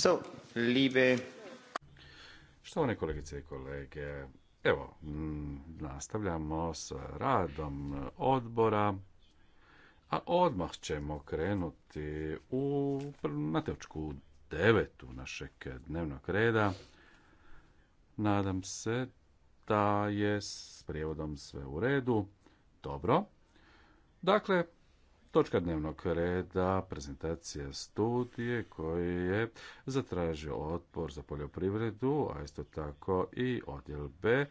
So, liebe... Štovane kolegice i kolege, evo, nastavljamo s radom odbora, a odmah ćemo krenuti u, na točku devetu našeg dnevnog reda. Nadam se da je s prijevodom sve u redu. Dobro. Dakle, Točka dnevnog reda, prezentacija studije koji je zatražio odbor za poljoprivredu, a isto tako i odjel B,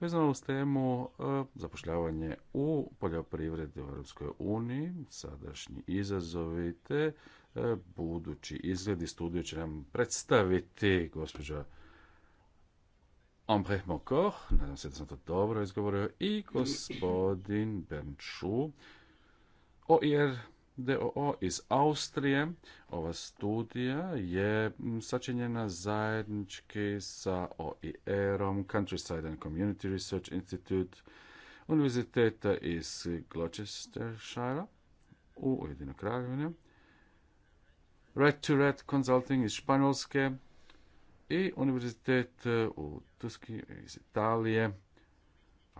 vezano uz temu e, zapošljavanje u poljoprivredi u Europskoj uniji, sadašnji izazovi te e, budući izgledi studiju će nam predstaviti gospođa Ambre Mokor, nadam se da sam to dobro izgovorio, i gospodin Benču, OIR DOO iz Austrije. Ova studija je sačinjena zajednički sa OIR-om, Countryside and Community Research Institute, Univerziteta iz Gloucestershire u Ujedinoj kraljevine, Red to Red Consulting iz Španjolske i Univerzitet u Tuski iz Italije.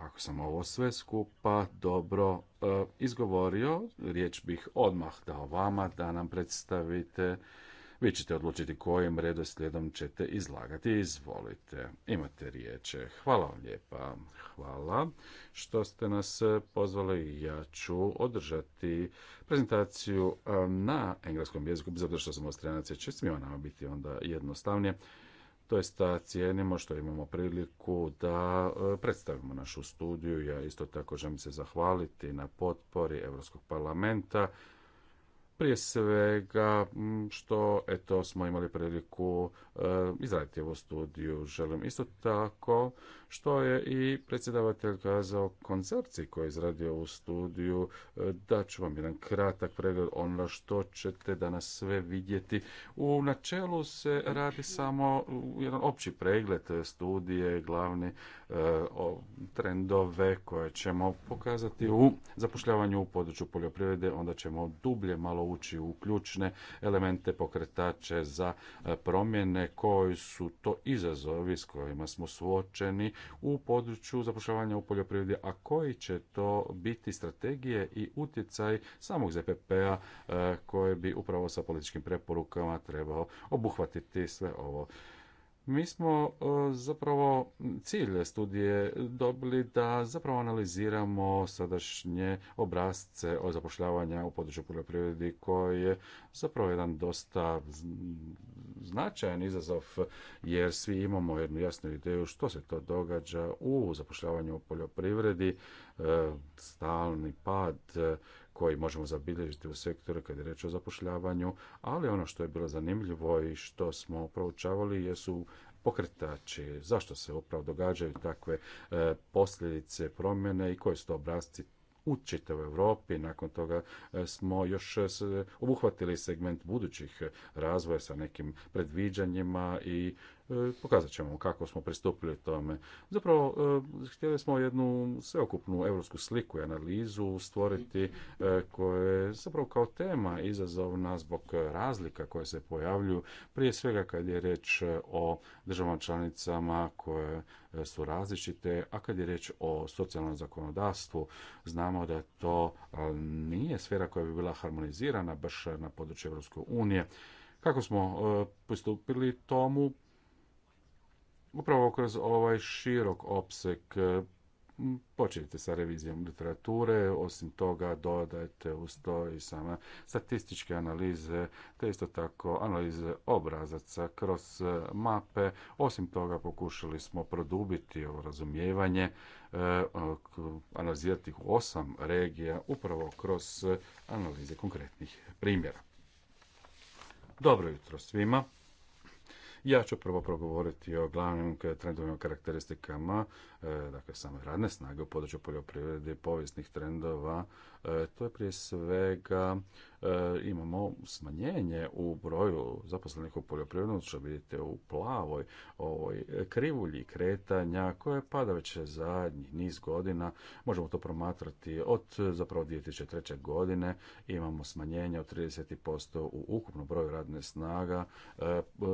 Ako sam ovo sve skupa dobro e, izgovorio, riječ bih odmah dao vama da nam predstavite. Vi ćete odlučiti kojim redoslijedom ćete izlagati. Izvolite, imate riječe. Hvala vam lijepa. Hvala što ste nas e, pozvali. Ja ću održati prezentaciju e, na engleskom jeziku, zato što sam ostranac, će svima nama biti onda jednostavnije da cijenimo što imamo priliku da e, predstavimo našu studiju. Ja isto tako želim se zahvaliti na potpori Europskog parlamenta. Prije svega što eto smo imali priliku e, izraditi ovu studiju. Želim isto tako što je i predsjedavatelj kazao koncerci koji je izradio ovu studiju. E, Daću vam jedan kratak pregled ono što ćete danas sve vidjeti. U načelu se radi samo jedan opći pregled studije, glavni e, trendove koje ćemo pokazati u zapošljavanju u području poljoprivrede, onda ćemo dublje malo ući u ključne elemente pokretače za e, promjene koji su to izazovi s kojima smo suočeni u području zapošljavanja u poljoprivredi, a koji će to biti strategije i utjecaj samog ZPP-a eh, koji bi upravo sa političkim preporukama trebao obuhvatiti sve ovo. Mi smo e, zapravo cilj studije dobili da zapravo analiziramo sadašnje obrazce o zapošljavanja u području poljoprivredi koji je zapravo jedan dosta značajan izazov jer svi imamo jednu jasnu ideju što se to događa u zapošljavanju u poljoprivredi, e, stalni pad koji možemo zabilježiti u sektoru kad je reč o zapošljavanju, ali ono što je bilo zanimljivo i što smo proučavali jesu pokretači, zašto se upravo događaju takve e, posljedice promjene i koji su to obrazci u čitavoj Europi. Nakon toga e, smo još obuhvatili segment budućih e, razvoja sa nekim predviđanjima i E, pokazat ćemo kako smo pristupili tome. Zapravo, e, htjeli smo jednu sveokupnu europsku sliku i analizu stvoriti e, koja je zapravo kao tema izazovna zbog razlika koje se pojavljuju, prije svega kad je reč o državama članicama koje su različite, a kad je reč o socijalnom zakonodavstvu, znamo da to nije sfera koja bi bila harmonizirana baš na području Europske unije. Kako smo pristupili tomu? upravo kroz ovaj širok opsek e, počinjete sa revizijom literature, osim toga dodajte uz to i same statističke analize, te isto tako analize obrazaca kroz e, mape. Osim toga pokušali smo produbiti ovo razumijevanje, e, analizirati osam regija upravo kroz analize konkretnih primjera. Dobro jutro svima. Ja ću prvo progovoriti o glavnim trendovima karakteristikama E, dakle same radne snage u području poljoprivrede, povijesnih trendova, e, to je prije svega e, imamo smanjenje u broju zaposlenih u poljoprivrednom, što vidite u plavoj ovoj krivulji kretanja koja pada već zadnjih niz godina. Možemo to promatrati od zapravo 2003. godine. Imamo smanjenje od 30% u ukupnom broju radne snaga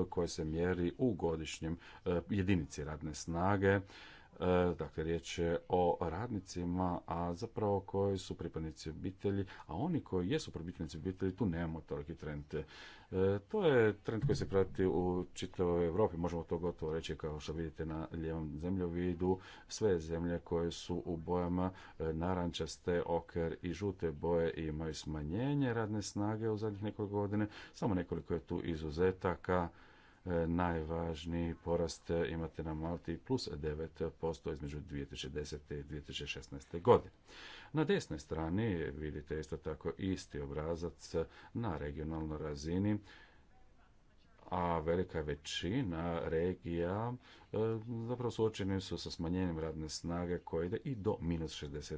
koje se mjeri u godišnjem jedinici radne snage. E, dakle riječ je o radnicima, a zapravo koji su pripadnici obitelji, a oni koji jesu pripadnici obitelji, tu nemamo toliki trend. E, to je trend koji se prati u čitavoj Europi, možemo to gotovo reći kao što vidite na lijevom zemljovidu, sve zemlje koje su u bojama e, narančaste, oker i žute boje imaju smanjenje radne snage u zadnjih nekoliko godine, samo nekoliko je tu izuzetaka, najvažniji porast imate na Malti plus 9% između 2010. i 2016. godine. Na desnoj strani vidite isto tako isti obrazac na regionalnoj razini a velika većina regija e, zapravo suočeni su sa smanjenjem radne snage koje ide i do minus 60%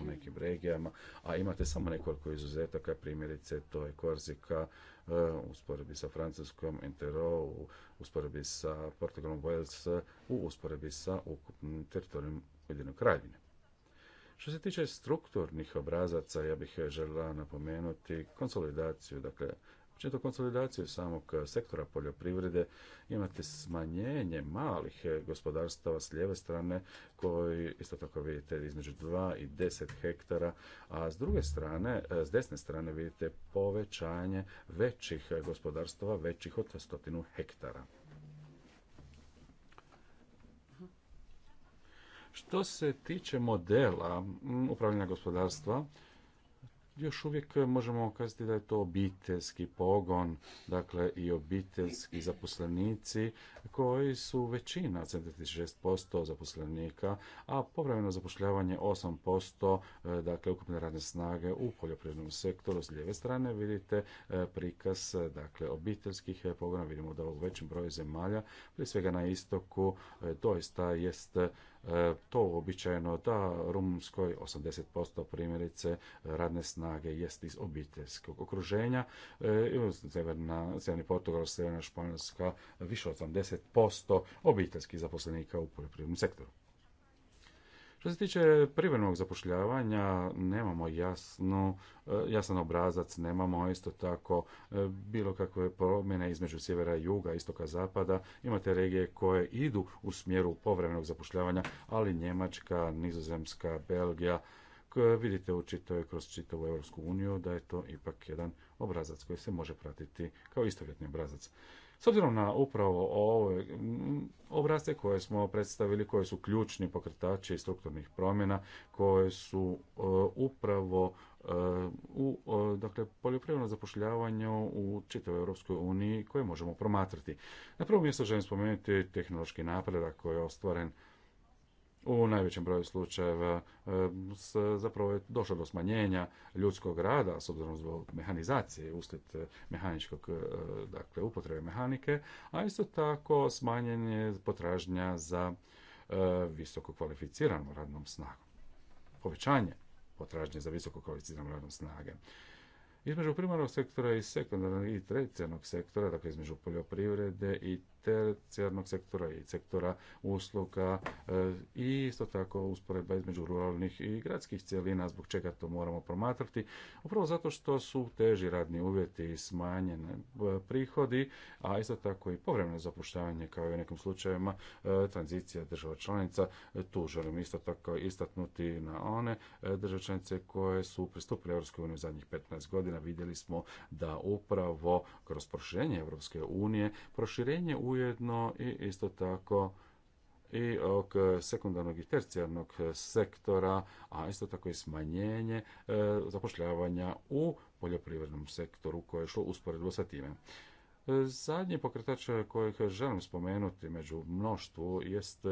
u nekim regijama, a imate samo nekoliko izuzetaka, primjerice to je Korzika, E, u usporedbi sa Francuskom, Intero, u usporedbi sa Portugalom, Wales, u usporedbi sa ukupnim teritorijom Ujedinog kraljine. Što se tiče strukturnih obrazaca, ja bih žela napomenuti konsolidaciju, dakle, općenito znači, konsolidaciju samog e, sektora poljoprivrede, imate smanjenje malih e, gospodarstava s lijeve strane koji isto tako vidite između 2 i 10 hektara, a s druge strane, e, s desne strane vidite povećanje većih gospodarstava, većih od stotinu hektara. Što se tiče modela upravljanja gospodarstva, još uvijek e, možemo kazati da je to obiteljski pogon, dakle i obiteljski zaposlenici koji su većina, 76% zaposlenika, a povremeno zapošljavanje 8%, e, dakle ukupne radne snage u poljoprivrednom sektoru. S lijeve strane vidite e, prikaz dakle obiteljskih pogona, vidimo da u većem broju zemalja, prije svega na istoku, doista jest E, to uobičajeno da Rumunskoj 80% primjerice radne snage jest iz obiteljskog okruženja. E, Severna, Severni Portugal, Severna Španjolska više od 80% obiteljskih zaposlenika u poljoprivrednom sektoru. Što se tiče privremenog zapošljavanja, nemamo jasno, e, jasan obrazac, nemamo isto tako e, bilo kakve promjene između sjevera i juga, istoka zapada. Imate regije koje idu u smjeru povremenog zapošljavanja, ali Njemačka, Nizozemska, Belgija, vidite u kroz čitavu Europsku uniju da je to ipak jedan obrazac koji se može pratiti kao istovjetni obrazac. S obzirom na upravo ove obrazce koje smo predstavili, koji su ključni pokretači strukturnih promjena, koje su e, upravo e, u e, dakle, poljoprivredno zapošljavanju u čitavoj Europskoj uniji koje možemo promatrati. Na prvom mjestu želim spomenuti tehnološki napredak koji je ostvaren u najvećem broju slučajeva e, zapravo je došlo do smanjenja ljudskog rada s obzirom zbog mehanizacije uslijed e, mehaničkog e, dakle upotrebe mehanike, a isto tako smanjenje potražnja za visoko kvalificiranom radnom snagom. Povećanje potražnje za visoko kvalificiranom radnom snage. Između primarnog sektora i sekundarnog i tercijarnog sektora, dakle između poljoprivrede i tercijarnog sektora i sektora usluga e, i isto tako usporedba između ruralnih i gradskih cijelina, zbog čega to moramo promatrati. Upravo zato što su teži radni uvjeti i smanjene prihodi, a isto tako i povremeno zapuštavanje kao i u nekim slučajevima e, tranzicija država članica. E, tu želim isto tako istaknuti na one države članice koje su pristupile EU u zadnjih 15 godina. Vidjeli smo da upravo kroz proširenje EU, proširenje u ujedno i isto tako i ok sekundarnog i tercijarnog sektora, a isto tako i smanjenje e, zapošljavanja u poljoprivrednom sektoru koje je šlo usporedilo sa time. E, zadnji pokretač kojeg želim spomenuti među mnoštvu jest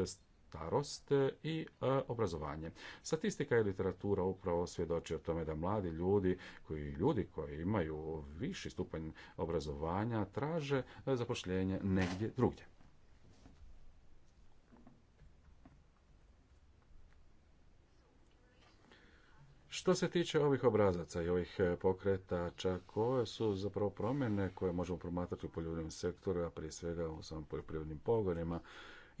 starost i e, obrazovanje. Statistika i literatura upravo svjedoči o tome da mladi ljudi koji ljudi koji imaju viši stupanj obrazovanja traže e, zapošljenje negdje drugdje. Što se tiče ovih obrazaca i ovih e, pokretača, koje su zapravo promjene koje možemo promatrati u poljoprivrednom sektoru, a prije svega u samim poljoprivrednim pogonima,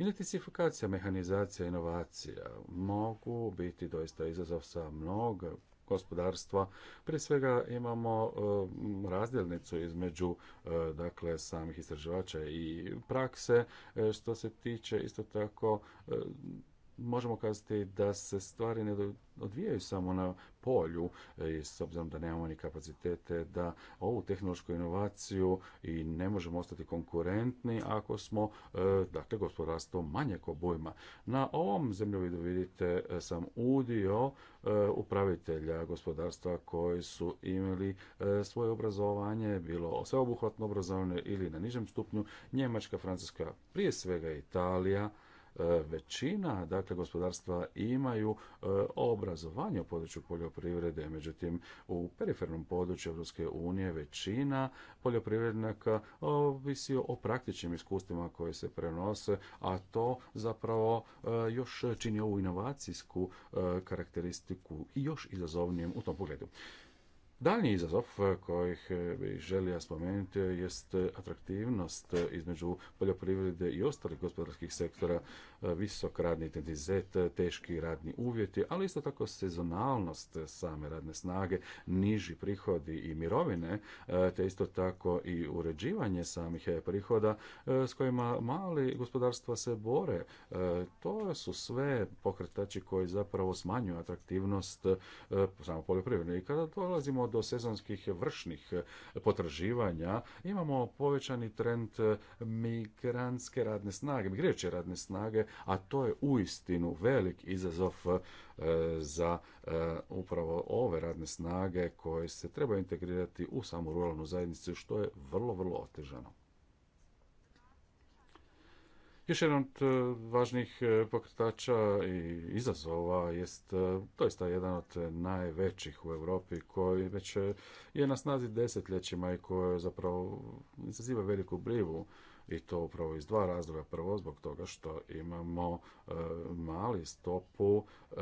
Identifikacija, mehanizacija, inovacija mogu biti doista izazov sa mnog gospodarstva. Prije svega imamo e, razdjelnicu između e, dakle, samih istraživača i prakse e, što se tiče isto tako možemo kazati da se stvari ne odvijaju samo na polju e, i s obzirom da nemamo ni kapacitete da ovu tehnološku inovaciju i ne možemo ostati konkurentni ako smo e, dakle gospodarstvo manjeg obujma. Na ovom zemljovidu vidite e, sam udio upravitelja gospodarstva koji su imali svoje obrazovanje, bilo sveobuhvatno obrazovanje ili na nižem stupnju, Njemačka, Francuska, prije svega Italija, E, većina dakle gospodarstva imaju e, obrazovanje u području poljoprivrede, međutim u perifernom području Europske unije većina poljoprivrednika ovisi o praktičnim iskustvima koje se prenose, a to zapravo e, još čini ovu inovacijsku karakteristiku i još izazovnijem u tom pogledu. Daljnji izazov eh, kojih eh, bih želio spomenuti jest eh, atraktivnost između poljoprivrede i ostalih gospodarskih sektora visok radni intenzitet, teški radni uvjeti, ali isto tako sezonalnost same radne snage, niži prihodi i mirovine, e, te isto tako i uređivanje samih prihoda e, s kojima mali gospodarstva se bore. E, to su sve pokretači koji zapravo smanjuju atraktivnost samo poljoprivredne. I kada dolazimo do sezonskih vršnih potraživanja, imamo povećani trend migrantske radne snage, migrijeće radne snage a to je uistinu velik izazov e, za e, upravo ove radne snage koje se treba integrirati u samu ruralnu zajednicu, što je vrlo, vrlo otežano. Još jedan od e, važnijih pokretača i izazova jest doista jedan od najvećih u Europi koji već je na snazi desetljećima i koji zapravo izaziva veliku brivu i to upravo iz dva razloga. Prvo, zbog toga što imamo e, mali stopu e,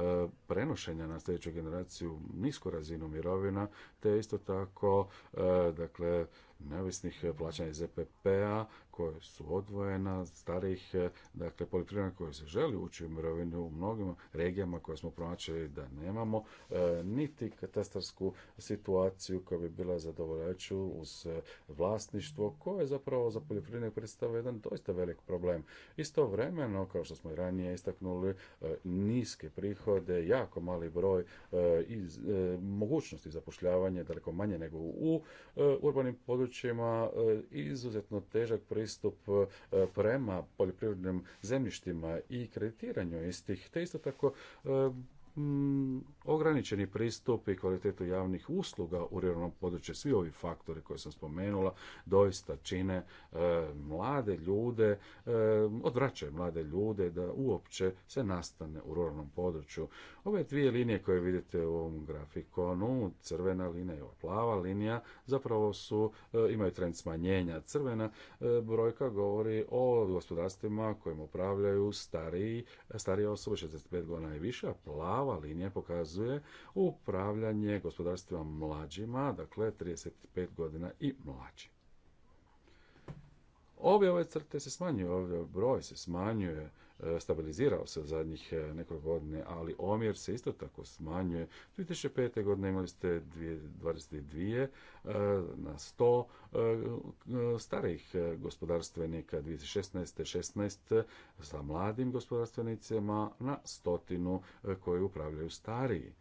prenošenja na sljedeću generaciju nisku razinu mirovina, te isto tako e, dakle neovisnih plaćanja iz EPP-a koje su odvojena, starih e, dakle, poljoprivrednika koji se želi ući u mirovinu u mnogim regijama koje smo pronačili da nemamo, e, niti katastarsku situaciju koja bi bila zadovoljavajuća uz e, vlasništvo koje zapravo za poljoprivrednike predstavlja jedan doista velik problem. Istovremeno, kao što smo i ranije istaknuli, niske prihode, jako mali broj i mogućnosti zapošljavanja daleko manje nego u urbanim područjima, izuzetno težak pristup pristup e, prema poljoprivrednim zemljištima i kreditiranju istih, te isto tako e, Mm, ograničeni pristup i kvalitetu javnih usluga u ruralnom području, svi ovi faktori koje sam spomenula, doista čine e, mlade ljude, e, odvraćaju mlade ljude da uopće se nastane u ruralnom području. Ove dvije linije koje vidite u ovom grafikonu, crvena linija i ova plava linija, zapravo su, e, imaju trend smanjenja. Crvena brojka govori o gospodarstvima kojim upravljaju starije osobe, 65 godina i više, a plava prava linija pokazuje upravljanje gospodarstva mlađima, dakle 35 godina i mlađi. Ove ove crte se smanjuju, ovdje broj se smanjuje, E, stabilizirao se u zadnjih e, nekoliko godine, ali omjer se isto tako smanjuje. 2005. godine imali ste 22 e, na 100 starih gospodarstvenika, 2016. 16 sa mladim gospodarstvenicima na stotinu koje upravljaju stariji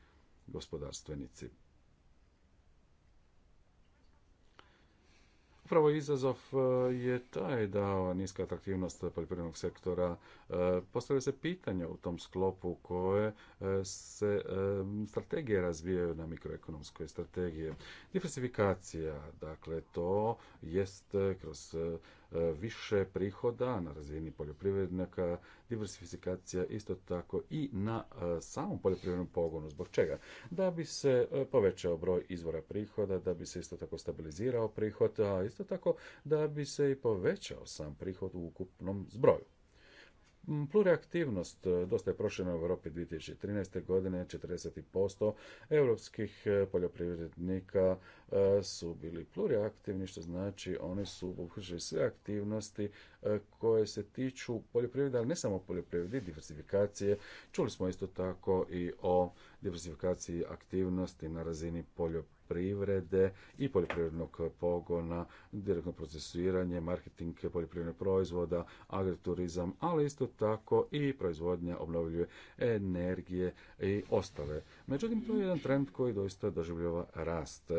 gospodarstvenici. Upravo izazov e, je taj da niska atraktivnost poljoprivrednog sektora e, postavlja se pitanja u tom sklopu koje e, se strategije razvijaju na mikroekonomskoj strategije. Diversifikacija, dakle to jest kroz E, više prihoda na razini poljoprivrednika, diversifikacija isto tako i na e, samom poljoprivrednom pogonu. Zbog čega? Da bi se e, povećao broj izvora prihoda, da bi se isto tako stabilizirao prihod, a isto tako da bi se i povećao sam prihod u ukupnom zbroju. plureaktivnost dosta je prošljena u Europi 2013. godine, 40% europskih poljoprivrednika E, su bili pluriaktivni, što znači oni su obuhvaćali sve aktivnosti e, koje se tiču poljoprivrede, ali ne samo poljoprivrede, diversifikacije. Čuli smo isto tako i o diversifikaciji aktivnosti na razini poljoprivrede i poljoprivrednog pogona, direktno procesuiranje, marketing poljoprivrednih proizvoda, agriturizam, ali isto tako i proizvodnja obnovljive energije i ostale. Međutim, to je jedan trend koji doista doživljava rast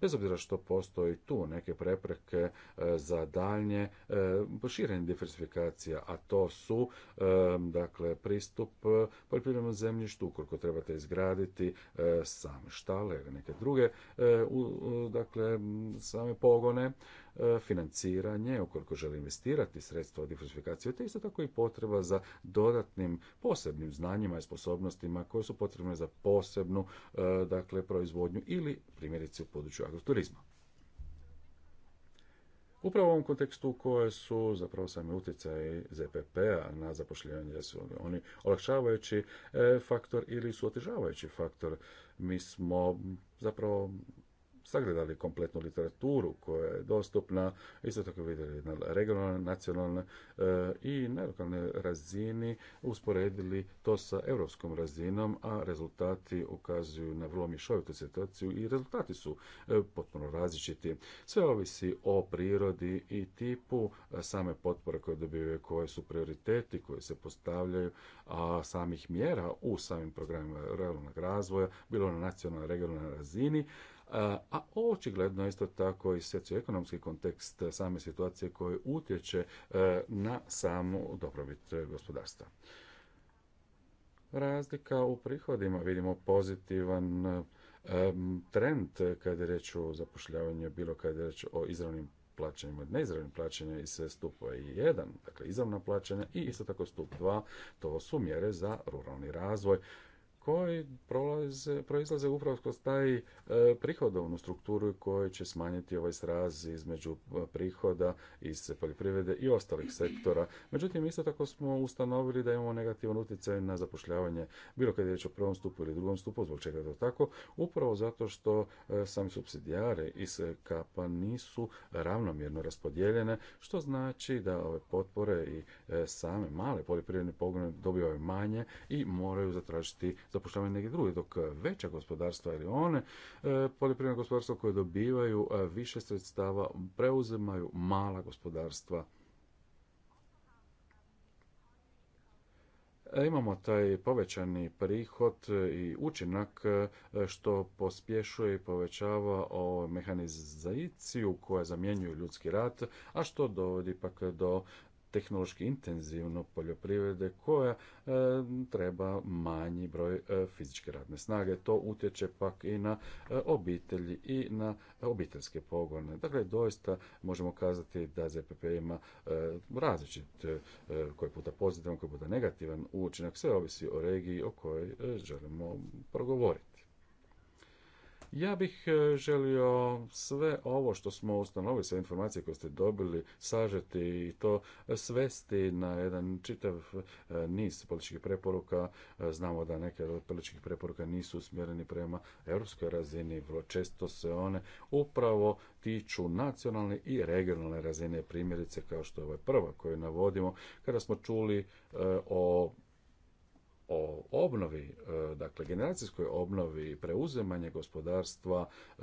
bez obzira što postoji tu neke prepreke e, za daljnje e, širenje diversifikacija, a to su e, dakle pristup poljoprivrednom zemljištu, ukoliko trebate izgraditi same štale ili neke druge dakle same pogone, E, financiranje, ukoliko želi investirati sredstva od diversifikacije te isto tako i potreba za dodatnim posebnim znanjima i sposobnostima koje su potrebne za posebnu e, dakle, proizvodnju ili primjerice u području agroturizma. Upravo u ovom kontekstu koje su zapravo sami utjecaji ZPP-a na zapošljavanje, da su oni olakšavajući e, faktor ili su otežavajući faktor. Mi smo zapravo sagledali kompletnu literaturu koja je dostupna, isto tako vidjeli na regionalne, nacionalne eh, i na lokalnoj razini, usporedili to sa europskom razinom, a rezultati ukazuju na vrlo mišovitu situaciju i rezultati su eh, potpuno različiti. Sve ovisi o prirodi i tipu eh, same potpore koje dobivaju, koje su prioriteti, koje se postavljaju, a samih mjera u samim programima realnog razvoja, bilo na nacionalnoj, regionalnoj razini, a očigledno isto tako i socioekonomski kontekst same situacije koje utječe e, na samu dobrobit gospodarstva. Razlika u prihodima vidimo pozitivan e, trend kada je reč o zapošljavanju, bilo kada je reč o izravnim plaćanjima neizravnim plaćanjima plaćanja iz stupa jedan, dakle izravna plaćanja i isto tako stup 2, to su mjere za ruralni razvoj koji prolaze, proizlaze upravo kroz taj e, prihodovnu strukturu koji će smanjiti ovaj sraz između e, prihoda iz poljoprivrede i ostalih sektora. Međutim, isto tako smo ustanovili da imamo negativan utjecaj na zapošljavanje bilo kad je riječ o prvom stupu ili drugom stupu, zbog čega je to tako, upravo zato što e, sami subsidijare iz kapa nisu ravnomjerno raspodijeljene, što znači da ove potpore i e, same male poljoprivredne pogone dobivaju manje i moraju zatražiti zapuštavaju neke druge, dok e, veća gospodarstva ili one e, poljoprivredna gospodarstva koje dobivaju e, više sredstava preuzimaju mala gospodarstva imamo taj povećani prihod i učinak što pospješuje i povećava mehanizaciju koja zamjenjuje ljudski rat, a što dovodi pak do tehnološki intenzivno poljoprivrede koja e, treba manji broj e, fizičke radne snage. To utječe pak i na e, obitelji i na obiteljske pogone. Dakle, doista možemo kazati da ZPP ima različit, koji puta pozitivan, koji puta negativan učinak. Sve ovisi o regiji o kojoj želimo progovoriti. Ja bih e, želio sve ovo što smo ustanovili, sve informacije koje ste dobili, sažeti i to svesti na jedan čitav e, niz političkih preporuka. E, znamo da neke od političkih preporuka nisu usmjereni prema europskoj razini, vrlo često se one upravo tiču nacionalne i regionalne razine primjerice kao što je ova prva koju navodimo kada smo čuli o o obnovi, e, dakle generacijskoj obnovi preuzemanje gospodarstva e,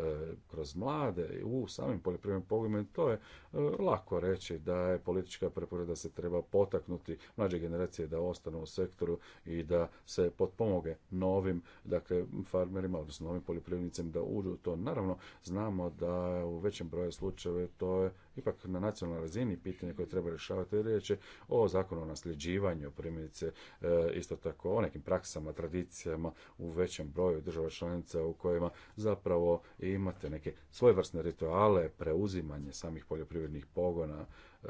kroz mlade u samim poljoprivrednim pogledima, to je e, lako reći da je politička preporada da se treba potaknuti mlađe generacije da ostanu u sektoru i da se potpomoge novim dakle, farmerima, odnosno novim poljoprivrednicima da uđu u to. Naravno, znamo da u većem broju slučajeva to je ipak na nacionalnoj razini pitanje koje treba rješavati, riječ je o zakonu o nasljeđivanju, primjerice e, isto tako o nekim praksama, tradicijama u većem broju država članica u kojima zapravo imate neke svojevrsne rituale, preuzimanje samih poljoprivrednih pogona, e,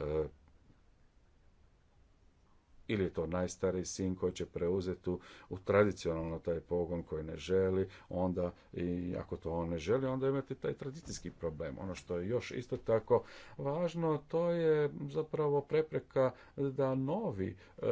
ili je to najstariji sin koji će preuzeti u, tradicionalno taj pogon koji ne želi, onda i ako to on ne želi, onda imate taj tradicijski problem. Ono što je još isto tako važno, to je zapravo prepreka da novi e,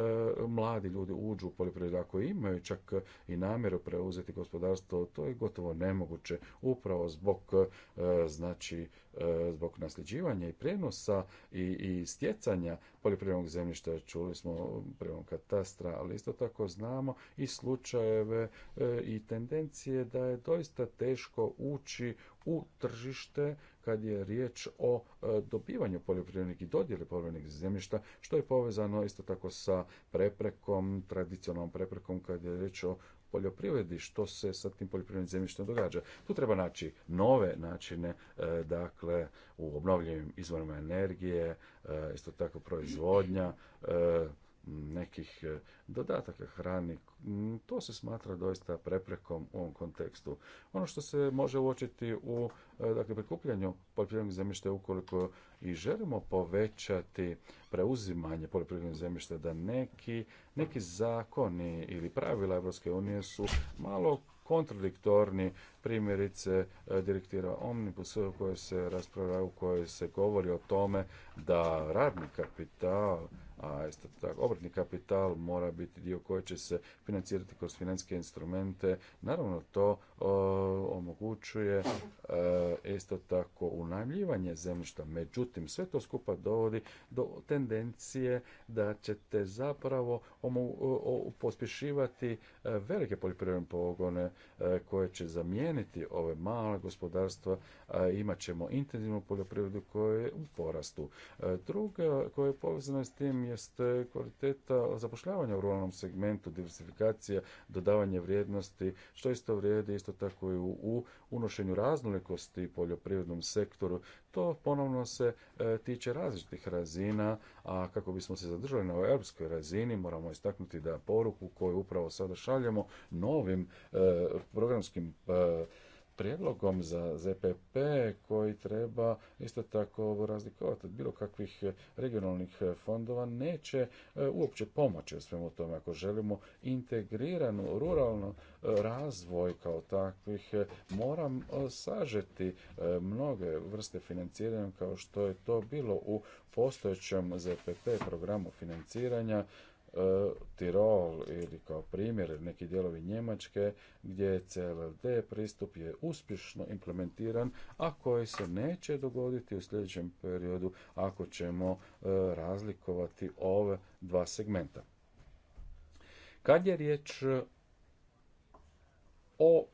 mladi ljudi uđu u poljoprivredu. Ako imaju čak i namjeru preuzeti gospodarstvo, to je gotovo nemoguće upravo zbog e, znači e, zbog nasljeđivanja i prenosa i, i stjecanja poljoprivrednog zemljišta, čuli smo prvom katastra, ali isto tako znamo i slučajeve e, i tendencije da je doista teško ući u tržište kad je riječ o e, dobivanju poljoprivrednih i dodjeli poljoprivrednih zemljišta, što je povezano isto tako sa preprekom, tradicionalnom preprekom kad je riječ o poljoprivredi, što se sa tim poljoprivrednim zemljištem događa. Tu treba naći nove načine, e, dakle, u obnovljivim izvorima energije, e, isto tako proizvodnja, e, nekih e, dodataka hrani, mm, to se smatra doista preprekom u ovom kontekstu. Ono što se može uočiti u e, dakle, prikupljanju poljoprivrednog zemljišta ukoliko i želimo povećati preuzimanje poljoprivrednog zemljišta da neki, neki zakoni ili pravila Europske unije su malo kontradiktorni primjerice e, direktiva Omnibus u kojoj se raspravlja, u kojoj se govori o tome da radni kapital a isto tako obratni kapital mora biti dio koji će se financirati kroz financijske instrumente. Naravno, to omogućuje e, isto tako unajmljivanje zemljišta. Međutim, sve to skupa dovodi do tendencije da ćete zapravo pospišivati pospješivati e, velike poljoprivredne pogone e, koje će zamijeniti ove male gospodarstva. imat ćemo intenzivnu poljoprivredu koja je u porastu. Druga koja je povezana s tim je jest kvaliteta zapošljavanja u ruralnom segmentu, diversifikacija, dodavanje vrijednosti, što isto vrijedi isto tako i u unošenju raznolikosti poljoprivrednom sektoru. To ponovno se e, tiče različitih razina, a kako bismo se zadržali na europskoj razini, moramo istaknuti da poruku koju upravo sada šaljemo novim e, programskim e, prijedlogom za ZPP koji treba isto tako razlikovati od bilo kakvih regionalnih fondova neće e, uopće pomoći u svemu tome. Ako želimo integriranu ruralnu e, razvoj kao takvih, e, moram sažeti mnoge vrste financiranja kao što je to bilo u postojećem ZPP programu financiranja Tirol ili kao primjer neki dijelovi Njemačke gdje je pristup je uspješno implementiran, a koji se neće dogoditi u sljedećem periodu ako ćemo e, razlikovati ove dva segmenta. Kad je riječ o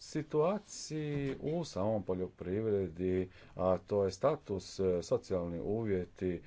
situaciji u samom poljoprivredi, a to je status, e, socijalni uvjeti e,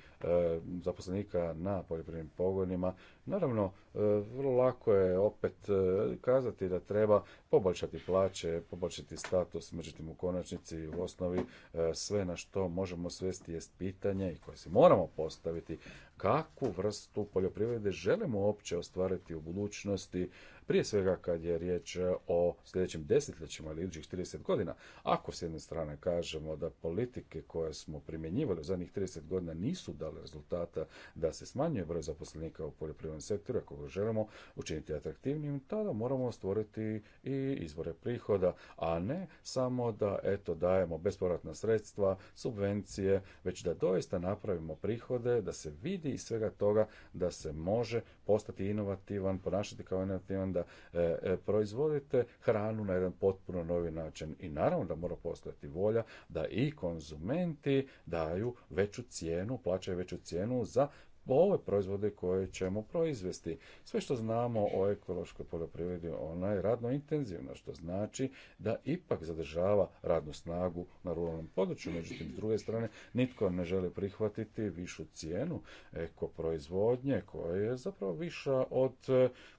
zaposlenika na poljoprivrednim pogonima, Naravno, e, vrlo lako je opet e, kazati da treba poboljšati plaće, poboljšati status, međutim u konačnici u osnovi e, sve na što možemo svesti jest pitanje i koje se moramo postaviti kakvu vrstu poljoprivrede želimo uopće ostvariti u budućnosti, prije svega kad je riječ o sljedećim desetljećima ili idućih 30 godina. Ako s jedne strane kažemo da politike koje smo primjenjivali u zadnjih 30 godina nisu dale rezultata da se smanjuje broj zaposlenika u poljoprivredi poljoprivrednom sektoru, ako ga želimo učiniti atraktivnijim, tada moramo stvoriti i izvore prihoda, a ne samo da eto dajemo bespovratna sredstva, subvencije, već da doista napravimo prihode, da se vidi iz svega toga da se može postati inovativan, ponašati kao inovativan, da e, e proizvodite hranu na jedan potpuno novi način i naravno da mora postojati volja da i konzumenti daju veću cijenu, plaćaju veću cijenu za ove proizvode koje ćemo proizvesti. Sve što znamo o ekološkoj poljoprivredi, ona je radno intenzivna, što znači da ipak zadržava radnu snagu na ruralnom području. Međutim, s druge strane, nitko ne želi prihvatiti višu cijenu eko proizvodnje koja je zapravo viša od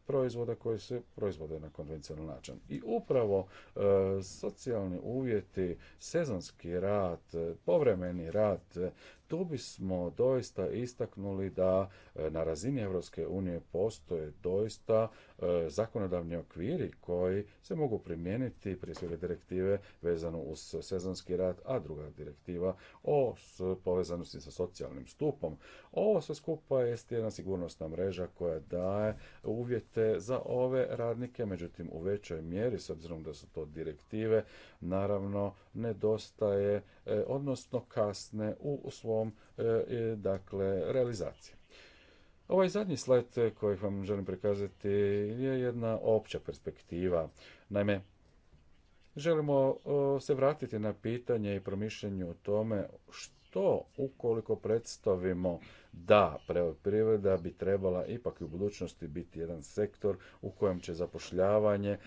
proizvoda koji se proizvode na konvencionalni način. I upravo e, socijalni uvjeti, sezonski rad, e, povremeni rad, e, tu bismo doista istaknuli da na razini Europske unije postoje doista E, zakonodavni okviri koji se mogu primijeniti prije svega direktive vezano uz sezonski rad, a druga direktiva o povezanosti sa socijalnim stupom. Ovo sve skupa je jedna sigurnosna mreža koja daje uvjete za ove radnike, međutim u većoj mjeri, s obzirom da su to direktive, naravno nedostaje, e, odnosno kasne u svom e, dakle realizaciji. Ovaj zadnji slajd koji vam želim prikazati je jedna opća perspektiva. Naime, želimo se vratiti na pitanje i promišljanje o tome što ukoliko predstavimo da poljoprivreda bi trebala ipak i u budućnosti biti jedan sektor u kojem će zapošljavanje e,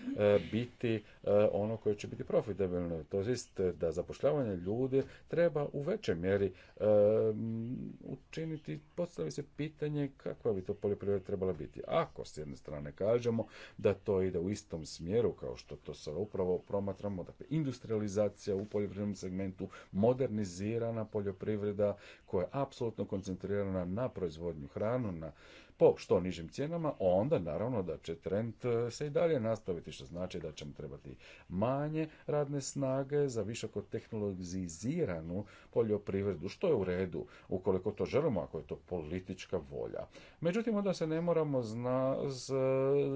biti e, ono koje će biti profitabilno. To da zapošljavanje ljudi treba u većoj mjeri e, učiniti, postavi se pitanje kakva bi to poljoprivreda trebala biti. Ako s jedne strane kažemo da to ide u istom smjeru kao što to sada upravo promatramo, dakle industrializacija u poljoprivrednom segmentu, modernizirana poljoprivreda koja je apsolutno koncentrirana na proizvodnju hranu, na po što nižim cijenama, onda naravno da će trend e, se i dalje nastaviti, što znači da ćemo trebati manje radne snage za visoko tehnologiziranu poljoprivredu, što je u redu, ukoliko to želimo, ako je to politička volja. Međutim, onda se ne moramo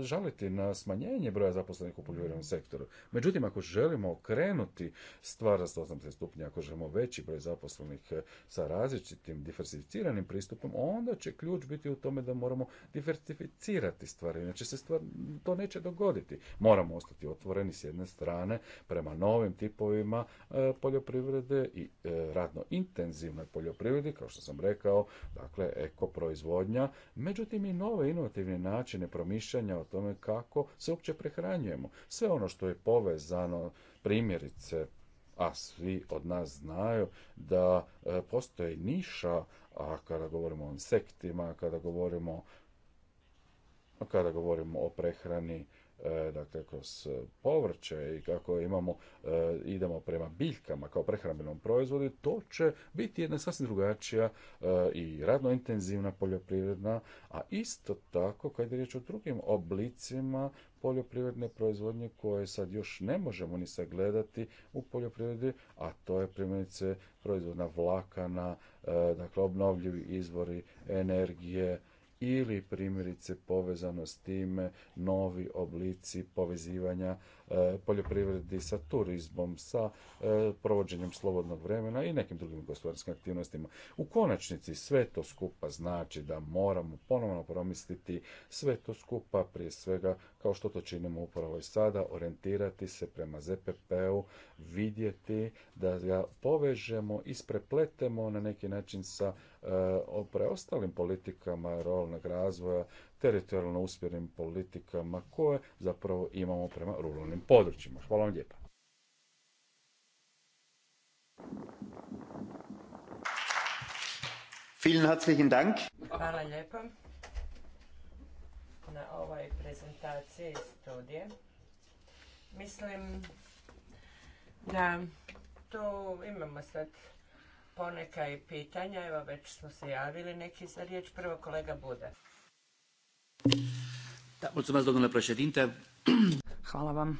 žaliti na smanjenje broja zaposlenih u poljoprivrednom sektoru. Međutim, ako želimo okrenuti stvar za 180 stupnje, ako želimo veći broj zaposlenih e, sa različitim diversificiranim pristupom, onda će ključ biti u tome da moramo moramo diversificirati stvari, inače se stvar, to neće dogoditi. Moramo ostati otvoreni s jedne strane prema novim tipovima e, poljoprivrede i e, radno intenzivnoj poljoprivredi, kao što sam rekao, dakle ekoproizvodnja, međutim i nove inovativne načine promišljanja o tome kako se uopće prehranjujemo. Sve ono što je povezano primjerice a svi od nas znaju da e, postoji niša, a kada govorimo o insektima, kada govorimo kada govorimo o prehrani, e, dakle kroz e, povrće i kako imamo idemo prema biljkama kao prehrambenom proizvodu to će biti jedna sasvim drugačija i radno intenzivna poljoprivredna a isto tako kad je riječ o drugim oblicima poljoprivredne proizvodnje koje sad još ne možemo ni sagledati u poljoprivredi, a to je primjerice proizvodna vlakana, e, dakle obnovljivi izvori energije, ili primjerice povezano s time novi oblici povezivanja e, poljoprivredi sa turizmom, sa e, provođenjem slobodnog vremena i nekim drugim gospodarskim aktivnostima. U konačnici sve to skupa znači da moramo ponovno promisliti sve to skupa, prije svega kao što to činimo upravo i sada, orijentirati se prema ZPP-u, vidjeti da ga povežemo, isprepletemo na neki način sa o preostalim politikama ruralnog razvoja, teritorijalno usmjerenim politikama koje zapravo imamo prema ruralnim područjima. Hvala vam lijepa. Hvala lijepa na ovoj prezentaciji studije. Mislim da to imamo sad poneka i pitanja. Evo već smo se javili neki za riječ. Prvo kolega Buda. Hvala vam.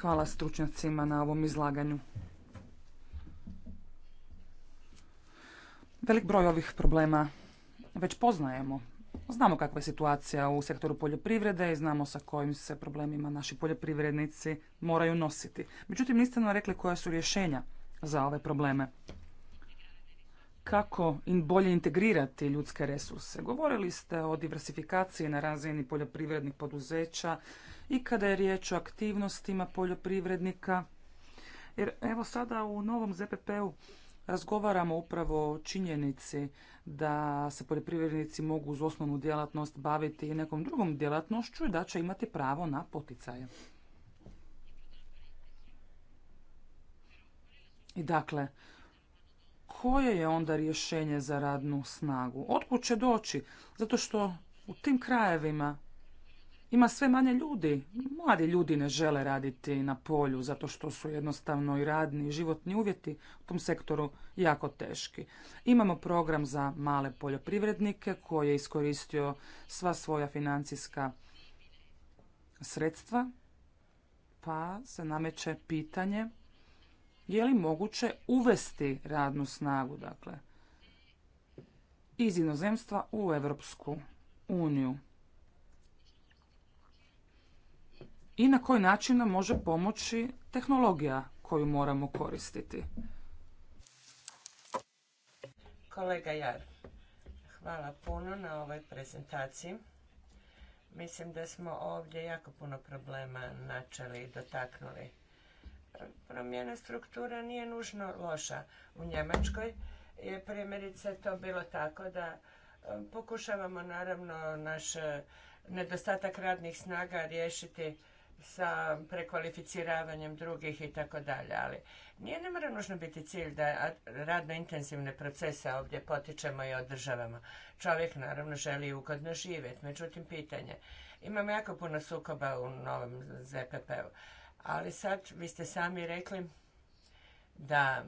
Hvala stručnjacima na ovom izlaganju. Velik broj ovih problema već poznajemo. Znamo kakva je situacija u sektoru poljoprivrede i znamo sa kojim se problemima naši poljoprivrednici moraju nositi. Međutim, niste nam rekli koja su rješenja za ove probleme. Kako in bolje integrirati ljudske resurse? Govorili ste o diversifikaciji na razini poljoprivrednih poduzeća i kada je riječ o aktivnostima poljoprivrednika. Jer evo sada u novom ZPP-u razgovaramo upravo o činjenici da se poljoprivrednici mogu uz osnovnu djelatnost baviti i nekom drugom djelatnošću i da će imati pravo na poticaje. I dakle, koje je onda rješenje za radnu snagu? Otkud će doći? Zato što u tim krajevima ima sve manje ljudi. Mladi ljudi ne žele raditi na polju zato što su jednostavno i radni i životni uvjeti u tom sektoru jako teški. Imamo program za male poljoprivrednike koji je iskoristio sva svoja financijska sredstva pa se nameće pitanje je li moguće uvesti radnu snagu dakle iz inozemstva u Europsku uniju. i na koji način nam može pomoći tehnologija koju moramo koristiti. Kolega Jar, hvala puno na ovoj prezentaciji. Mislim da smo ovdje jako puno problema načeli i dotaknuli. Promjena struktura nije nužno loša. U Njemačkoj je primjerice to bilo tako da e, pokušavamo naravno naš e, nedostatak radnih snaga riješiti sa prekvalificiravanjem drugih i tako dalje. Ali nije ne mora nužno biti cilj da radno intenzivne procese ovdje potičemo i održavamo. Čovjek naravno želi ugodno živjeti. Međutim, pitanje. Imamo jako puno sukoba u novom ZPP-u. Ali sad, vi ste sami rekli da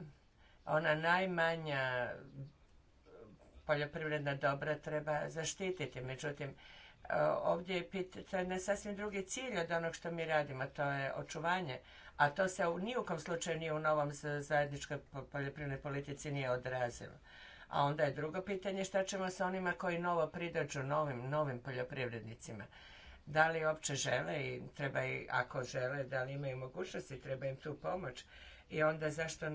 ona najmanja poljoprivredna dobra treba zaštititi. Međutim, E, ovdje je pitanje sasvim drugi cilj od onog što mi radimo, to je očuvanje. A to se u nijukom slučaju nije u novom zajedničkoj poljoprivrednoj politici nije odrazilo. A onda je drugo pitanje šta ćemo sa onima koji novo pridođu novim, novim poljoprivrednicima. Da li uopće žele i treba i ako žele, da li imaju mogućnosti, treba im tu pomoć. I onda zašto,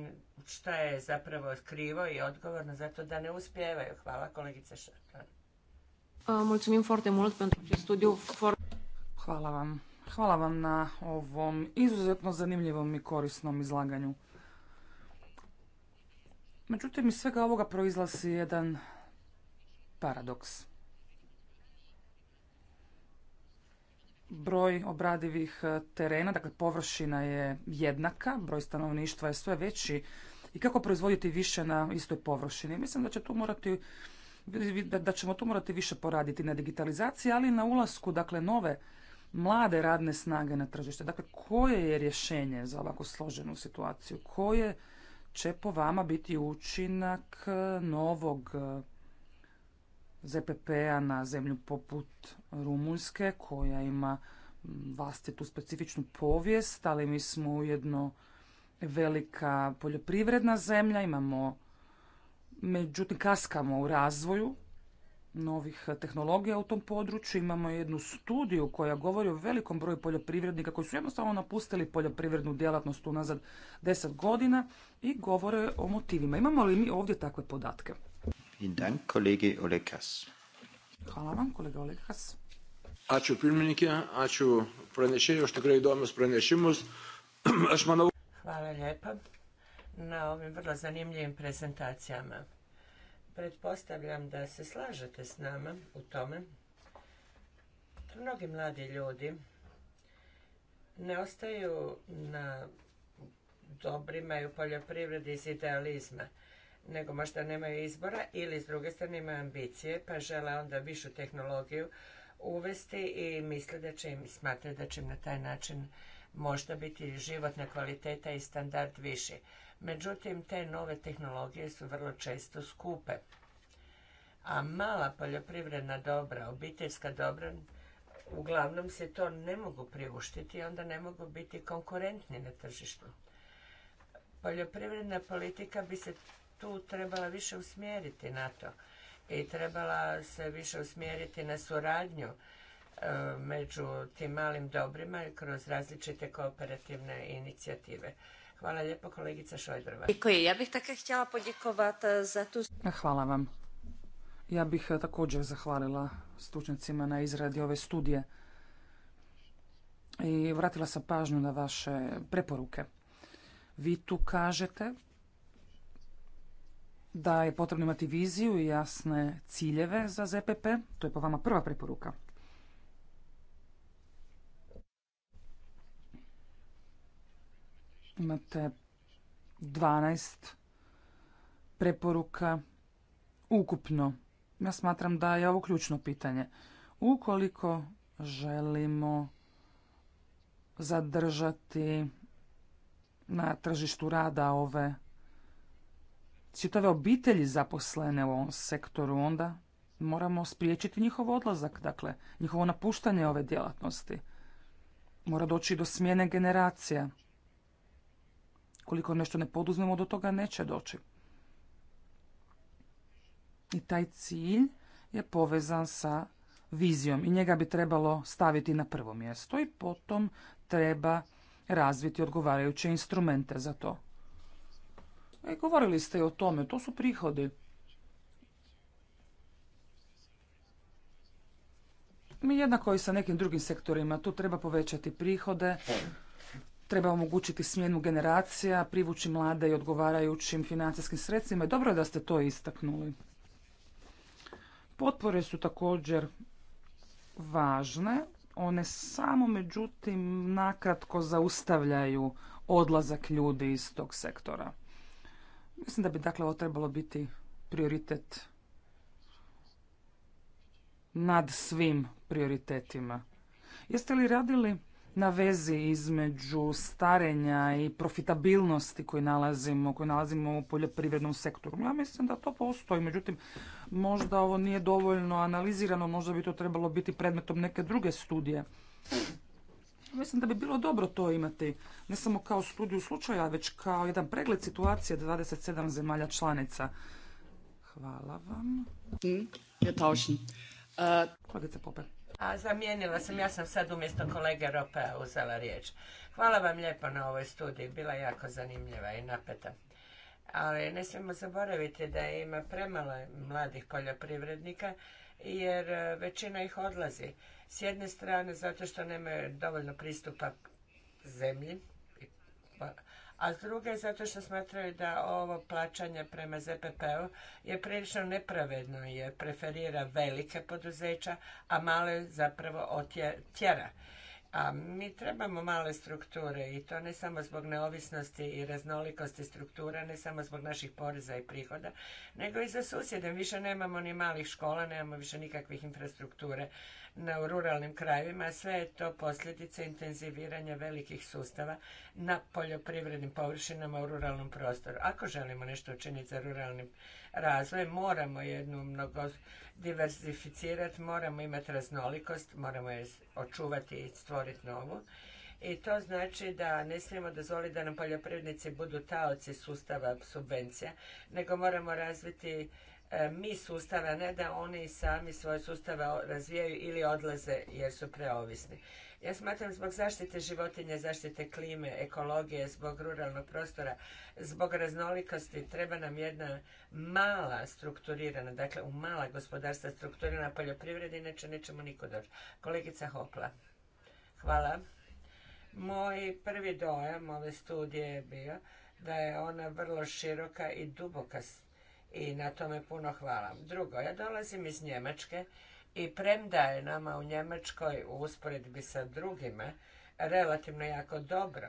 šta je zapravo krivo i odgovorno zato da ne uspijevaju. Hvala kolegice Šarpan. Uh, Hvala vam. Hvala vam na ovom izuzetno zanimljivom i korisnom izlaganju. Međutim, iz svega ovoga proizlazi jedan paradoks. Broj obradivih uh, terena, dakle površina je jednaka, broj stanovništva je sve veći i kako proizvoditi više na istoj površini. Mislim da će tu morati da ćemo tu morati više poraditi na digitalizaciji, ali na ulasku dakle, nove mlade radne snage na tržište. Dakle, koje je rješenje za ovako složenu situaciju? Koje će po vama biti učinak eh, novog eh, ZPP-a na zemlju poput Rumunjske, koja ima mm, vlastitu specifičnu povijest, ali mi smo ujedno velika poljoprivredna zemlja, imamo Međutim, kaskamo u razvoju novih eh, tehnologija u tom području. Imamo jednu studiju koja govori o velikom broju poljoprivrednika koji su jednostavno napustili poljoprivrednu djelatnost unazad deset godina i govore o motivima. Imamo li mi ovdje takve podatke? dan, Olekas. Hvala vam, kolega Olekas. Ačiū pirmininkė, ačiū Hvala lijepa na ovim vrlo zanimljivim prezentacijama. Pretpostavljam da se slažete s nama u tome mnogi mladi ljudi ne ostaju na dobrima i u poljoprivredi iz idealizma, nego možda nemaju izbora ili s druge strane imaju ambicije pa žele onda višu tehnologiju uvesti i misle da će im, smatraju da će im na taj način možda biti životna kvaliteta i standard viši. Međutim, te nove tehnologije su vrlo često skupe. A mala poljoprivredna dobra, obiteljska dobra, uglavnom se to ne mogu priuštiti i onda ne mogu biti konkurentni na tržištu. Poljoprivredna politika bi se tu trebala više usmjeriti na to i trebala se više usmjeriti na suradnju e, među tim malim dobrima kroz različite kooperativne inicijative. Hvala lijepo kolegica Ja bih htjela za tu... E, hvala vam. Ja bih eh, također zahvalila stručnjacima na izradi ove studije i vratila sam pažnju na vaše preporuke. Vi tu kažete da je potrebno imati viziju i jasne ciljeve za ZPP. To je po vama prva preporuka. Imate 12 preporuka ukupno. Ja smatram da je ovo ključno pitanje. Ukoliko želimo zadržati na tržištu rada ove čitave obitelji zaposlene u ovom sektoru, onda moramo spriječiti njihov odlazak, dakle, njihovo napuštanje ove djelatnosti. Mora doći do smjene generacija. Koliko nešto ne poduzmemo, do toga neće doći. I taj cilj je povezan sa vizijom i njega bi trebalo staviti na prvo mjesto i potom treba razviti odgovarajuće instrumente za to. E, govorili ste i o tome, to su prihodi. Mi jednako i sa nekim drugim sektorima, tu treba povećati prihode, Treba omogućiti smjenu generacija, privući mlade i odgovarajućim financijskim sredstvima dobro da ste to istaknuli. Potpore su također važne, one samo međutim nakratko zaustavljaju odlazak ljudi iz tog sektora. Mislim da bi dakle ovo trebalo biti prioritet nad svim prioritetima. Jeste li radili na vezi između starenja i profitabilnosti koju nalazimo, koji nalazimo u poljoprivrednom sektoru. Ja mislim da to postoji, međutim možda ovo nije dovoljno analizirano, možda bi to trebalo biti predmetom neke druge studije. Mislim da bi bilo dobro to imati, ne samo kao studiju slučaja, već kao jedan pregled situacije 27 zemalja članica. Hvala vam. Hm, je a zamijenila sam, ja sam sad umjesto kolege Ropea uzela riječ. Hvala vam lijepo na ovoj studiji, bila je jako zanimljiva i napeta. Ali ne smijemo zaboraviti da ima premalo mladih poljoprivrednika jer e, većina ih odlazi. S jedne strane zato što nemaju dovoljno pristupa zemlji, a s druge zato što smatraju da ovo plaćanje prema ZPP-u je prilično nepravedno jer preferira velike poduzeća, a male zapravo otjera. A mi trebamo male strukture i to ne samo zbog neovisnosti i raznolikosti struktura, ne samo zbog naših poreza i prihoda, nego i za susjede. Više nemamo ni malih škola, nemamo više nikakvih infrastrukture na u ruralnim krajevima. Sve je to posljedica intenziviranja velikih sustava na poljoprivrednim površinama u ruralnom prostoru. Ako želimo nešto učiniti za ruralni razvoj, moramo jednu mnogo diversificirati, moramo imati raznolikost, moramo je očuvati i stvoriti novu i to znači da ne smijemo dozvoliti da nam poljoprivrednici budu taoci sustava subvencija, nego moramo razviti e, mi sustava, ne da oni sami svoje sustave razvijaju ili odlaze jer su preovisni. Ja smatram zbog zaštite životinja, zaštite klime, ekologije, zbog ruralnog prostora, zbog raznolikosti treba nam jedna mala strukturirana, dakle u mala gospodarstva strukturirana poljoprivreda, inače nećemo niko doći. Kolegica Hopla. Hvala. Moj prvi dojam ove studije je bio da je ona vrlo široka i duboka i na tome puno hvala. Drugo, ja dolazim iz Njemačke i premda je nama u Njemačkoj u usporedbi sa drugima relativno jako dobro,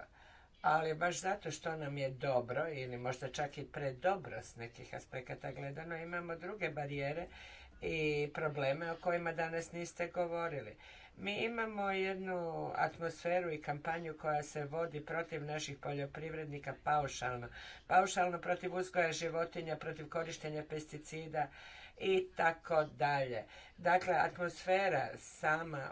ali baš zato što nam je dobro ili možda čak i predobro s nekih aspekata gledano, imamo druge barijere i probleme o kojima danas niste govorili. Mi imamo jednu atmosferu i kampanju koja se vodi protiv naših poljoprivrednika paušalno. Paušalno protiv uzgoja životinja, protiv korištenja pesticida i tako dalje. Dakle, atmosfera sama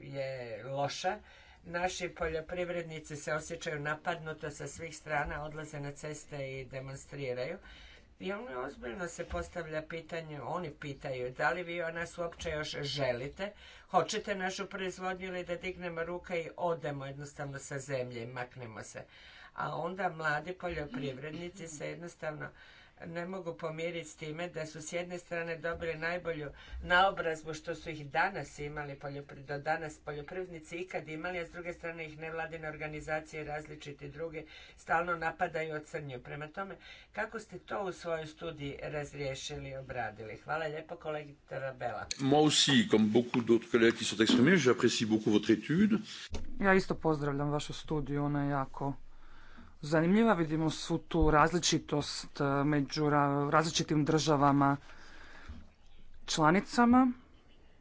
je loša. Naši poljoprivrednici se osjećaju napadnuto sa svih strana, odlaze na ceste i demonstriraju. I ono ozbiljno se postavlja pitanje, oni pitaju da li vi nas uopće još želite, hoćete našu proizvodnju ili da dignemo ruke i odemo jednostavno sa zemlje i maknemo se. A onda mladi poljoprivrednici se jednostavno ne mogu pomiriti s time da su s jedne strane dobili najbolju naobrazbu što su ih danas imali, do danas poljoprivrednici ikad imali, a s druge strane ih nevladine organizacije različiti druge stalno napadaju od crnju. Prema tome, kako ste to u svojoj studiji razriješili i obradili? Hvala lijepo kolegi Tarabela. Ja isto pozdravljam vašu studiju, ona je jako zanimljiva. Vidimo su tu različitost e, među različitim državama članicama.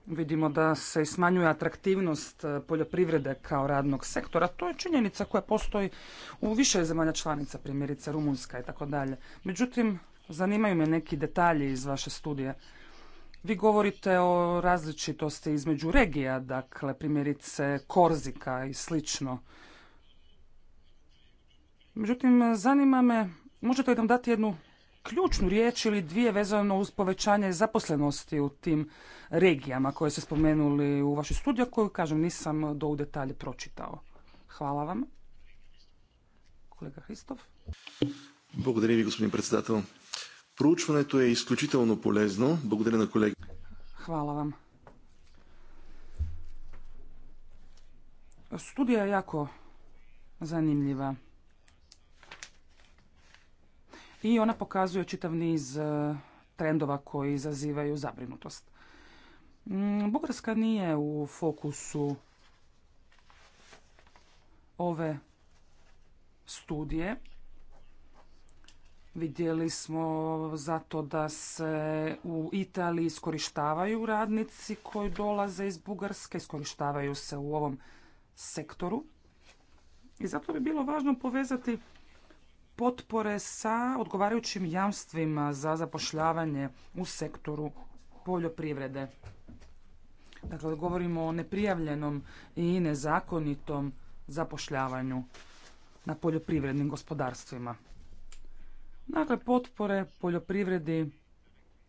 Vidimo da se smanjuje atraktivnost e, poljoprivrede kao radnog sektora. To je činjenica koja postoji u više zemalja članica, primjerice Rumunjska i tako dalje. Međutim, zanimaju me neki detalji iz vaše studije. Vi govorite o različitosti između regija, dakle primjerice Korzika i slično. Međutim, zanima me, možete li nam dati jednu ključnu riječ ili dvije vezano uz povećanje zaposlenosti u tim regijama koje ste spomenuli u vašoj studiju, koju, kažem, nisam do u detalje pročitao. Hvala vam. Kolega Hristov. Благодаря ви, господин председател. to je изключително polezno. Благодаря на колеги. Hvala vam. Studija je jako zanimljiva i ona pokazuje čitav niz e, trendova koji izazivaju zabrinutost. Mm, Bugarska nije u fokusu ove studije. Vidjeli smo zato da se u Italiji iskorištavaju radnici koji dolaze iz Bugarske, iskorištavaju se u ovom sektoru. I zato bi bilo važno povezati potpore sa odgovarajućim jamstvima za zapošljavanje u sektoru poljoprivrede. Dakle, govorimo o neprijavljenom i nezakonitom zapošljavanju na poljoprivrednim gospodarstvima. Dakle, potpore poljoprivredi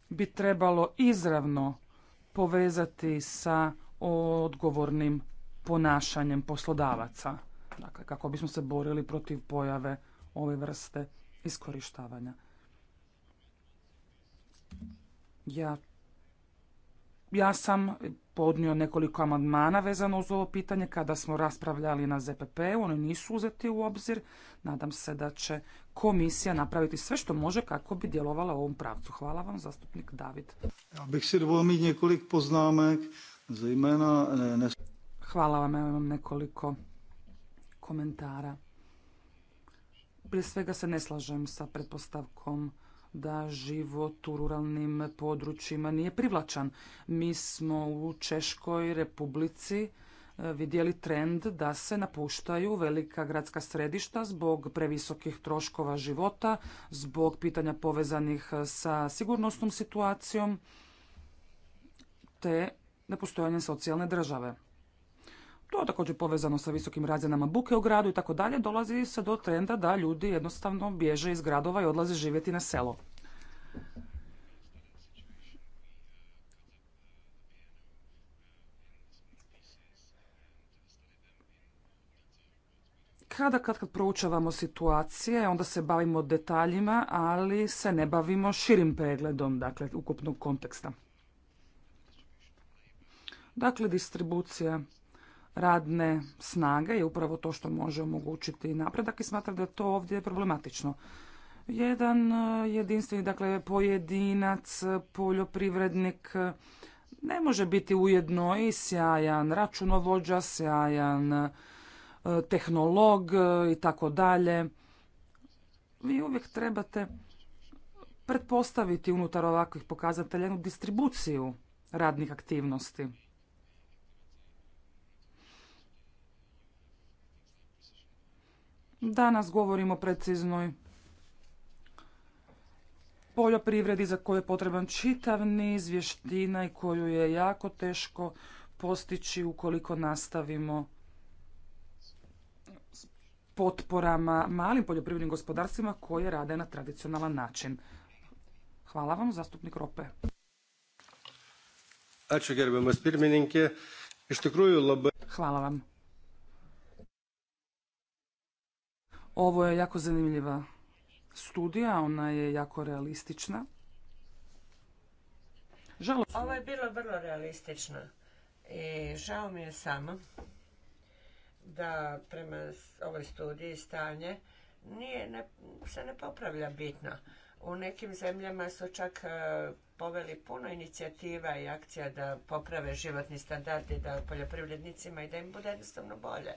bi trebalo izravno povezati sa odgovornim ponašanjem poslodavaca. Dakle, kako bismo se borili protiv pojave ove vrste iskorištavanja. Ja, ja sam podnio nekoliko amandmana vezano uz ovo pitanje kada smo raspravljali na ZPP, oni nisu uzeti u obzir. Nadam se da će komisija napraviti sve što može kako bi djelovala u ovom pravcu. Hvala vam, zastupnik David. Ja bih poznamek, za Hvala vam, imam nekoliko komentara prije svega se ne slažem sa pretpostavkom da život u ruralnim područjima nije privlačan. Mi smo u Češkoj republici e, vidjeli trend da se napuštaju velika gradska središta zbog previsokih troškova života, zbog pitanja povezanih sa sigurnosnom situacijom te nepostojanjem socijalne države to je također povezano sa visokim razinama buke u gradu i tako dalje, dolazi se do trenda da ljudi jednostavno bježe iz gradova i odlaze živjeti na selo. Kada kad, kad proučavamo situacije, onda se bavimo detaljima, ali se ne bavimo širim pregledom, dakle, ukupnog konteksta. Dakle, distribucija radne snage je upravo to što može omogućiti napredak i smatra da je to ovdje problematično. Jedan e, jedinstveni, dakle pojedinac, poljoprivrednik, ne može biti ujedno i sjajan računovođa, sjajan e, tehnolog e, i tako dalje. Vi uvijek trebate pretpostaviti unutar ovakvih pokazatelja jednu distribuciju radnih aktivnosti. Danas govorimo o preciznoj poljoprivredi za koju je potreban čitav niz vještina i koju je jako teško postići ukoliko nastavimo s potporama malim poljoprivrednim gospodarstvima koje rade na tradicionalan način. Hvala vam, zastupnik Rope. Hvala vam. Ovo je jako zanimljiva studija, ona je jako realistična. Ovo je bilo vrlo realistično. I žao mi je samo da prema ovoj studiji stanje nije, se ne popravlja bitno. U nekim zemljama su čak e, poveli puno inicijativa i akcija da poprave životni standard i da poljoprivrednicima i da im bude jednostavno bolje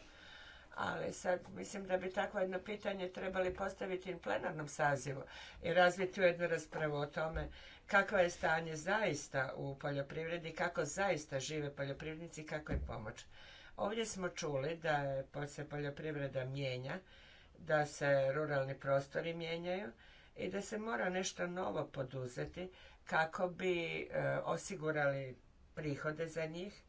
ali sad mislim da bi takvo jedno pitanje trebali postaviti u plenarnom sazivu i razviti u jednu raspravu o tome kakvo je stanje zaista u poljoprivredi, kako zaista žive poljoprivrednici i kako je pomoć. Ovdje smo čuli da se poljoprivreda mijenja, da se ruralni prostori mijenjaju i da se mora nešto novo poduzeti kako bi e, osigurali prihode za njih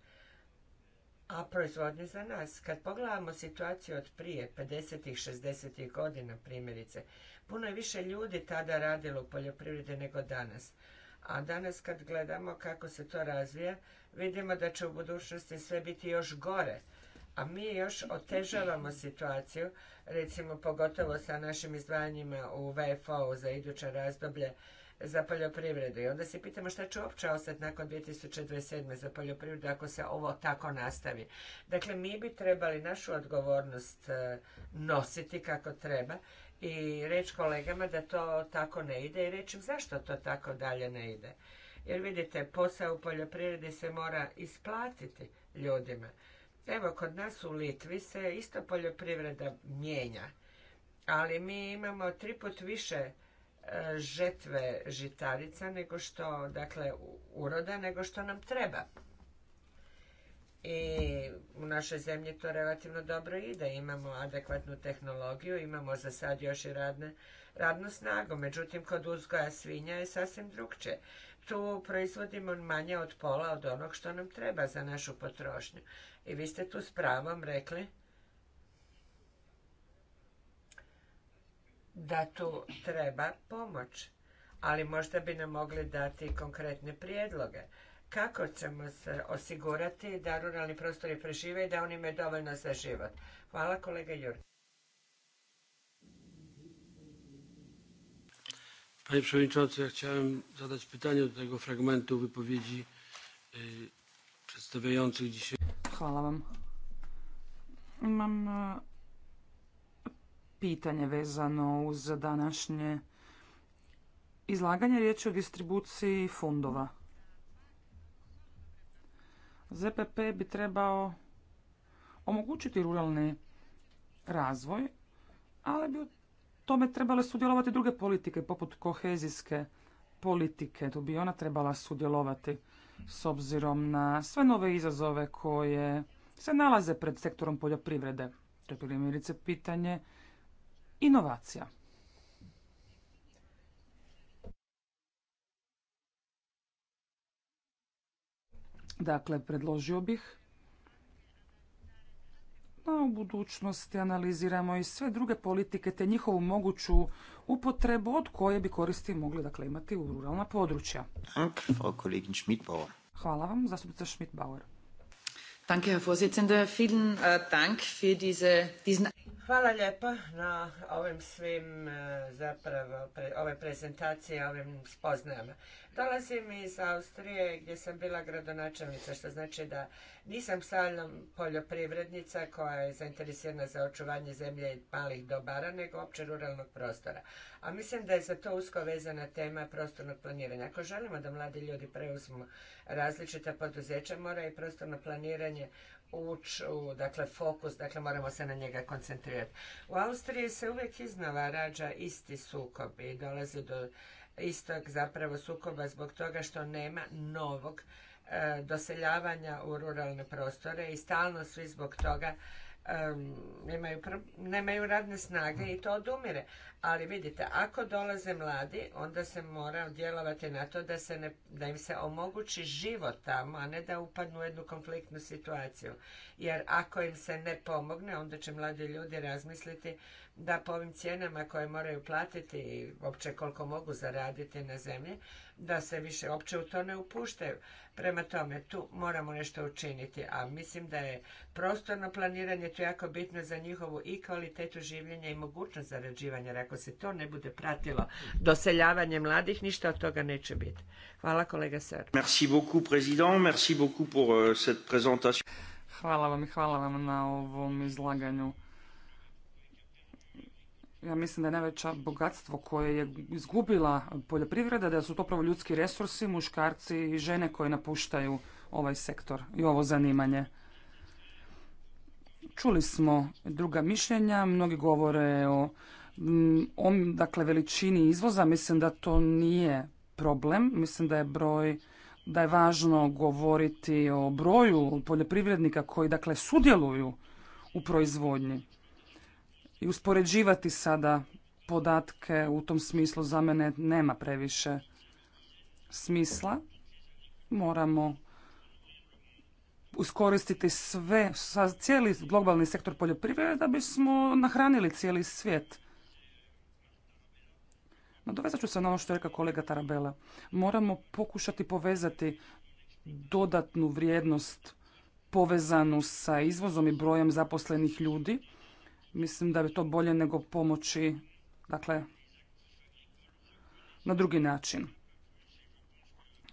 a proizvodnje za nas. Kad pogledamo situaciju od prije 50-ih, 60-ih godina primjerice, puno je više ljudi tada radilo u poljoprivredi nego danas. A danas kad gledamo kako se to razvija, vidimo da će u budućnosti sve biti još gore. A mi još otežavamo situaciju, recimo pogotovo sa našim izdvajanjima u vfo za iduće razdoblje za poljoprivredu. I onda se pitamo šta će uopće ostati nakon 2027. za poljoprivredu ako se ovo tako nastavi. Dakle, mi bi trebali našu odgovornost e, nositi kako treba i reći kolegama da to tako ne ide i reći zašto to tako dalje ne ide. Jer vidite, posao u poljoprivredi se mora isplatiti ljudima. Evo, kod nas u Litvi se isto poljoprivreda mijenja, ali mi imamo tri put više žetve žitarica nego što, dakle, uroda nego što nam treba. I u našoj zemlji to relativno dobro ide. Imamo adekvatnu tehnologiju, imamo za sad još i radne, radnu snagu. Međutim, kod uzgoja svinja je sasvim drugče. Tu proizvodimo manje od pola od onog što nam treba za našu potrošnju. I vi ste tu s pravom rekli da tu treba pomoć, ali možda bi nam mogli dati konkretne prijedloge. Kako ćemo se osigurati da ruralni prostori prežive i da on imaju dovoljno za život? Hvala kolega Jur. Panie Przewodniczący, ja chciałem zadać pytanie do tego fragmentu wypowiedzi y, przedstawiających dzisiaj. Hvala vam. Imam e, pitanje vezano uz današnje izlaganje. Riječ o distribuciji fondova. ZPP bi trebao omogućiti ruralni razvoj, ali bi u tome trebale sudjelovati druge politike, poput kohezijske politike. Tu bi ona trebala sudjelovati s obzirom na sve nove izazove koje se nalaze pred sektorom poljoprivrede. To je primjerice pitanje inovacija. Dakle, predložio bih da u budućnosti analiziramo i sve druge politike te njihovu moguću upotrebu od koje bi koristi mogli dakle, imati u ruralna područja. Hvala vam, zastupnica Schmidt-Bauer. Danke, Herr Vorsitzender. Vielen äh, Dank Hvala lijepa na ovim svim e, zapravo ove prezentacije, ovim spoznajama. Dolazim iz Austrije gdje sam bila gradonačelnica, što znači da nisam samo poljoprivrednica koja je zainteresirana za očuvanje zemlje i malih dobara, nego opće ruralnog prostora. A mislim da je za to usko vezana tema prostornog planiranja. Ako želimo da mladi ljudi preuzmu različita poduzeća, mora i prostorno planiranje ući u dakle, fokus, dakle moramo se na njega koncentrirati. U Austriji se uvijek iznova rađa isti sukob i dolazi do istog zapravo sukoba zbog toga što nema novog e, doseljavanja u ruralne prostore i stalno svi zbog toga nemaju radne snage i to odumire. Ali vidite, ako dolaze mladi, onda se mora djelovati na to da, se ne, da im se omogući život tamo, a ne da upadnu u jednu konfliktnu situaciju. Jer ako im se ne pomogne, onda će mladi ljudi razmisliti da po ovim cijenama koje moraju platiti i uopće koliko mogu zaraditi na zemlji, da se više uopće u to ne upuštaju. Prema tome, tu moramo nešto učiniti, a mislim da je prostorno planiranje to jako bitno za njihovu i kvalitetu življenja i mogućnost zarađivanja, jer ako se to ne bude pratilo doseljavanje mladih, ništa od toga neće biti. Hvala kolega Ser. Merci beaucoup, Merci beaucoup pour euh, cette présentation. Hvala vam i hvala vam na ovom izlaganju ja mislim da je najveća bogatstvo koje je izgubila poljoprivreda, da su to upravo ljudski resursi, muškarci i žene koje napuštaju ovaj sektor i ovo zanimanje. Čuli smo druga mišljenja, mnogi govore o, mm, o dakle, veličini izvoza, mislim da to nije problem, mislim da je broj da je važno govoriti o broju poljoprivrednika koji dakle sudjeluju u proizvodnji i uspoređivati sada podatke u tom smislu za mene nema previše smisla. Moramo uskoristiti sve, cijeli globalni sektor poljoprivrede da bismo nahranili cijeli svijet. Dovezat ću se na ono što je rekao kolega Tarabela. Moramo pokušati povezati dodatnu vrijednost povezanu sa izvozom i brojem zaposlenih ljudi Mislim da bi to bolje nego pomoći, dakle, na drugi način.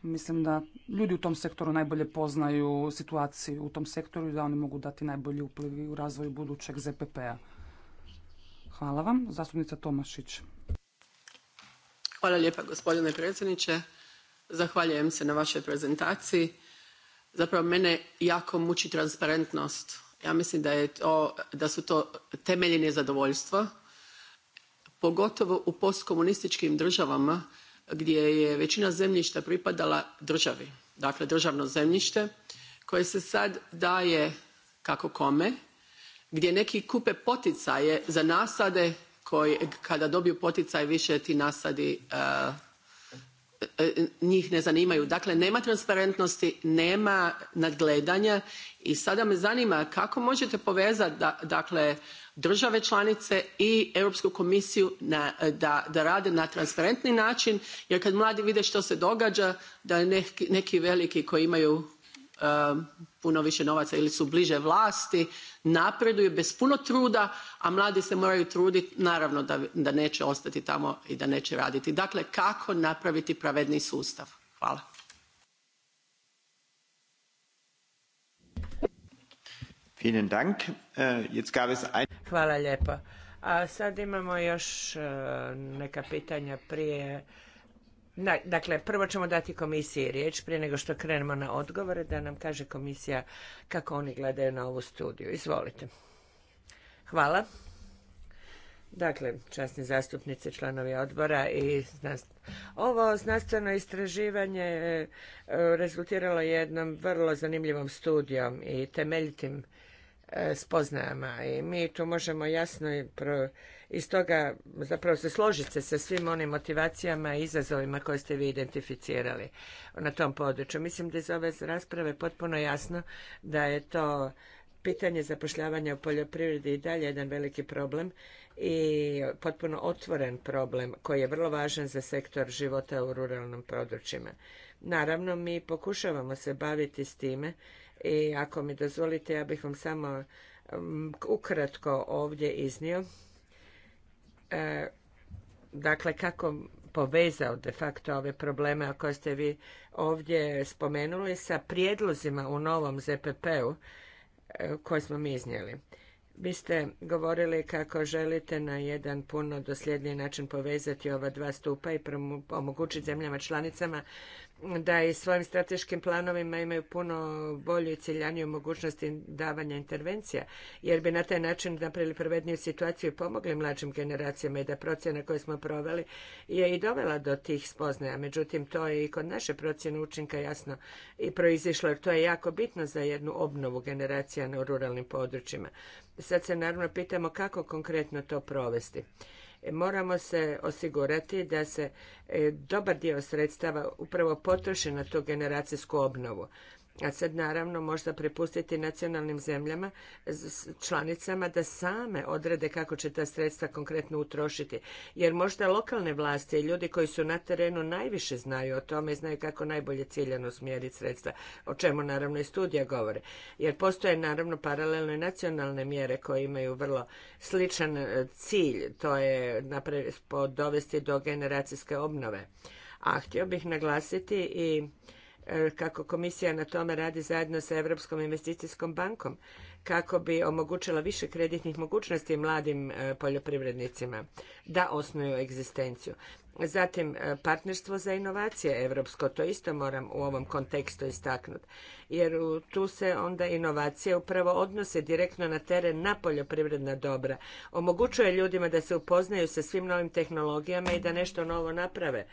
Mislim da ljudi u tom sektoru najbolje poznaju situaciju u tom sektoru i da oni mogu dati najbolji upliv u razvoju budućeg ZPP-a. Hvala vam. Zastupnica Tomašić. Hvala lijepa gospodine predsjedniče. Zahvaljujem se na vašoj prezentaciji. Zapravo mene jako muči transparentnost ja mislim da, je da su to temelji nezadovoljstva pogotovo u postkomunističkim državama gdje je većina zemljišta pripadala državi dakle državno zemljište koje se sad daje kako kome gdje neki kupe poticaje za nasade koji kada dobiju poticaj više ti nasadi e, E, e, njih ne zanimaju. Dakle, nema transparentnosti, nema nadgledanja i sada me zanima kako možete povezati dakle, države članice i Europsku komisiju e, da, rade na transparentni način jer kad mladi vide što se događa da neki, neki veliki koji imaju Um, puno više novaca ili su bliže vlasti napreduju bez puno truda a mladi se moraju truditi naravno da, da neće ostati tamo i da neće raditi. dakle kako napraviti pravedni sustav? hvala. Äh, hvala A sad imamo još äh, neka pitanja prije Dakle, prvo ćemo dati komisiji riječ prije nego što krenemo na odgovore, da nam kaže komisija kako oni gledaju na ovu studiju. Izvolite. Hvala. Dakle, časni zastupnice članovi odbora i ovo znanstveno istraživanje e, rezultiralo jednom vrlo zanimljivom studijom i temeljitim e, spoznajama i mi tu možemo jasno i pro i stoga zapravo se složite sa svim onim motivacijama i izazovima koje ste vi identificirali na tom području. Mislim da iz ove rasprave potpuno jasno da je to pitanje zapošljavanja u poljoprivredi i dalje jedan veliki problem i potpuno otvoren problem koji je vrlo važan za sektor života u ruralnim područjima. Naravno, mi pokušavamo se baviti s time i ako mi dozvolite, ja bih vam samo mm, ukratko ovdje iznio E, dakle kako povezao de facto ove probleme koje ste vi ovdje spomenuli sa prijedlozima u novom ZPP-u e, koje smo mi iznijeli. Vi ste govorili kako želite na jedan puno dosljedniji način povezati ova dva stupa i omogućiti zemljama članicama da i svojim strateškim planovima imaju puno bolju i ciljaniju mogućnosti davanja intervencija, jer bi na taj način napravili prevedniju situaciju i pomogli mlađim generacijama i da procjena koju smo proveli je i dovela do tih spoznaja. Međutim, to je i kod naše procjene učinka jasno i proizišlo, jer to je jako bitno za jednu obnovu generacija na ruralnim područjima sad se naravno pitamo kako konkretno to provesti. E, moramo se osigurati da se e, dobar dio sredstava upravo potroši na tu generacijsku obnovu a sad naravno možda prepustiti nacionalnim zemljama, članicama da same odrede kako će ta sredstva konkretno utrošiti. Jer možda lokalne vlasti i ljudi koji su na terenu najviše znaju o tome i znaju kako najbolje ciljano smjeriti sredstva, o čemu naravno i studija govore. Jer postoje naravno paralelne nacionalne mjere koje imaju vrlo sličan e, cilj, to je dovesti do generacijske obnove. A htio bih naglasiti i kako komisija na tome radi zajedno sa Europskom investicijskom bankom kako bi omogućila više kreditnih mogućnosti mladim e, poljoprivrednicima da osnuju egzistenciju. Zatim, e, partnerstvo za inovacije evropsko, to isto moram u ovom kontekstu istaknuti, jer tu se onda inovacije upravo odnose direktno na teren na poljoprivredna dobra. Omogućuje ljudima da se upoznaju sa svim novim tehnologijama i da nešto novo naprave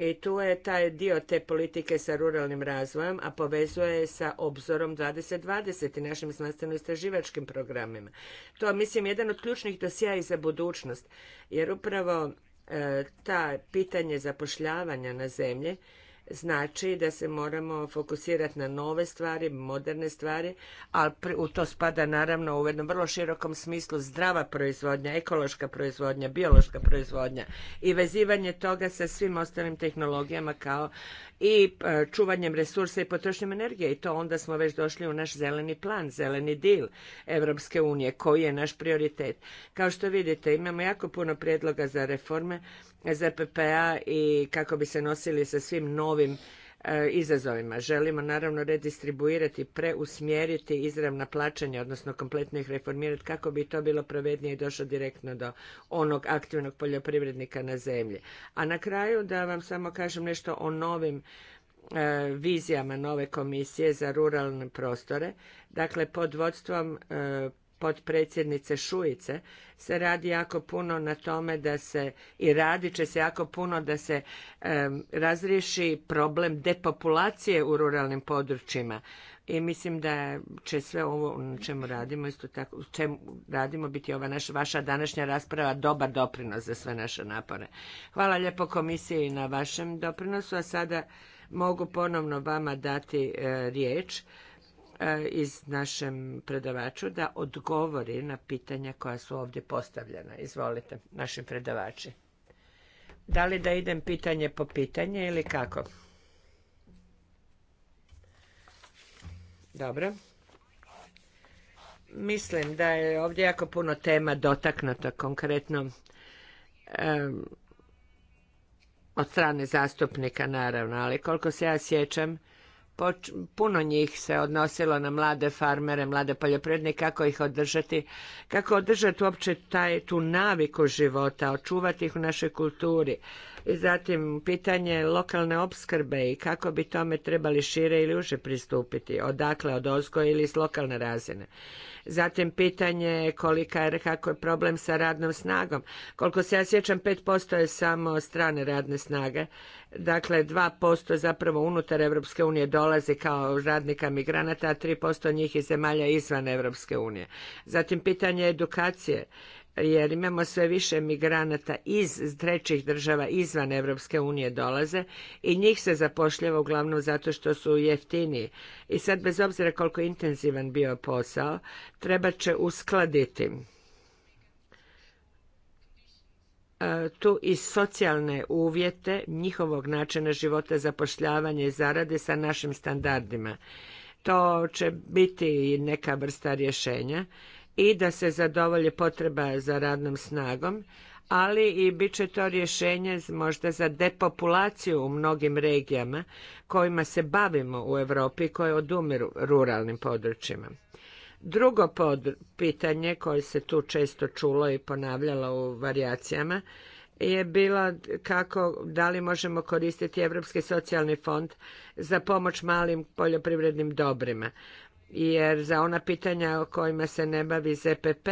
i tu je taj dio te politike sa ruralnim razvojem, a povezuje je sa obzorom 2020 i našim znanstveno-istraživačkim programima. To je, mislim, jedan od ključnih dosija i za budućnost, jer upravo e, ta pitanje zapošljavanja na zemlji znači da se moramo fokusirati na nove stvari, moderne stvari, ali u to spada naravno u jednom vrlo širokom smislu zdrava proizvodnja, ekološka proizvodnja, biološka proizvodnja i vezivanje toga sa svim ostalim tehnologijama kao i e, čuvanjem resursa i potrošnjem energije i to onda smo već došli u naš zeleni plan, zeleni dil Evropske unije koji je naš prioritet. Kao što vidite imamo jako puno prijedloga za reforme ZPPA i kako bi se nosili sa svim novim E, izazovima. Želimo naravno redistribuirati, preusmjeriti izravna plaćanja, odnosno kompletno ih reformirati kako bi to bilo provednije i došlo direktno do onog aktivnog poljoprivrednika na zemlji. A na kraju da vam samo kažem nešto o novim e, vizijama nove komisije za ruralne prostore, dakle pod vodstvom e, potpredsjednice Šujice se radi jako puno na tome da se i radit će se jako puno da se e, razriješi problem depopulacije u ruralnim područjima. I mislim da će sve ovo na čemu radimo, isto tako, u čemu radimo biti ova naša, vaša današnja rasprava dobar doprinos za sve naše napore. Hvala lijepo komisiji na vašem doprinosu, a sada mogu ponovno vama dati e, riječ E, iz našem predavaču da odgovori na pitanja koja su ovdje postavljena. Izvolite, našim predavači. Da li da idem pitanje po pitanje ili kako? Dobro. Mislim da je ovdje jako puno tema dotaknuto konkretno od strane zastupnika naravno, ali koliko se ja sjećam puno njih se odnosilo na mlade farmere, mlade poljoprivrednike, kako ih održati, kako održati uopće taj, tu naviku života, očuvati ih u našoj kulturi, i zatim pitanje lokalne opskrbe i kako bi tome trebali šire ili uže pristupiti, odakle, od Ozgo ili s lokalne razine. Zatim pitanje kolika je, kako je problem sa radnom snagom. Koliko se ja sjećam, 5% je samo strane radne snage. Dakle, 2% zapravo unutar Europske unije dolazi kao radnika migranata, a 3% njih iz zemalja izvan Europske unije. Zatim pitanje edukacije jer imamo sve više migranata iz trećih država izvan Europske unije dolaze i njih se zapošljava uglavnom zato što su jeftiniji. I sad bez obzira koliko intenzivan bio posao, treba će uskladiti e, tu i socijalne uvjete njihovog načina života, zapošljavanja i zarade sa našim standardima. To će biti neka vrsta rješenja i da se zadovolje potreba za radnom snagom, ali i bit će to rješenje možda za depopulaciju u mnogim regijama kojima se bavimo u Europi i koje odumiru ruralnim područjima. Drugo pitanje koje se tu često čulo i ponavljalo u varijacijama je bila kako da li možemo koristiti Europski socijalni fond za pomoć malim poljoprivrednim dobrima jer za ona pitanja o kojima se ne bavi ZPP,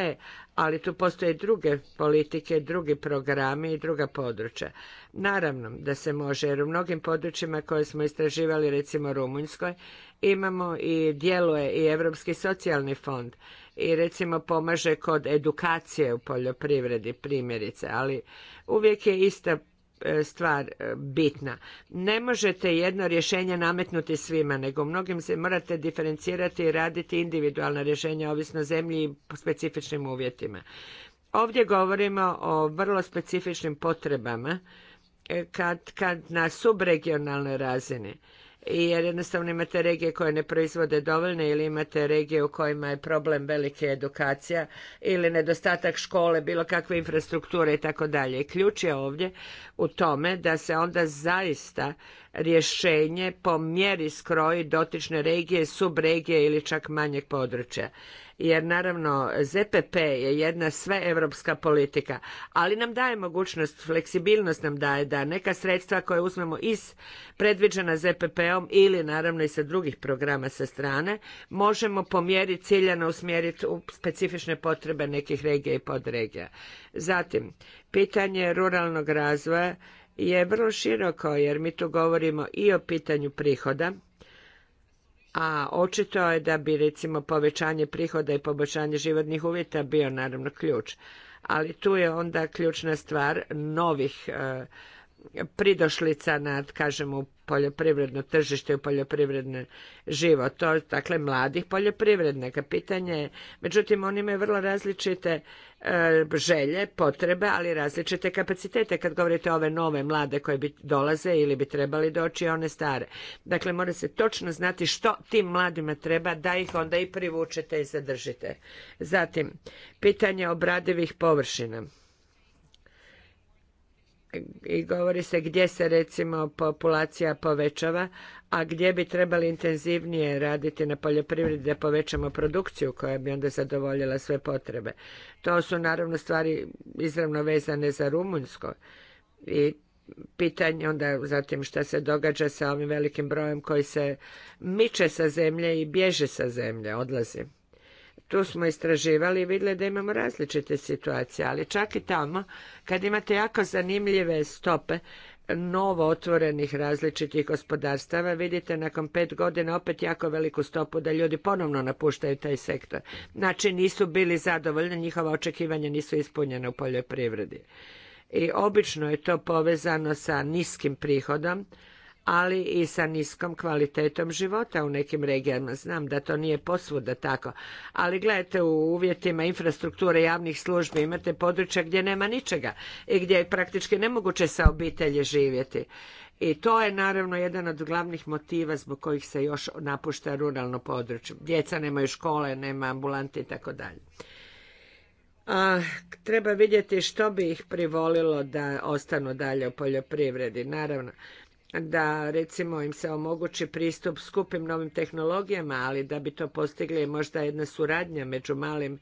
ali tu postoje druge politike, drugi programi i druga područja. Naravno da se može, jer u mnogim područjima koje smo istraživali, recimo Rumunjskoj, imamo i djeluje i Europski socijalni fond i recimo pomaže kod edukacije u poljoprivredi primjerice, ali uvijek je ista E, stvar e, bitna. Ne možete jedno rješenje nametnuti svima, nego mnogim se morate diferencirati i raditi individualna rješenja ovisno zemlji i specifičnim uvjetima. Ovdje govorimo o vrlo specifičnim potrebama e, kad, kad na subregionalnoj razini jer jednostavno imate regije koje ne proizvode dovoljno ili imate regije u kojima je problem velike edukacija ili nedostatak škole, bilo kakve infrastrukture i tako dalje. Ključ je ovdje u tome da se onda zaista rješenje po mjeri skroji dotične regije, subregije ili čak manjeg područja jer naravno ZPP je jedna sveevropska politika, ali nam daje mogućnost, fleksibilnost nam daje da neka sredstva koje uzmemo iz predviđena ZPP-om ili naravno i sa drugih programa sa strane, možemo pomjeriti ciljano usmjeriti u specifične potrebe nekih regija i podregija. Zatim, pitanje ruralnog razvoja je vrlo široko jer mi tu govorimo i o pitanju prihoda, a očito je da bi recimo povećanje prihoda i poboljšanje životnih uvjeta bio naravno ključ. Ali tu je onda ključna stvar novih e, pridošlica na, kažemo, poljoprivredno tržište i poljoprivredni život. To, dakle, mladih poljoprivrednika. Pitanje je, međutim, oni imaju vrlo različite e, želje, potrebe, ali različite kapacitete. Kad govorite ove nove mlade koje bi dolaze ili bi trebali doći one stare. Dakle, mora se točno znati što tim mladima treba da ih onda i privučete i zadržite. Zatim, pitanje obradivih površina i govori se gdje se recimo populacija povećava, a gdje bi trebali intenzivnije raditi na poljoprivredi da povećamo produkciju koja bi onda zadovoljila sve potrebe. To su naravno stvari izravno vezane za Rumunjsko i pitanje onda zatim šta se događa sa ovim velikim brojem koji se miče sa zemlje i bježe sa zemlje, odlazi tu smo istraživali i vidjeli da imamo različite situacije, ali čak i tamo kad imate jako zanimljive stope novo otvorenih različitih gospodarstava, vidite nakon pet godina opet jako veliku stopu da ljudi ponovno napuštaju taj sektor. Znači nisu bili zadovoljni, njihova očekivanja nisu ispunjena u poljoprivredi. I obično je to povezano sa niskim prihodom, ali i sa niskom kvalitetom života u nekim regijama. Znam da to nije posvuda tako, ali gledajte u uvjetima infrastrukture javnih službi imate područja gdje nema ničega i gdje je praktički nemoguće sa obitelji živjeti. I to je naravno jedan od glavnih motiva zbog kojih se još napušta ruralno područje. Djeca nemaju škole, nema ambulanti i tako dalje. A, treba vidjeti što bi ih privolilo da ostanu dalje u poljoprivredi. Naravno, da recimo im se omogući pristup skupim novim tehnologijama, ali da bi to postigli možda jedna suradnja među malim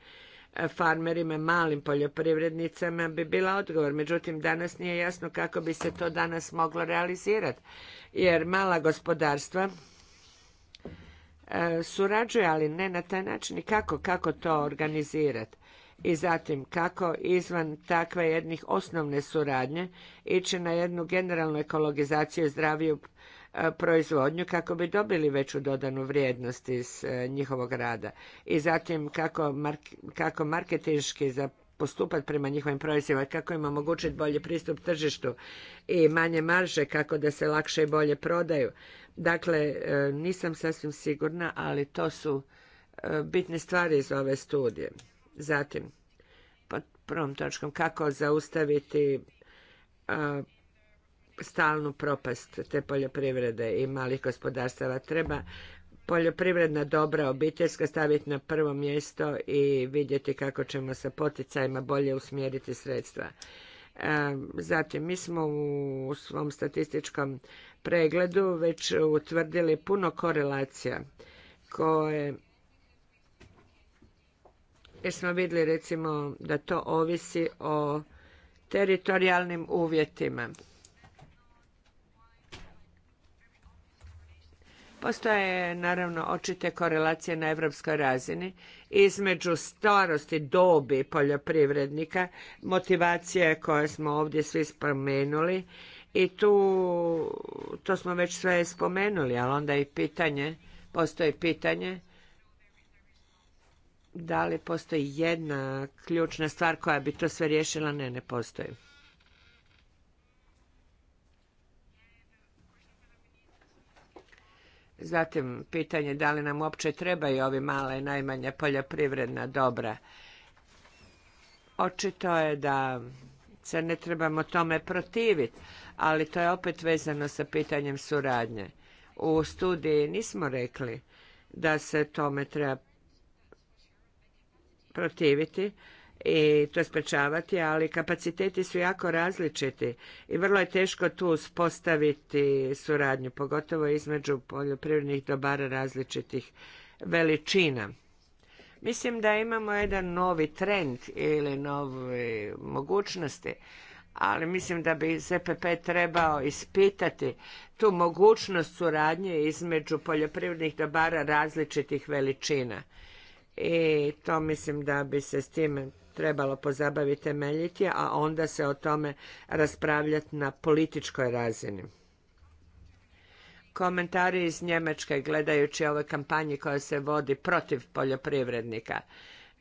e, farmerima, malim poljoprivrednicama bi bila odgovor. Međutim, danas nije jasno kako bi se to danas moglo realizirati. Jer mala gospodarstva e, surađuje, ali ne na taj način i kako, kako to organizirati i zatim kako izvan takve jednih osnovne suradnje ići na jednu generalnu ekologizaciju i zdraviju e, proizvodnju kako bi dobili veću dodanu vrijednost iz e, njihovog rada i zatim kako, kako marketinški za postupati prema njihovim proizvodima, kako im omogućiti bolji pristup tržištu i manje marže, kako da se lakše i bolje prodaju. Dakle, e, nisam sasvim sigurna, ali to su bitne stvari iz ove studije. Zatim, pod prvom točkom, kako zaustaviti stalnu propast te poljoprivrede i malih gospodarstava. Treba poljoprivredna dobra obiteljska staviti na prvo mjesto i vidjeti kako ćemo sa poticajima bolje usmjeriti sredstva. Zatim, mi smo u svom statističkom pregledu već utvrdili puno korelacija koje jer smo vidjeli recimo da to ovisi o teritorijalnim uvjetima. Postoje naravno očite korelacije na evropskoj razini između starosti, dobi poljoprivrednika, motivacije koje smo ovdje svi spomenuli i tu, to smo već sve spomenuli, ali onda i pitanje, postoji pitanje da li postoji jedna ključna stvar koja bi to sve riješila? Ne, ne postoji. Zatim, pitanje da li nam uopće trebaju ovi male i najmanja poljoprivredna dobra. Očito je da se ne trebamo tome protiviti, ali to je opet vezano sa pitanjem suradnje. U studiji nismo rekli da se tome treba protiviti i to sprečavati, ali kapaciteti su jako različiti i vrlo je teško tu spostaviti suradnju, pogotovo između poljoprivrednih dobara različitih veličina. Mislim da imamo jedan novi trend ili nove mogućnosti, ali mislim da bi ZPP trebao ispitati tu mogućnost suradnje između poljoprivrednih dobara različitih veličina i to mislim da bi se s time trebalo pozabaviti temeljiti, a onda se o tome raspravljati na političkoj razini. Komentari iz Njemačke gledajući ove kampanje koja se vodi protiv poljoprivrednika.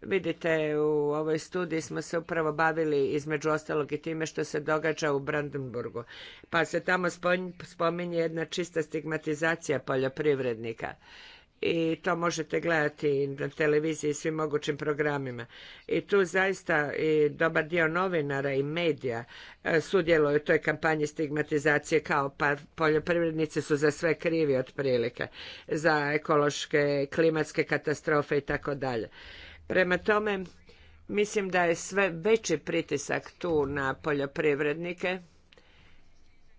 Vidite, u ovoj studiji smo se upravo bavili između ostalog i time što se događa u Brandenburgu. Pa se tamo spominje jedna čista stigmatizacija poljoprivrednika i to možete gledati na televiziji i svim mogućim programima. I tu zaista i dobar dio novinara i medija e, sudjeluje u toj kampanji stigmatizacije kao pa poljoprivrednici su za sve krivi otprilike, za ekološke, klimatske katastrofe i tako dalje. Prema tome, mislim da je sve veći pritisak tu na poljoprivrednike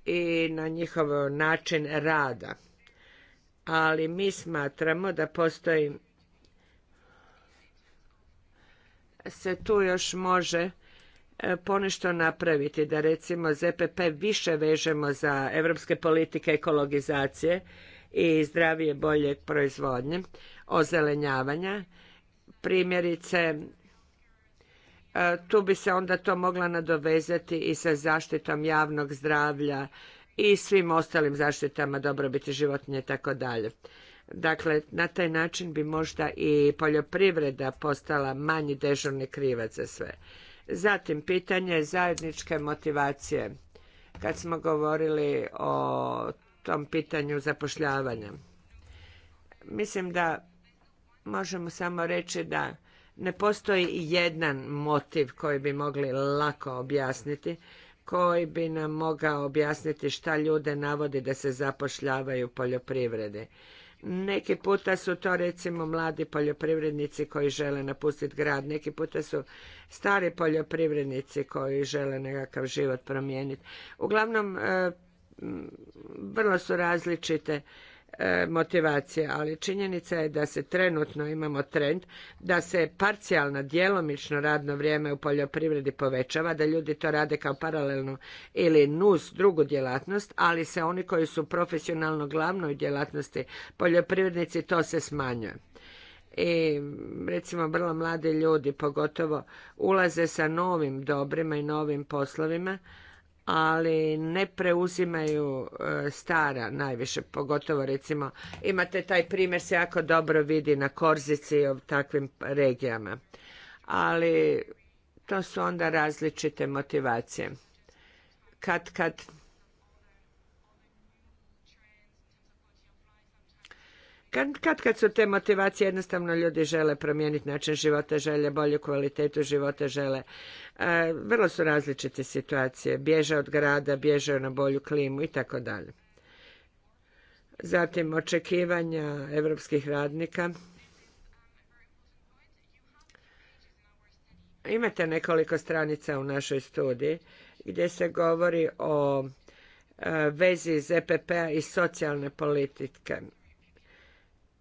i na njihov način rada ali mi smatramo da postoji se tu još može e, ponešto napraviti, da recimo ZPP više vežemo za evropske politike ekologizacije i zdravije bolje proizvodnje, ozelenjavanja. Primjerice, e, tu bi se onda to mogla nadovezati i sa zaštitom javnog zdravlja i svim ostalim zaštitama dobrobiti životinje i tako dalje. Dakle, na taj način bi možda i poljoprivreda postala manji dežurni krivac za sve. Zatim, pitanje zajedničke motivacije. Kad smo govorili o tom pitanju zapošljavanja. Mislim da možemo samo reći da ne postoji jedan motiv koji bi mogli lako objasniti koji bi nam mogao objasniti šta ljude navodi da se zapošljavaju poljoprivrede. poljoprivredi. Neki puta su to recimo mladi poljoprivrednici koji žele napustiti grad, neki puta su stari poljoprivrednici koji žele nekakav život promijeniti. Uglavnom, eh, vrlo su različite E, motivacije, ali činjenica je da se trenutno imamo trend da se parcijalno, djelomično radno vrijeme u poljoprivredi povećava, da ljudi to rade kao paralelnu ili nus drugu djelatnost, ali se oni koji su profesionalno glavnoj djelatnosti poljoprivrednici to se smanjuje i recimo vrlo mladi ljudi pogotovo ulaze sa novim dobrima i novim poslovima ali ne preuzimaju e, stara najviše, pogotovo recimo imate taj primjer se jako dobro vidi na Korzici i takvim regijama. Ali to su onda različite motivacije. Kad, kad Kad, kad, kad su te motivacije, jednostavno ljudi žele promijeniti način života, žele bolju kvalitetu života, žele. E, vrlo su različite situacije. Bježe od grada, bježe na bolju klimu i tako dalje. Zatim očekivanja evropskih radnika. Imate nekoliko stranica u našoj studiji gdje se govori o e, vezi ZPP-a e i socijalne politike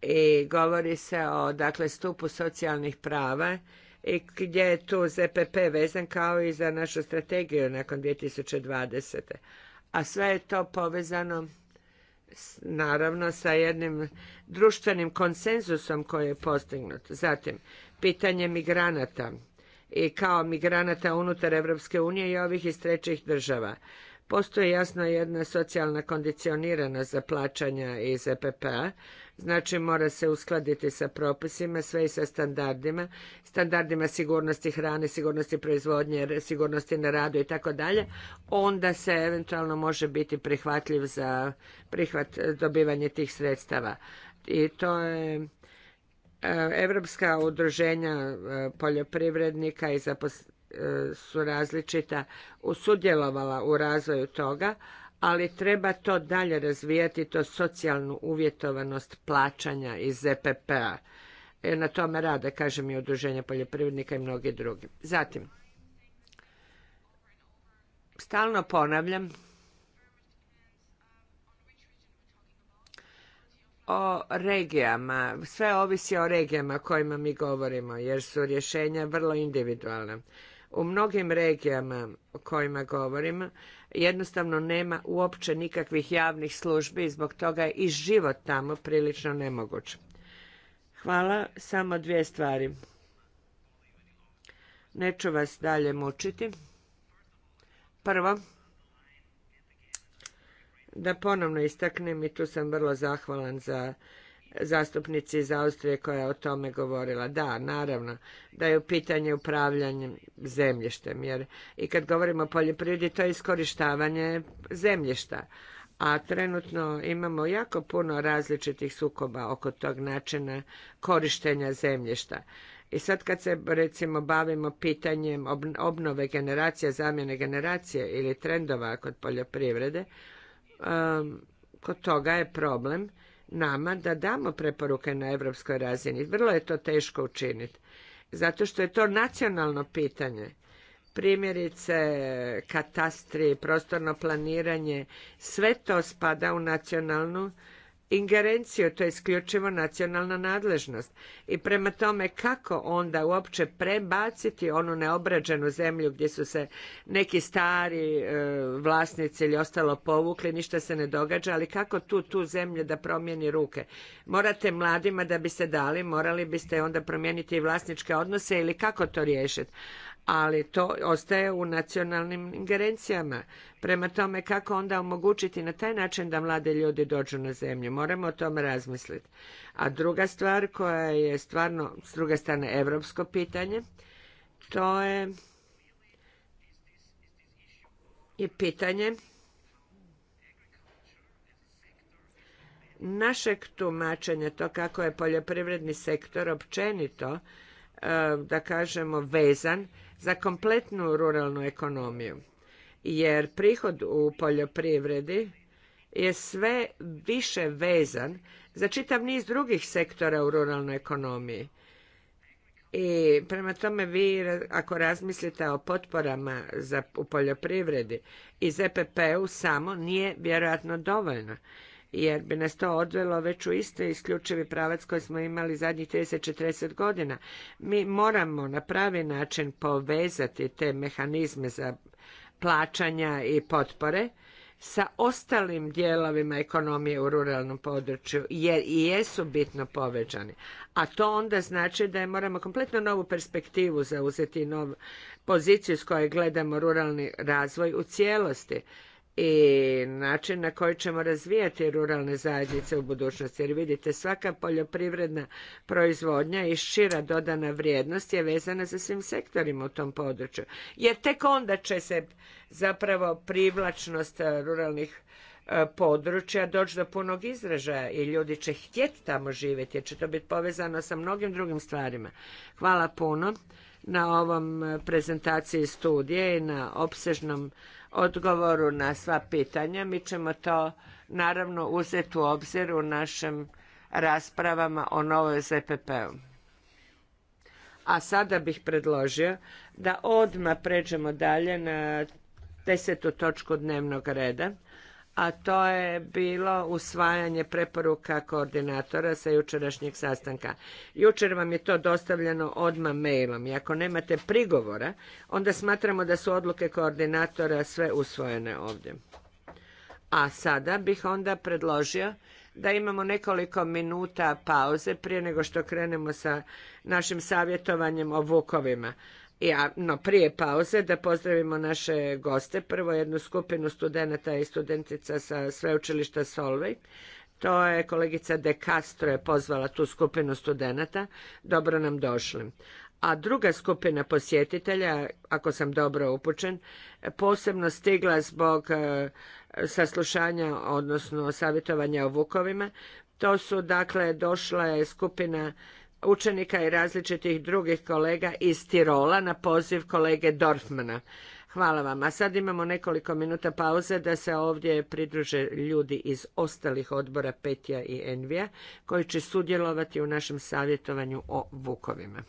i govori se o dakle stupu socijalnih prava i gdje je tu ZPP vezan kao i za našu strategiju nakon 2020. A sve je to povezano naravno sa jednim društvenim konsenzusom koji je postignut. Zatim, pitanje migranata i kao migranata unutar Europske unije i ovih iz trećih država. Postoji jasno jedna socijalna kondicionirana za plaćanja iz EPP-a, znači mora se uskladiti sa propisima, sve i sa standardima, standardima sigurnosti hrane, sigurnosti proizvodnje, sigurnosti na radu i tako dalje, onda se eventualno može biti prihvatljiv za prihvat dobivanje tih sredstava. I to je e, Evropska udruženja e, poljoprivrednika i zaposlenika e, su različita sudjelovala u razvoju toga, ali treba to dalje razvijati, to socijalnu uvjetovanost plaćanja iz ZPP-a. E e, na tome rade, kažem, i udruženja poljoprivrednika i mnogi drugi. Zatim, stalno ponavljam o regijama. Sve ovisi o regijama kojima mi govorimo, jer su rješenja vrlo individualna u mnogim regijama o kojima govorim jednostavno nema uopće nikakvih javnih službi i zbog toga je i život tamo prilično nemoguć. Hvala, samo dvije stvari. Neću vas dalje mučiti. Prvo, da ponovno istaknem i tu sam vrlo zahvalan za zastupnici iz Austrije koja je o tome govorila. Da, naravno, da je u pitanje upravljanje zemljištem. Jer i kad govorimo o poljoprivredi, to je iskorištavanje zemljišta. A trenutno imamo jako puno različitih sukoba oko tog načina korištenja zemljišta. I sad kad se recimo bavimo pitanjem obnove generacija, zamjene generacije ili trendova kod poljoprivrede, um, kod toga je problem nama da damo preporuke na europskoj razini. Vrlo je to teško učiniti. Zato što je to nacionalno pitanje. Primjerice, katastri, prostorno planiranje, sve to spada u nacionalnu ingerenciju, to je isključivo nacionalna nadležnost. I prema tome kako onda uopće prebaciti onu neobrađenu zemlju gdje su se neki stari e, vlasnici ili ostalo povukli, ništa se ne događa, ali kako tu, tu zemlju da promijeni ruke? Morate mladima da biste dali, morali biste onda promijeniti i vlasničke odnose ili kako to riješiti? ali to ostaje u nacionalnim ingerencijama. Prema tome, kako onda omogućiti na taj način da mlade ljudi dođu na zemlju? Moramo o tome razmisliti. A druga stvar koja je stvarno, s druge strane, evropsko pitanje, to je i pitanje našeg tumačenja to kako je poljoprivredni sektor općenito eh, da kažemo vezan za kompletnu ruralnu ekonomiju. Jer prihod u poljoprivredi je sve više vezan za čitav niz drugih sektora u ruralnoj ekonomiji. I prema tome vi ako razmislite o potporama za, u poljoprivredi i ZPP-u e samo nije vjerojatno dovoljno jer bi nas to odvelo već u isti isključivi pravac koji smo imali zadnjih 30-40 godina. Mi moramo na pravi način povezati te mehanizme za plaćanja i potpore sa ostalim dijelovima ekonomije u ruralnom području, jer i jesu bitno povećani. A to onda znači da je moramo kompletno novu perspektivu zauzeti, novu poziciju s koje gledamo ruralni razvoj u cijelosti i način na koji ćemo razvijati ruralne zajednice u budućnosti. Jer vidite, svaka poljoprivredna proizvodnja i šira dodana vrijednost je vezana za svim sektorima u tom području. Jer tek onda će se zapravo privlačnost e, ruralnih e, područja doći do punog izražaja i ljudi će htjeti tamo živjeti jer će to biti povezano sa mnogim drugim stvarima. Hvala puno na ovom e, prezentaciji studije i na opsežnom odgovoru na sva pitanja. Mi ćemo to naravno uzeti u obzir u našim raspravama o novoj ZPP-u. A sada bih predložio da odmah pređemo dalje na desetu točku dnevnog reda a to je bilo usvajanje preporuka koordinatora sa jučerašnjeg sastanka. Jučer vam je to dostavljeno odmah mailom i ako nemate prigovora, onda smatramo da su odluke koordinatora sve usvojene ovdje. A sada bih onda predložio da imamo nekoliko minuta pauze prije nego što krenemo sa našim savjetovanjem o vukovima no prije pauze da pozdravimo naše goste. Prvo jednu skupinu studenta i studentica sa sveučilišta Solvej. To je kolegica De Castro je pozvala tu skupinu studenata. Dobro nam došli. A druga skupina posjetitelja, ako sam dobro upućen, posebno stigla zbog e, saslušanja, odnosno savjetovanja o vukovima. To su dakle došla je skupina učenika i različitih drugih kolega iz Tirola na poziv kolege Dorfmana. Hvala vam. A sad imamo nekoliko minuta pauze da se ovdje pridruže ljudi iz ostalih odbora Petja i Envija koji će sudjelovati u našem savjetovanju o vukovima.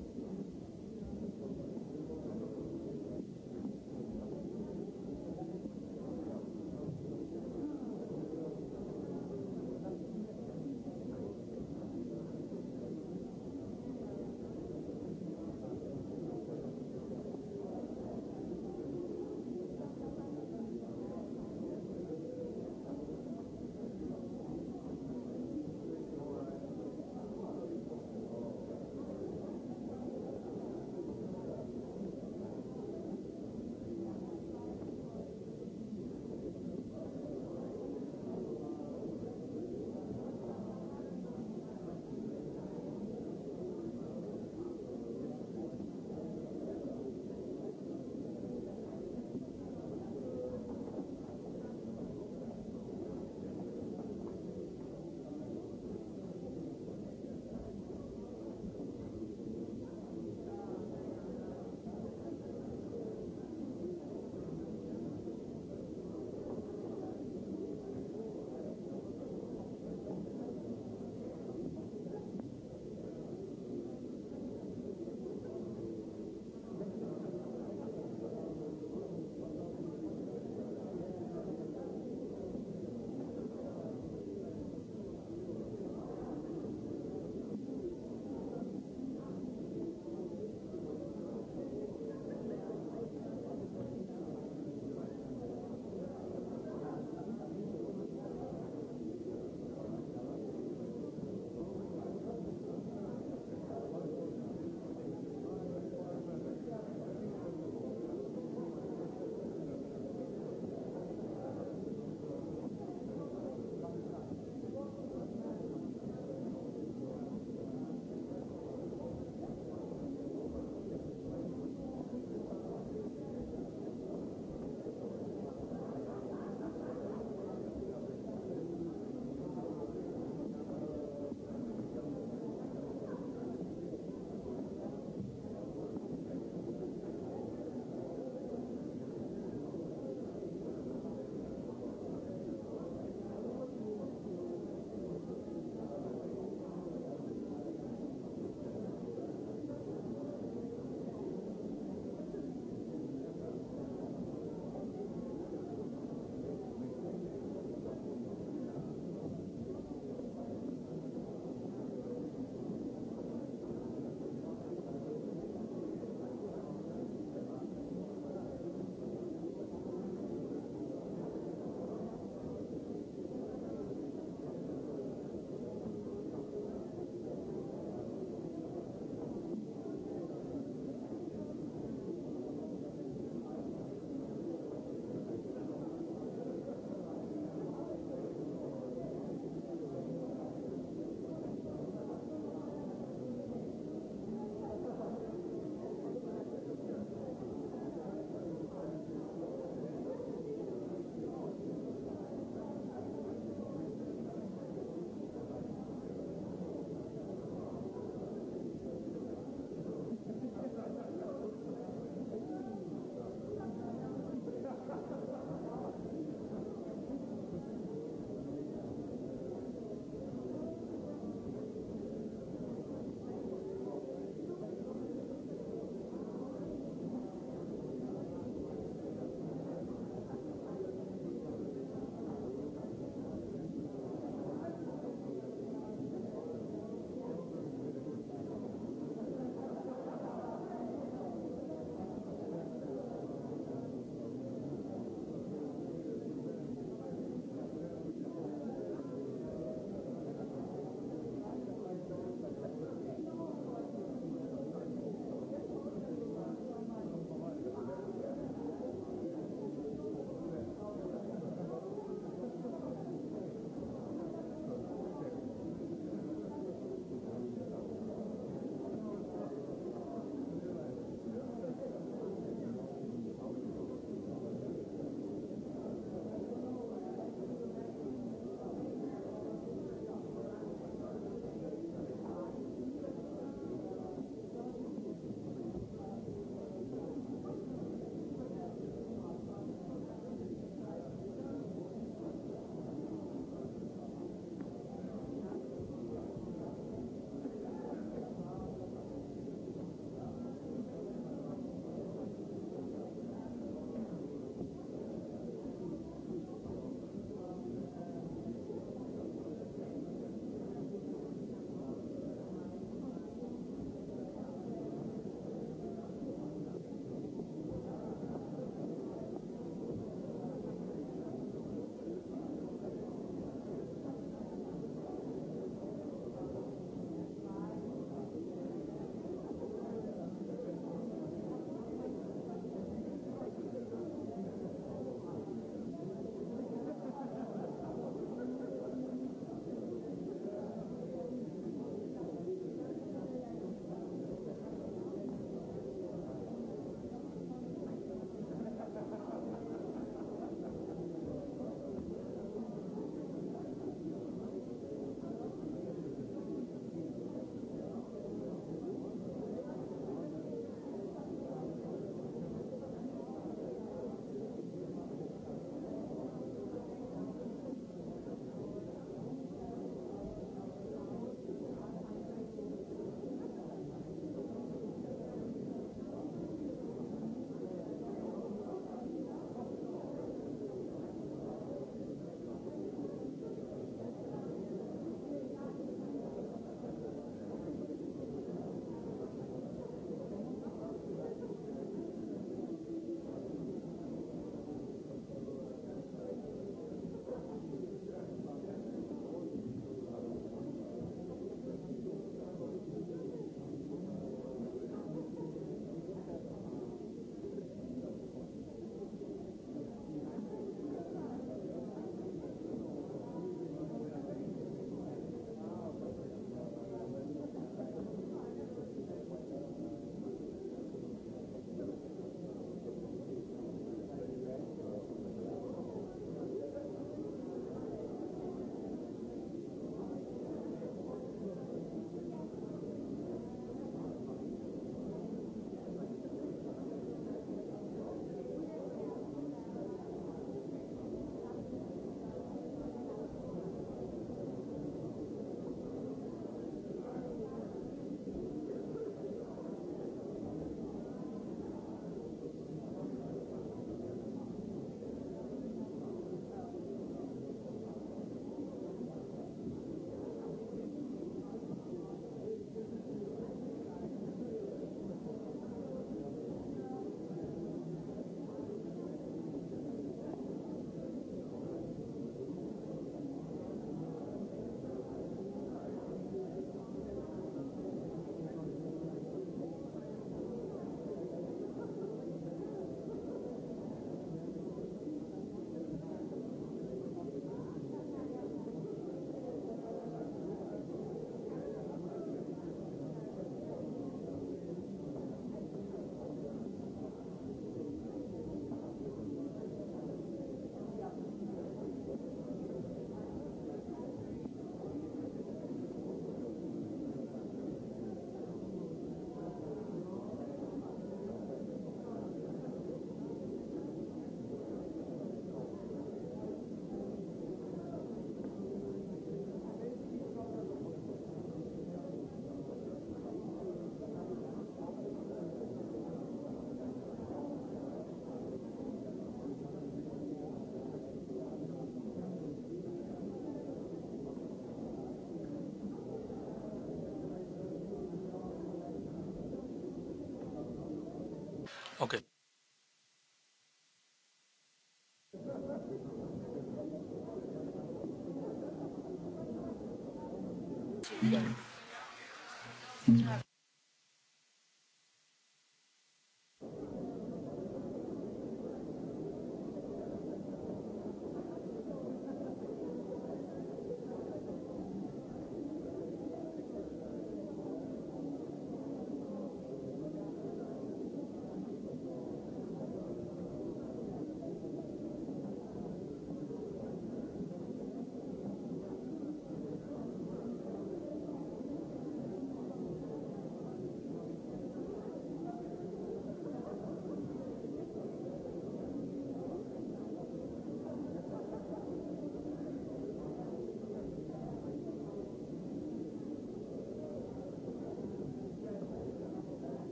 iz mm.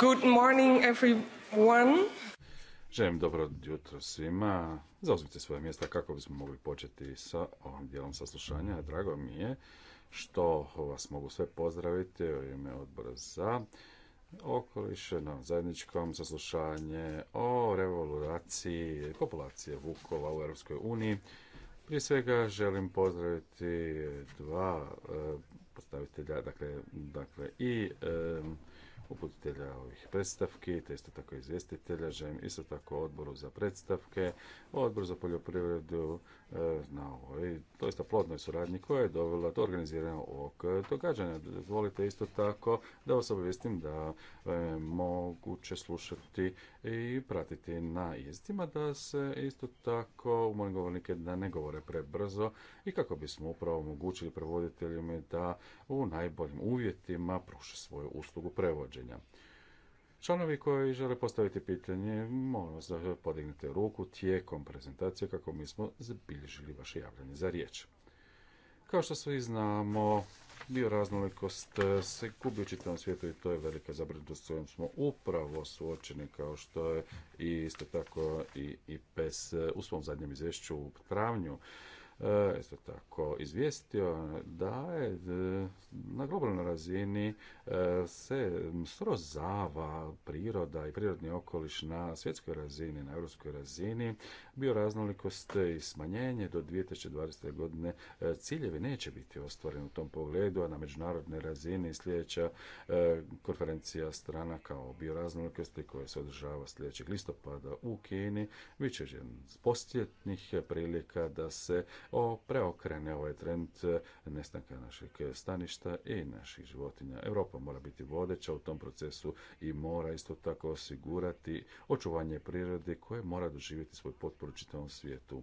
Good morning everyone. Želim dobro jutro svima. Zauzmite svoje mjesta kako bismo mogli početi sa ovim dijelom saslušanja. Drago mi je što vas mogu sve pozdraviti u ime odbora za okoliš na zajedničkom saslušanje o revoluraciji populacije vukova u Europskoj uniji. Prije svega želim pozdraviti dva eh, postavitelja, dakle, dakle i uputitelja ovih predstavki, te isto tako izvjestitelja. Želim isto tako odboru za predstavke, odbor za poljoprivredu e, na ovoj isto plodnoj suradnji koja je dovela do organiziranja ovog događanja. Dozvolite isto tako da vas obavestim da je moguće slušati i pratiti na izdima da se isto tako umolim govornike da ne govore prebrzo i kako bismo upravo omogućili prevoditeljima da u najboljim uvjetima pruže svoju uslugu prevođenja. Članovi koji žele postaviti pitanje, molim vas da podignete ruku tijekom prezentacije kako mi smo zabilježili vaše javljanje za riječ. Kao što svi znamo, bioraznolikost se gubi u čitavom svijetu i to je velika zabrinutost s kojom smo upravo suočeni kao što je i isto tako i, i PES u svom zadnjem izvješću u travnju E, isto tako izvijestio da je e, na globalnoj razini e, se srozava priroda i prirodni okoliš na svjetskoj razini, na europskoj razini, bioraznolikost i smanjenje do 2020. godine ciljevi neće biti ostvareni u tom pogledu, a na međunarodnoj razini sljedeća konferencija strana kao bioraznolikosti koja se održava sljedećeg listopada u Kini, bit će prilika da se o, preokrene ovaj trend e, nestanka našeg staništa i naših životinja. Europa mora biti vodeća u tom procesu i mora isto tako osigurati očuvanje prirode koje mora doživjeti svoj potporu čitavom svijetu.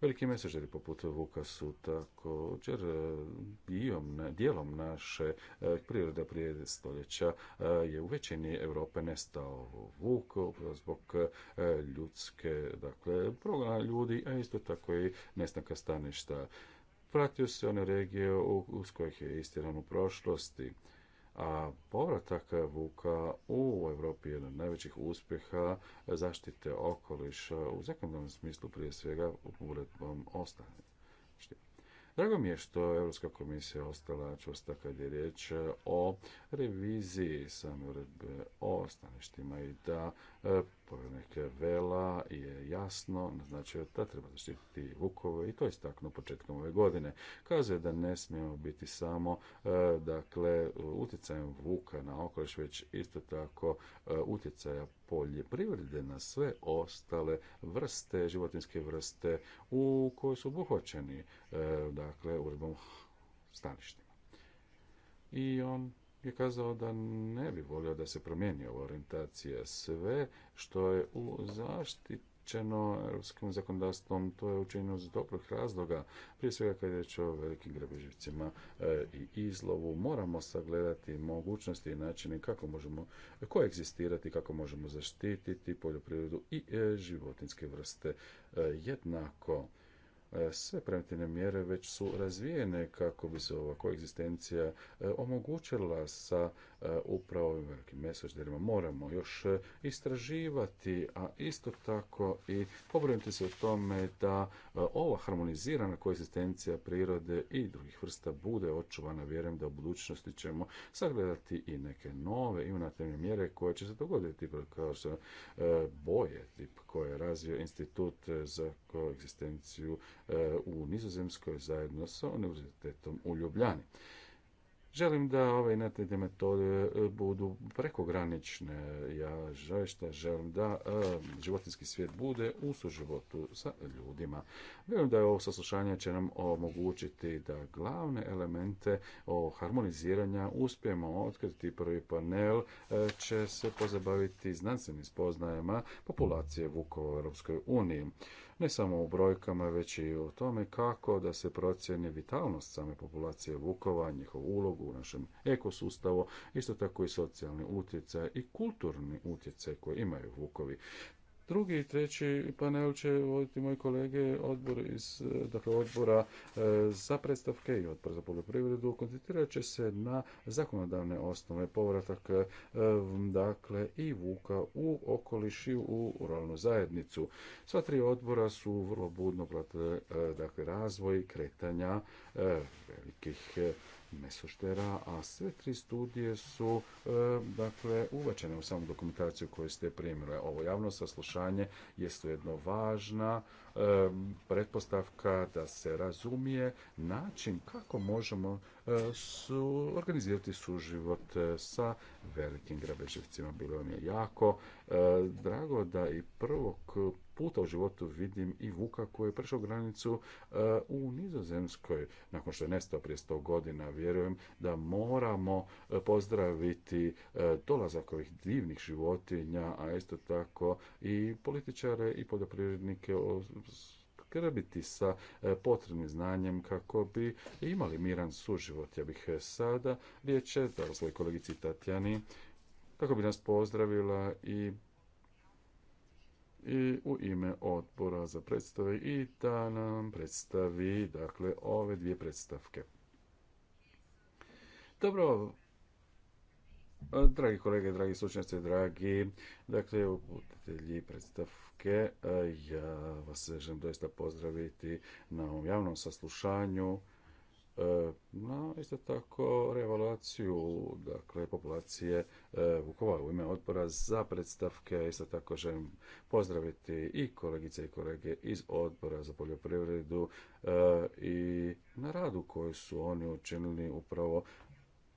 Veliki mesežeri poput Vuka su također e, dijelom naše e, prirode prije stoljeća e, je u većini Europe nestao Vuk zbog ljudske, dakle, progona ljudi, a isto tako i nestanka staništa. Pratio se one regije uz kojih je istjeran u prošlosti a povratak Vuka u Europi je jedan od najvećih uspjeha zaštite okoliša u zakonodavnom smislu prije svega uredbom ostane. Drago mi je što Europska komisija ostala čvrsta kad je riječ o reviziji same uredbe o staništima i da Povjerenik Vela je jasno naznačio da treba zaštititi vukove i to je istaknuo početkom ove godine. Kazuje da ne smijemo biti samo e, dakle utjecajem vuka na okoliš, već isto tako e, utjecaja privrede na sve ostale vrste, životinske vrste u koje su obuhvaćeni e, dakle uredbom staništima. I on je kazao da ne bi volio da se promijeni ova orijentacija. Sve što je u zaštićeno europskim zakonodavstvom, to je učinjeno iz dobrih razloga. Prije svega kad je riječ o velikim grabežljivcima e, i izlovu, moramo sagledati mogućnosti i načine kako možemo koegzistirati, kako možemo zaštititi poljoprivredu i e, životinske vrste e, jednako E, sve preventivne mjere već su razvijene kako bi se ova koegzistencija e, omogućila sa e, upravo ovim velikim mesožderima. Moramo još istraživati, a isto tako i pobrinuti se o tome da ova harmonizirana koegzistencija prirode i drugih vrsta bude očuvana. Vjerujem da u budućnosti ćemo sagledati i neke nove imunativne mjere koje će se dogoditi kao što boje, tip koje je razvio Institut za koegzistenciju e, u Nizozemskoj zajedno sa Univerzitetom u Ljubljani. Želim da ove inatne metode e, budu prekogranične. Ja zaista želim da e, životinski svijet bude u suživotu sa ljudima. Vjerujem da je ovo saslušanje će nam omogućiti da glavne elemente o harmoniziranja uspijemo otkriti. Prvi panel e, će se pozabaviti znanstvenim spoznajama populacije vukova u Europskoj uniji ne samo u brojkama, već i o tome kako da se procjeni vitalnost same populacije vukova, njihov ulogu u našem ekosustavu, isto tako i socijalni utjecaj i kulturni utjecaj koji imaju vukovi. Drugi i treći panel će voditi moji kolege odbor iz, dakle, odbora e, za predstavke i odbor za poljoprivredu. Koncentrirat će se na zakonodavne osnove povratak e, dakle i vuka u okoliš i u ruralnu zajednicu. Sva tri odbora su vrlo budno pratile e, dakle, razvoj kretanja velikih mesoštera, a sve tri studije su e, dakle uvačene u samu dokumentaciju koju ste primili. Ovo javno saslušanje jest jedno važna pretpostavka da se razumije način kako možemo e, su, organizirati suživot e, sa velikim grabežljivcima. Bilo mi je jako e, drago da i prvog puta u životu vidim i Vuka koji je prešao granicu u Nizozemskoj nakon što je nestao prije 100 godina. Vjerujem da moramo pozdraviti dolazak ovih divnih životinja, a isto tako i političare i poljoprivrednike skrbiti sa e, potrebnim znanjem kako bi imali miran suživot. Ja bih e, sada riječ dao svoj kolegici Tatjani kako bi nas pozdravila i i u ime odbora za predstave i da nam predstavi dakle ove dvije predstavke. Dobro, dragi kolege, dragi slučnjaci, dragi dakle uputitelji predstav Hrvatske. E, ja vas želim doista pozdraviti na ovom javnom saslušanju e, na isto tako revaluaciju dakle, populacije e, Vukova u ime odbora za predstavke. Isto tako želim pozdraviti i kolegice i kolege iz odbora za poljoprivredu i na radu koju su oni učinili upravo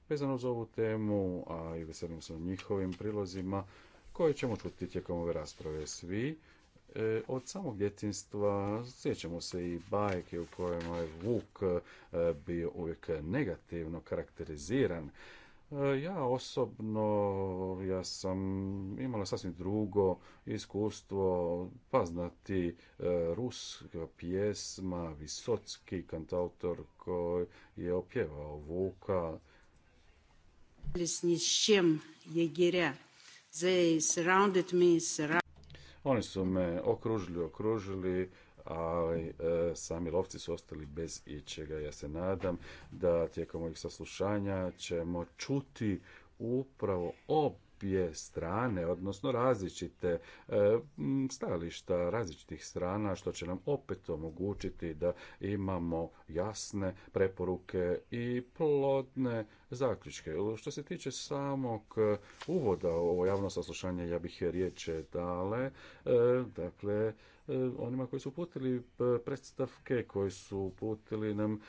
vezano za ovu temu, a i veselim se njihovim prilozima koje ćemo čuti tijekom ove rasprave svi. E, od samog djetinstva sjećamo se i bajke u kojima je Vuk e, bio uvijek negativno karakteriziran. E, ja osobno, ja sam imala sasvim drugo iskustvo paznati ruska pjesma Visocki kantautor koji je opjevao Vuka. Lesni je gira, They surrounded me, oni su me okružili, okružili, ali e, sami lovci su ostali bez ičega. Ja se nadam da tijekom ovih saslušanja ćemo čuti upravo obje strane, odnosno različite e, stajališta različitih strana, što će nam opet omogućiti da imamo jasne preporuke i plodne zaključke. Što se tiče samog e, uvoda u ovo javno saslušanje, ja bih riječe dale, e, dakle, e, onima koji su uputili predstavke, koji su uputili nam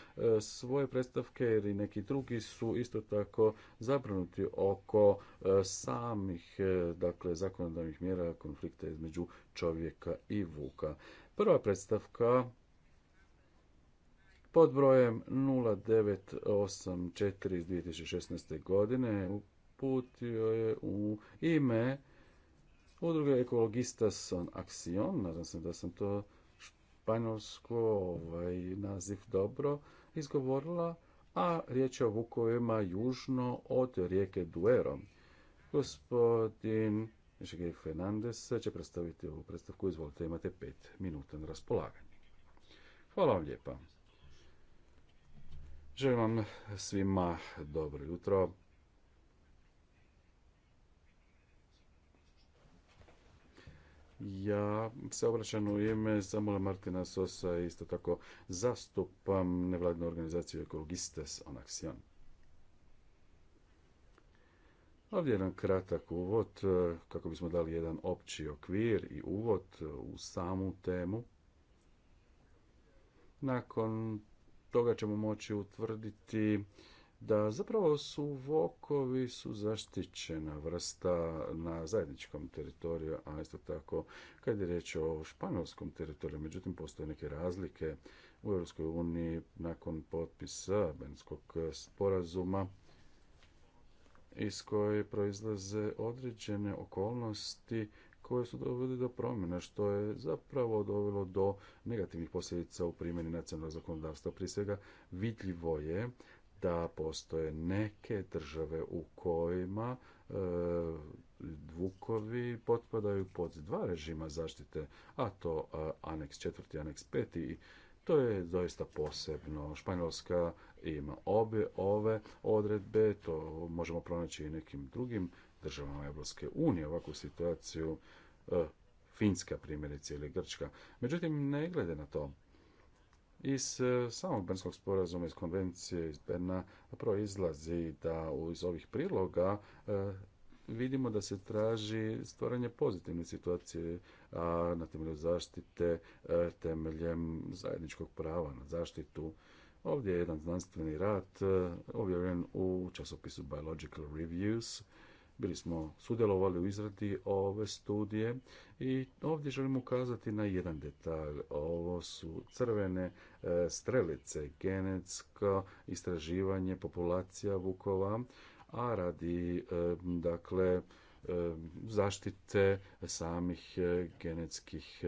svoje predstavke jer neki drugi su isto tako zabrinuti oko samih dakle, zakonodavnih mjera konflikta između čovjeka i vuka. Prva predstavka pod brojem 0984 iz 2016. godine uputio je u ime udruge ekologista Son Axion, nadam se da sam to španjolsko ovaj, naziv dobro izgovorila, a riječ je o vukovima južno od rijeke Duero. Gospodin Miguel Fernandez će predstaviti ovu predstavku. Izvolite, imate pet minuta na raspolaganje. Hvala vam lijepa. Želim vam svima dobro jutro. Ja se obraćam u ime Samola Martina Sosa i isto tako zastupam nevladnu organizaciju Ekologistes on Action. Ovdje jedan kratak uvod eh, kako bismo dali jedan opći okvir i uvod u samu temu. Nakon toga ćemo moći utvrditi da zapravo su vokovi su zaštićena vrsta na zajedničkom teritoriju, a isto tako kad je riječ o španjolskom teritoriju, međutim postoje neke razlike u Europskoj uniji nakon potpisa Benskog sporazuma iz koje proizlaze određene okolnosti koje su dovele do promjena, što je zapravo dovelo do negativnih posljedica u primjeni nacionalnog zakonodavstva. Prije svega vidljivo je da postoje neke države u kojima dvukovi e, potpadaju pod dva režima zaštite, a to e, aneks četvrti, aneks peti i to je doista posebno. Španjolska ima obje ove odredbe, to možemo pronaći i nekim drugim državama Europske unije ovakvu situaciju e, Finska primjerice ili Grčka. Međutim, ne glede na to, iz e, samog Bernskog sporazuma, iz konvencije iz Berna, proizlazi da iz ovih priloga e, vidimo da se traži stvaranje pozitivne situacije a na temelju zaštite temeljem zajedničkog prava na zaštitu. Ovdje je jedan znanstveni rad objavljen u časopisu Biological Reviews bili smo sudjelovali u izradi ove studije i ovdje želim ukazati na jedan detalj. Ovo su crvene e, strelice, genetsko istraživanje populacija vukova, a radi e, dakle e, zaštite samih genetskih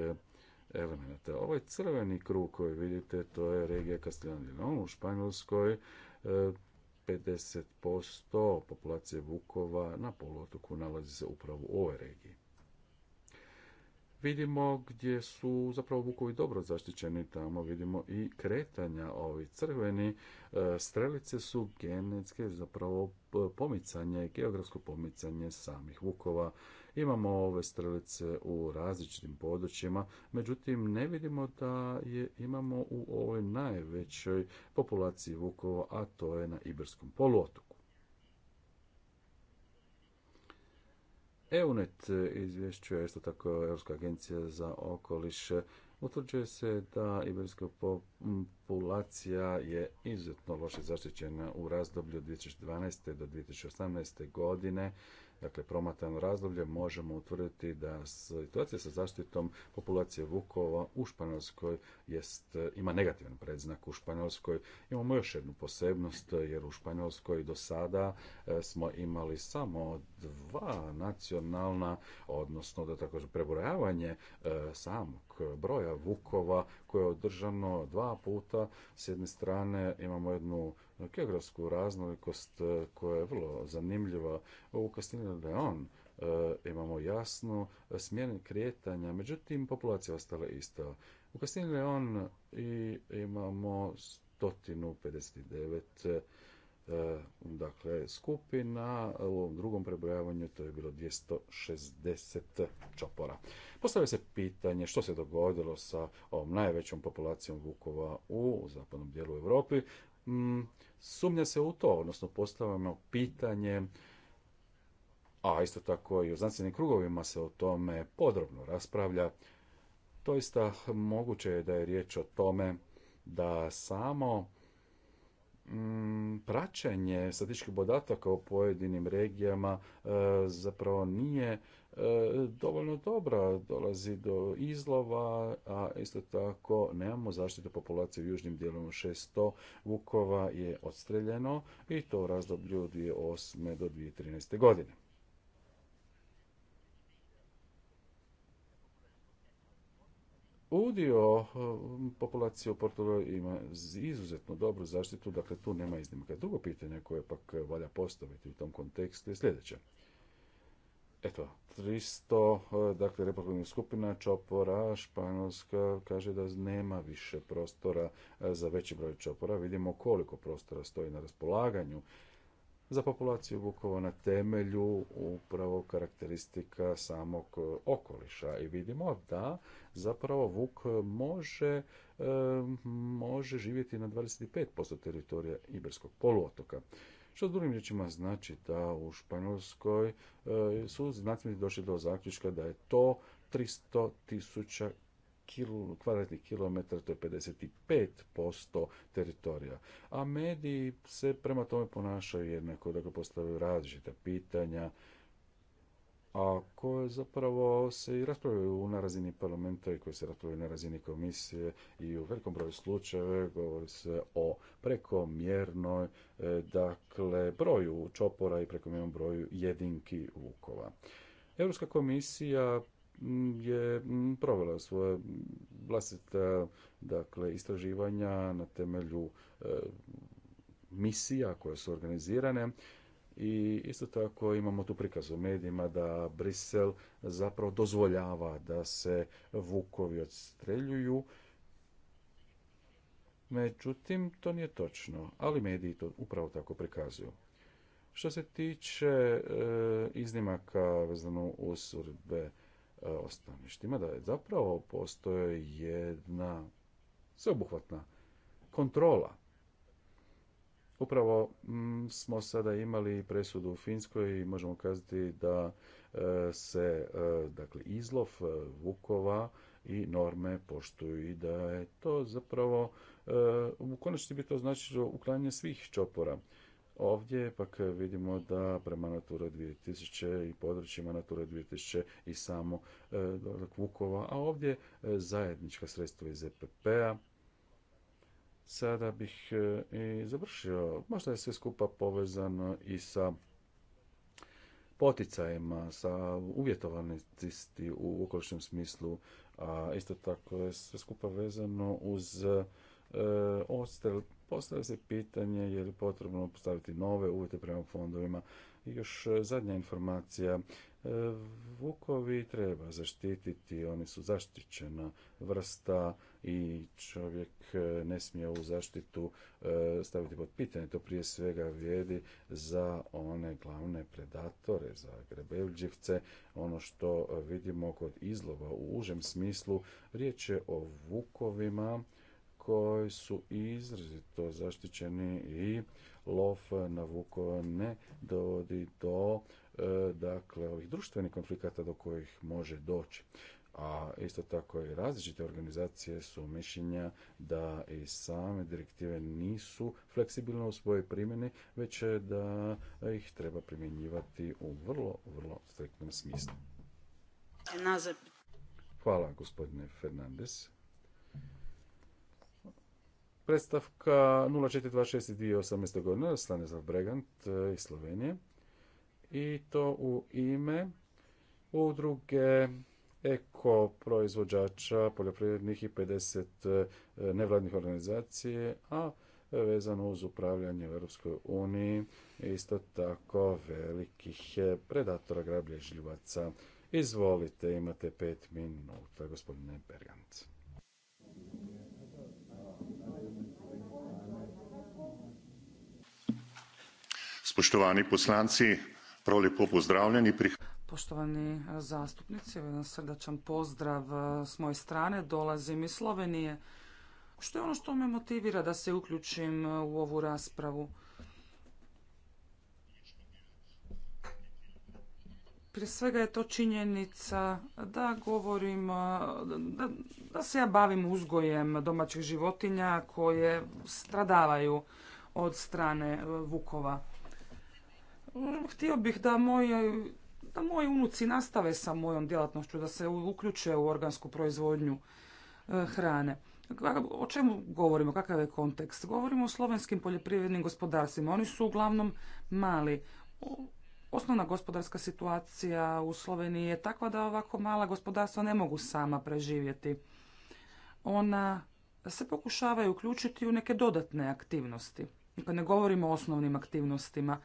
elemenata. Ovaj crveni krug koji vidite, to je regija Castellana u Španjolskoj, 50% populacije vukova na poluotoku nalazi se upravo u ovoj regiji. Vidimo gdje su zapravo vukovi dobro zaštićeni, tamo vidimo i kretanja ovi crveni. E, strelice su genetske zapravo pomicanje, geografsko pomicanje samih vukova Imamo ove strelice u različitim područjima, međutim ne vidimo da je imamo u ovoj najvećoj populaciji vukova, a to je na Iberskom poluotoku. EUNET izvješćuje isto tako Europska agencija za okoliš utvrđuje se da iberska populacija je izuzetno loše zaštićena u razdoblju 2012. do 2018. godine dakle promatrano razdoblje možemo utvrditi da situacija sa zaštitom populacije vukova u Španjolskoj jest, ima negativan predznak u Španjolskoj. Imamo još jednu posebnost jer u Španjolskoj do sada e, smo imali samo dva nacionalna, odnosno da tako prebrojavanje e, samog broja vukova koje je održano dva puta. S jedne strane imamo jednu geografsku raznolikost e, koja je vrlo zanimljiva. U de Leon e, imamo jasnu smjenu kretanja, međutim populacija ostala ista. U Kastilju Leon i imamo 159 e, dakle, skupina, u ovom drugom prebrojavanju to je bilo 260 čopora. Postavlja se pitanje što se dogodilo sa ovom najvećom populacijom vukova u zapadnom dijelu Europi. Mm, sumnja se u to, odnosno postavljamo pitanje, a isto tako i u znanstvenim krugovima se o tome podrobno raspravlja, doista moguće je da je riječ o tome da samo mm, praćenje statističkih podataka u pojedinim regijama e, zapravo nije dovoljno dobra, dolazi do izlova, a isto tako nemamo zaštitu populacije u južnim dijelom 600 vukova je odstreljeno i to u razdoblju 2008. do 2013. godine. Udio um, populacije u Portugalu ima izuzetno dobru zaštitu, dakle tu nema iznimka. Drugo pitanje koje pak valja postaviti u tom kontekstu je sljedeće. Eto, 300, e, dakle, reproduktivnih skupina čopora, Španjolska kaže da nema više prostora e, za veći broj čopora. Vidimo koliko prostora stoji na raspolaganju za populaciju vukova na temelju upravo karakteristika samog okoliša i vidimo da zapravo vuk može, e, može živjeti na 25% teritorija Iberskog poluotoka. Što drugim rječima znači da u Španjolskoj eh, su znanstvenici došli do zaključka da je to 300 tisuća kvadratnih kilometara, to je 55% teritorija. A mediji se prema tome ponašaju jednako, dakle postavljaju različita pitanja, a koje zapravo se i raspravljaju na razini parlamenta i koje se raspravljaju na razini komisije i u velikom broju slučajeva govori se o prekomjernoj e, dakle broju čopora i prekomjernom broju jedinki vukova. Europska komisija je provela svoje vlastite dakle, istraživanja na temelju e, misija koje su organizirane i isto tako imamo tu prikaz u medijima da Brisel zapravo dozvoljava da se vukovi odstreljuju. Međutim, to nije točno, ali mediji to upravo tako prikazuju. Što se tiče e, iznimaka vezano uz e, ostaništima, da je zapravo postoje jedna sveobuhvatna kontrola Upravo mm, smo sada imali presudu u Finskoj i možemo kazati da e, se e, dakle izlov e, vukova i norme poštuju i da je to zapravo u konačnici bi to značilo uklanjanje svih čopora. Ovdje pak vidimo da prema Natura 2000 i područjima Natura 2000 i samo Vukova, a ovdje zajednička sredstva iz EPP-a, Sada bih e, i završio. Možda je sve skupa povezano i sa poticajima, sa uvjetovanosti u okolišnom smislu, a isto tako je sve skupa vezano uz e, Postavlja se pitanje je li potrebno postaviti nove uvjete prema fondovima još e, zadnja informacija. E, Vukovi treba zaštititi, oni su zaštićena vrsta i čovjek e, ne smije ovu zaštitu staviti pod pitanje. To prije svega vrijedi za one glavne predatore, za grebevđivce. Ono što vidimo kod izlova u užem smislu, riječ je o vukovima koji su izrazito zaštićeni i lov na vukove ne dovodi do e, dakle ovih društvenih konflikata do kojih može doći a isto tako i različite organizacije su mišljenja da i same direktive nisu fleksibilne u svojoj primjeni, već da ih treba primjenjivati u vrlo, vrlo striktnom smislu. Hvala gospodine Fernandez predstavka 0426 2018. godine, Stanislav Bregant e, iz Slovenije. I to u ime udruge eko proizvođača poljoprivrednih i 50 e, nevladnih organizacije, a vezano uz upravljanje u Europskoj uniji, isto tako velikih e, predatora grablježljivaca. Izvolite, imate pet minuta, gospodine Bergant. Spoštovani poslanci, prav lepo pozdravljeni. Poštovani eh, zastupnici, jedan srdačan pozdrav eh, s moje strane. Dolazim iz Slovenije, što je ono što me motivira da se uključim eh, u ovu raspravu. Prije svega je to činjenica da govorim, da, da se ja bavim uzgojem domaćih životinja koje stradavaju od strane vukova. Mm, htio bih da moji, da moji unuci nastave sa mojom djelatnošću, da se uključe u organsku proizvodnju e, hrane. O čemu govorimo? Kakav je kontekst? Govorimo o slovenskim poljoprivrednim gospodarstvima. Oni su uglavnom mali. Osnovna gospodarska situacija u Sloveniji je takva da ovako mala gospodarstva ne mogu sama preživjeti. Ona se pokušavaju uključiti u neke dodatne aktivnosti. ne govorimo o osnovnim aktivnostima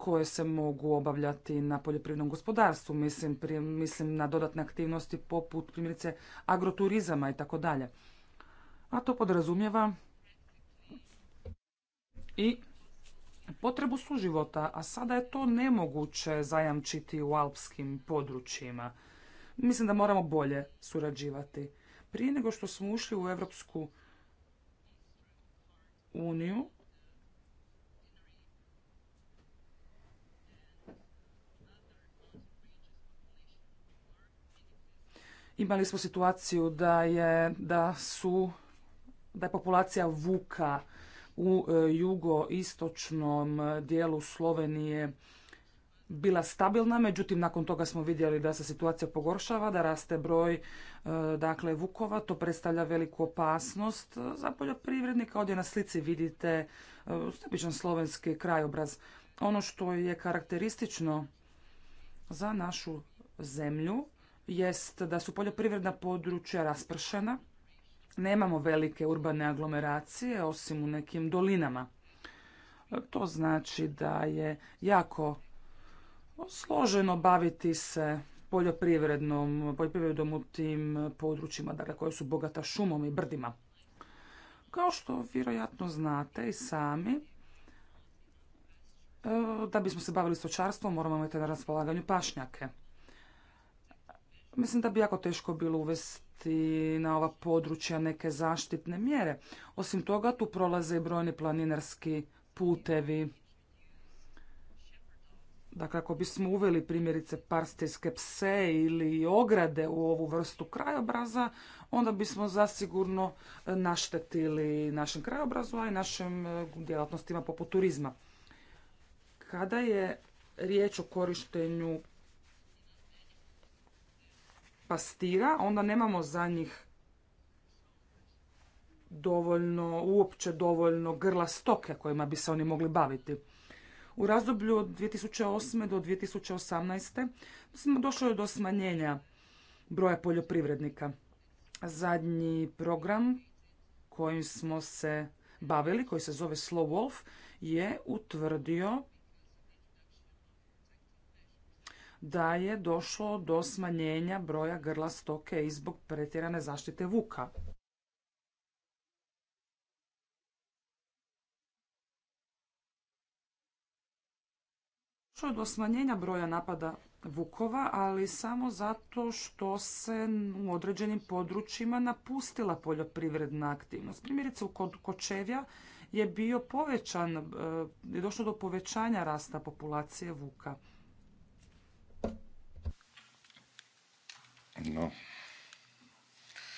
koje se mogu obavljati na poljoprivrednom gospodarstvu, mislim, mislim na dodatne aktivnosti poput primjerice agroturizama i tako dalje. A to podrazumijeva i potrebu suživota, a sada je to nemoguće zajamčiti u alpskim područjima. Mislim da moramo bolje surađivati. Prije nego što smo ušli u Europsku uniju, Imali smo situaciju da je, da su, da je populacija vuka u e, jugoistočnom dijelu Slovenije bila stabilna, međutim nakon toga smo vidjeli da se situacija pogoršava, da raste broj e, dakle vukova, to predstavlja veliku opasnost za poljoprivrednika. Ovdje na slici vidite e, tipičan slovenski krajobraz. Ono što je karakteristično za našu zemlju jest da su poljoprivredna područja raspršena, nemamo velike urbane aglomeracije osim u nekim dolinama. To znači da je jako složeno baviti se poljoprivrednom, poljoprivredom u tim područjima, dakle koje su bogata šumom i brdima. Kao što vjerojatno znate i sami, e, da bismo se bavili stočarstvom moramo imati na raspolaganju pašnjake. Mislim da bi jako teško bilo uvesti na ova područja neke zaštitne mjere. Osim toga, tu prolaze i brojni planinarski putevi. Dakle, ako bismo uveli primjerice parstijske pse ili ograde u ovu vrstu krajobraza, onda bismo zasigurno e, naštetili našem krajobrazu, a i našim e, djelatnostima poput turizma. Kada je riječ o korištenju pastira, onda nemamo za njih dovoljno, uopće dovoljno grla stoke kojima bi se oni mogli baviti. U razdoblju od 2008. do 2018. smo došli do smanjenja broja poljoprivrednika. Zadnji program kojim smo se bavili, koji se zove Slow Wolf, je utvrdio da je došlo do smanjenja broja grla stoke i zbog pretjerane zaštite vuka. Došlo je do smanjenja broja napada vukova, ali samo zato što se u određenim područjima napustila poljoprivredna aktivnost. Primjerice u Kočevja je bio povećan, e, je došlo do povećanja rasta populacije vuka. No.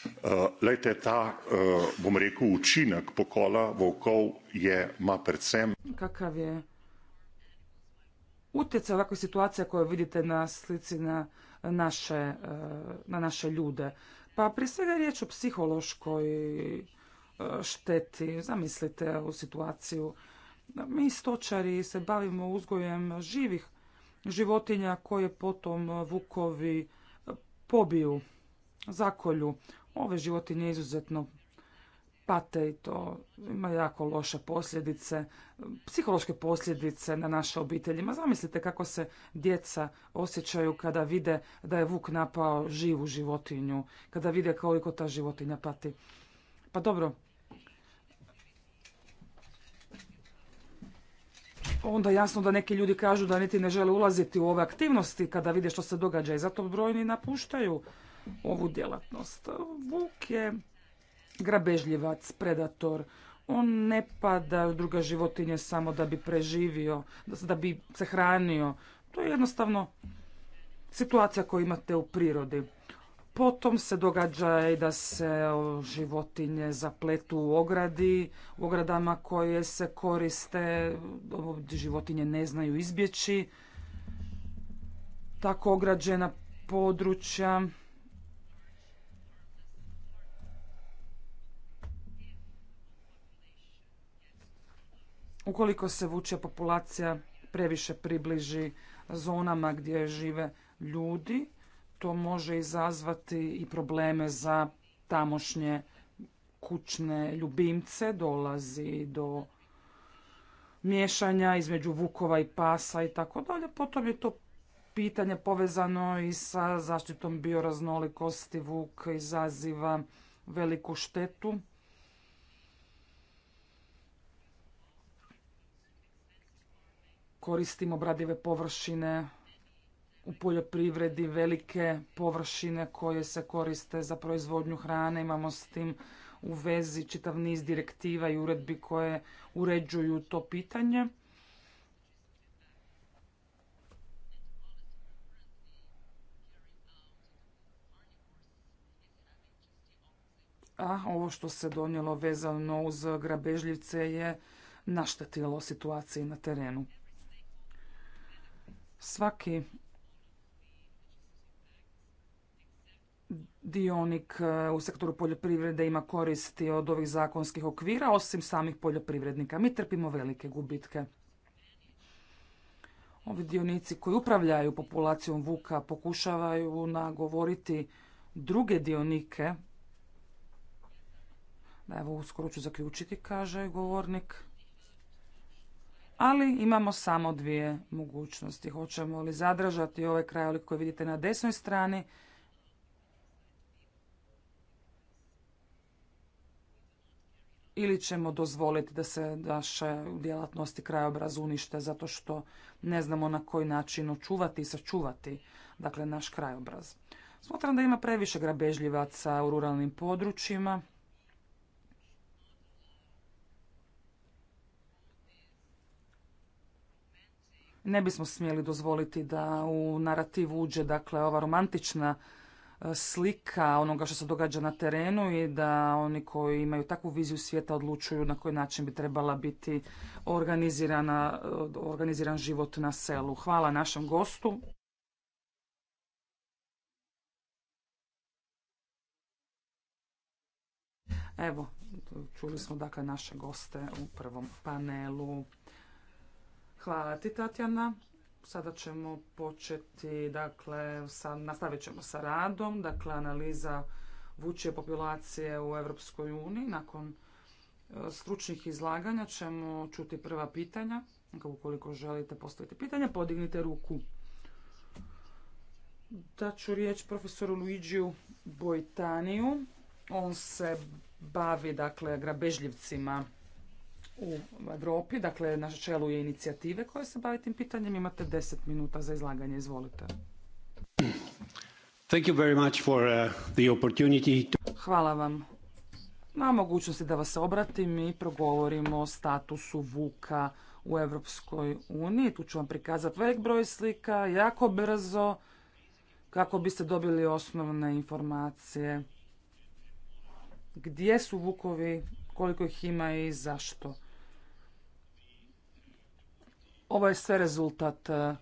Uh, eh, lejte, ta, uh, bom rekel, učinek pokola volkov je, ma predvsem... Kakav je utjecaj ovakve situacije koje vidite na slici na naše, eh, na naše ljude? Pa prije svega je riječ o psihološkoj šteti. Zamislite u situaciju. Mi stočari se bavimo uzgojem živih životinja koje potom vukovi pobiju, zakolju. Ove životinje izuzetno pate i to ima jako loše posljedice, psihološke posljedice na naše obiteljima. Zamislite kako se djeca osjećaju kada vide da je vuk napao živu životinju, kada vide koliko ta životinja pati. Pa dobro, onda jasno da neki ljudi kažu da niti ne žele ulaziti u ove aktivnosti kada vide što se događa i zato brojni napuštaju ovu djelatnost. Vuk je grabežljivac, predator. On ne pada u druga životinje samo da bi preživio, da bi se hranio. To je jednostavno situacija koju imate u prirodi. Potom se događa i da se životinje zapletu u ogradi, u ogradama koje se koriste, životinje ne znaju izbjeći. Tako ograđena područja. Ukoliko se vuče populacija previše približi zonama gdje žive ljudi, to može izazvati i probleme za tamošnje kućne ljubimce, dolazi do miješanja između vukova i pasa i tako dalje. Potom je to pitanje povezano i sa zaštitom bioraznolikosti. Vuk izaziva veliku štetu. Koristimo bradive površine u poljoprivredi velike površine koje se koriste za proizvodnju hrane. Imamo s tim u vezi čitav niz direktiva i uredbi koje uređuju to pitanje. A ovo što se donijelo vezano uz grabežljivce je naštetilo situaciji na terenu. Svaki dionik e, u sektoru poljoprivrede ima koristi od ovih zakonskih okvira, osim samih poljoprivrednika. Mi trpimo velike gubitke. Ovi dionici koji upravljaju populacijom vuka pokušavaju nagovoriti druge dionike. Da, evo, uskoro ću zaključiti, kaže govornik. Ali imamo samo dvije mogućnosti. Hoćemo li zadržati ovaj krajolik koji vidite na desnoj strani, ili ćemo dozvoliti da se naše djelatnosti krajobraz unište zato što ne znamo na koji način očuvati i sačuvati dakle, naš krajobraz. Smatram da ima previše grabežljivaca u ruralnim područjima. Ne bismo smjeli dozvoliti da u narativu uđe dakle, ova romantična slika onoga što se događa na terenu i da oni koji imaju takvu viziju svijeta odlučuju na koji način bi trebala biti organizirana, organiziran život na selu. Hvala našem gostu. Evo, čuli smo dakle naše goste u prvom panelu. Hvala ti Tatjana. Sada ćemo početi, dakle, nastavit ćemo sa radom, dakle, analiza vučje populacije u Europskoj uniji. Nakon e, stručnih izlaganja ćemo čuti prva pitanja. Dakle, ukoliko želite postaviti pitanja, podignite ruku. Da ću riječ profesoru Luigiju Bojtaniju. On se bavi, dakle, grabežljivcima u Europi. Dakle, na čelu je inicijative koje se bavi tim pitanjem. Imate deset minuta za izlaganje. Izvolite. Uh, Hvala vam na mogućnosti da vas obratim i progovorimo o statusu Vuka u Europskoj uniji. Tu ću vam prikazati velik broj slika, jako brzo, kako biste dobili osnovne informacije. Gdje su vukovi, koliko ih ima i zašto? Ovo je sve rezultat e,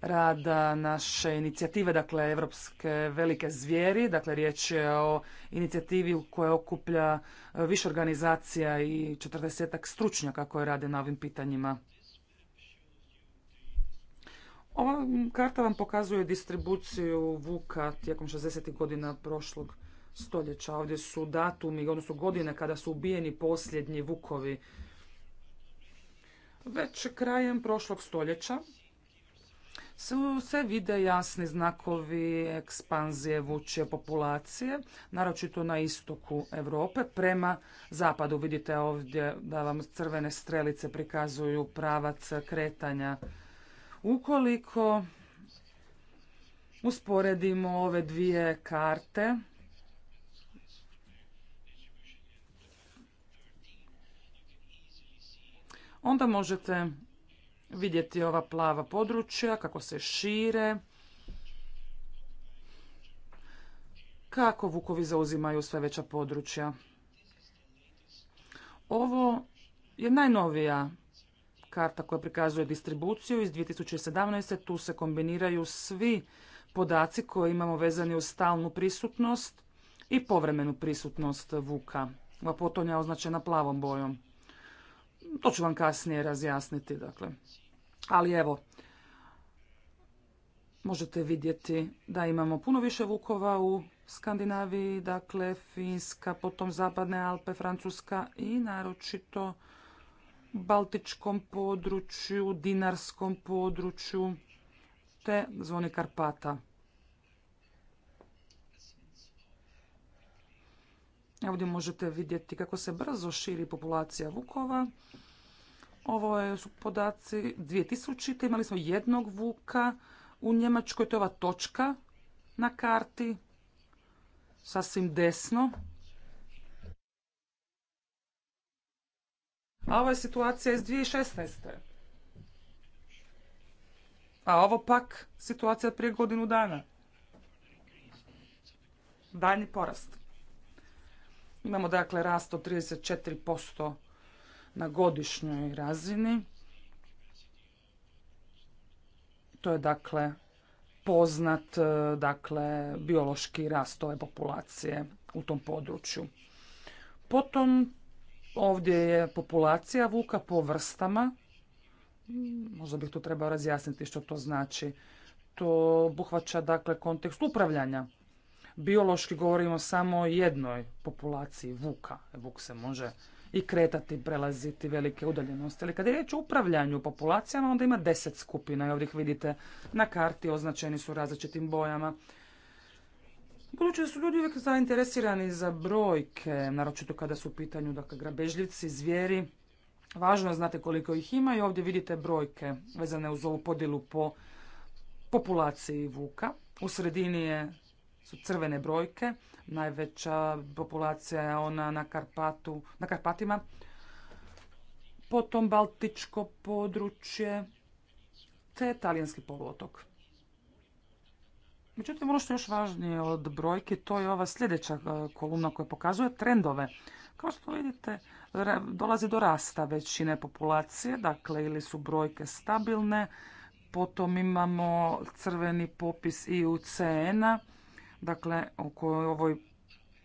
rada naše inicijative, dakle Evropske velike zvijeri, dakle riječ je o inicijativi koja okuplja e, više organizacija i četrdesetak stručnjaka koji rade na ovim pitanjima. Ova karta vam pokazuje distribuciju Vuka tijekom 60. godina prošlog stoljeća. Ovdje su datumi, odnosno godine kada su ubijeni posljednji Vukovi već krajem prošlog stoljeća su se vide jasni znakovi ekspanzije vučje populacije, naročito na istoku Europe prema zapadu. Vidite ovdje da vam crvene strelice prikazuju pravac kretanja. Ukoliko usporedimo ove dvije karte, onda možete vidjeti ova plava područja, kako se šire, kako vukovi zauzimaju sve veća područja. Ovo je najnovija karta koja prikazuje distribuciju iz 2017. Tu se kombiniraju svi podaci koje imamo vezani uz stalnu prisutnost i povremenu prisutnost vuka. Ova potonja je označena plavom bojom. To ću vam kasnije razjasniti, dakle. Ali evo, možete vidjeti da imamo puno više vukova u Skandinaviji, dakle Finska, potom Zapadne Alpe, Francuska i naročito Baltičkom području, Dinarskom području te zvoni Karpata. Ovdje možete vidjeti kako se brzo širi populacija vukova ovo su podaci 2000. Imali smo jednog vuka u Njemačkoj. To je ova točka na karti. Sasvim desno. A ovo je situacija iz 2016. A ovo pak situacija prije godinu dana. Daljni porast. Imamo dakle rast od 34% na godišnjoj razini. To je dakle poznat e, dakle biološki rast ove populacije u tom području. Potom ovdje je populacija vuka po vrstama. Možda bih tu trebao razjasniti što to znači. To obuhvaća dakle kontekst upravljanja. Biološki govorimo samo o jednoj populaciji vuka. E, vuk se može i kretati, prelaziti velike udaljenosti. Ali kada je riječ o upravljanju populacijama, onda ima deset skupina. Ovdje ih vidite na karti, označeni su različitim bojama. Budući da su ljudi uvijek zainteresirani za brojke, naročito kada su u pitanju dakle, grabežljivci, zvijeri, važno je znate koliko ih ima i ovdje vidite brojke vezane uz ovu podjelu po populaciji vuka. U sredini je su crvene brojke, najveća populacija je ona na, Karpatu, na Karpatima, potom Baltičko područje, te talijanski poluotok. Međutim, ono što je još važnije od brojki, to je ova sljedeća e, kolumna koja pokazuje trendove. Kao što vidite, dolazi do rasta većine populacije, dakle ili su brojke stabilne, potom imamo crveni popis IUCN-a, Dakle, oko ovoj,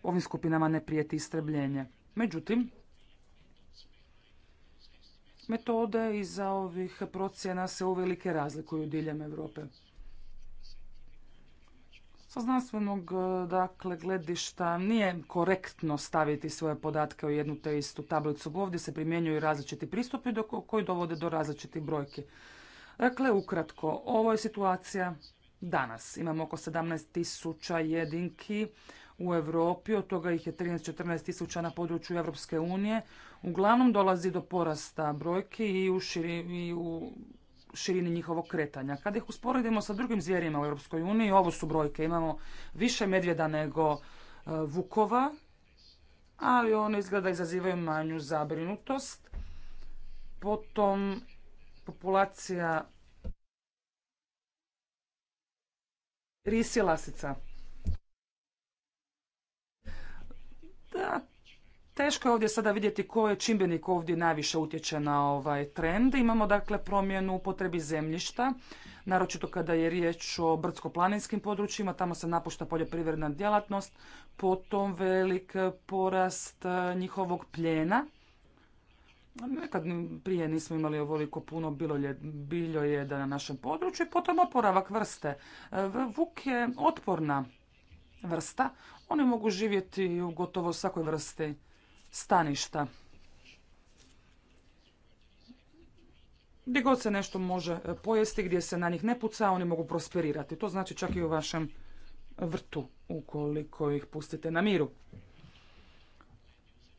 ovim skupinama ne prijeti istrebljenje. Međutim, metode iza ovih procjena se uvelike razlikuju diljem Europe. Sa znanstvenog dakle, gledišta nije korektno staviti svoje podatke u jednu te istu tablicu. Ovdje se primjenjuju različiti pristupi koji dovode do različitih brojki. Dakle, ukratko, ovo je situacija danas. Imamo oko 17 tisuća jedinki u Europi, od toga ih je 13-14 tisuća na području Europske unije. Uglavnom dolazi do porasta brojki i u, širini, u širini njihovog kretanja. Kad ih usporedimo sa drugim zvijerima u Europskoj uniji, ovo su brojke. Imamo više medvjeda nego e, vukova, ali one izgleda izazivaju manju zabrinutost. Potom populacija ris lasica. Da, teško je ovdje sada vidjeti ko je čimbenik ovdje najviše utječe na ovaj trend. Imamo dakle promjenu u potrebi zemljišta, naročito kada je riječ o brdsko-planinskim područjima, tamo se napušta poljoprivredna djelatnost, potom velik porast eh, njihovog pljena Nekad prije nismo imali ovoliko puno biljo jeda na našem području potom oporavak vrste. Vuk je otporna vrsta. Oni mogu živjeti u gotovo svakoj vrsti staništa. Gdje god se nešto može pojesti, gdje se na njih ne puca, oni mogu prosperirati. To znači čak i u vašem vrtu, ukoliko ih pustite na miru.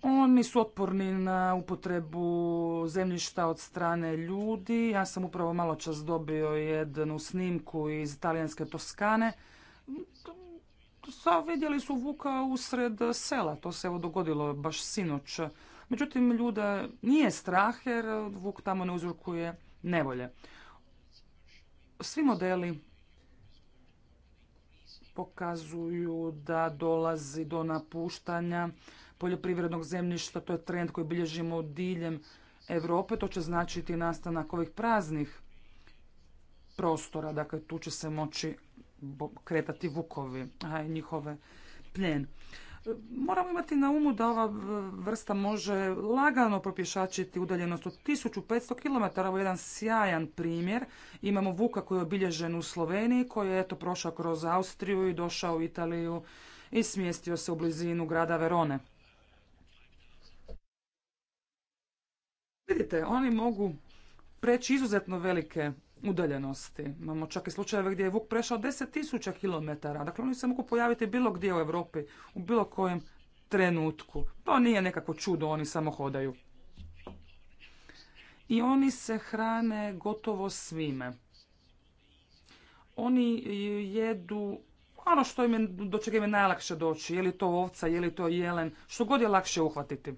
Oni su otporni na upotrebu zemljišta od strane ljudi. Ja sam upravo malo čas dobio jednu snimku iz talijanske Toskane. Sa vidjeli su Vuka usred sela. To se evo dogodilo baš sinoć. Međutim, ljuda nije strah jer Vuk tamo ne uzrokuje nevolje. Svi modeli pokazuju da dolazi do napuštanja poljoprivrednog zemljišta. To je trend koji bilježimo diljem Europe. To će značiti nastanak ovih praznih prostora. Dakle, tu će se moći kretati vukovi, njihove pljen. Moramo imati na umu da ova vrsta može lagano propješačiti udaljenost od 1500 km. Ovo je jedan sjajan primjer. Imamo vuka koji je obilježen u Sloveniji, koji je eto prošao kroz Austriju i došao u Italiju i smjestio se u blizinu grada Verone. Vidite, oni mogu preći izuzetno velike udaljenosti. Imamo čak i slučajeve gdje je Vuk prešao 10.000 km. Dakle, oni se mogu pojaviti bilo gdje u Europi, u bilo kojem trenutku. To nije nekako čudo, oni samo hodaju. I oni se hrane gotovo svime. Oni jedu ono što im je, do čega im je najlakše doći. Je li to ovca, je li to jelen, što god je lakše uhvatiti.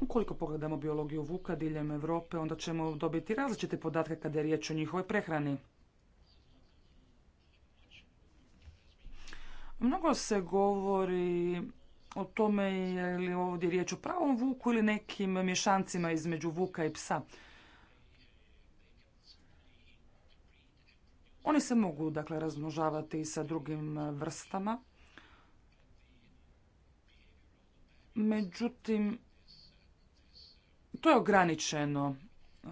Ukoliko pogledamo biologiju vuka diljem Europe, onda ćemo dobiti različite podatke kada je riječ o njihovoj prehrani. Mnogo se govori o tome je li ovdje riječ o pravom vuku ili nekim mješancima između vuka i psa. Oni se mogu dakle razmnožavati i sa drugim vrstama. Međutim, to je ograničeno. E,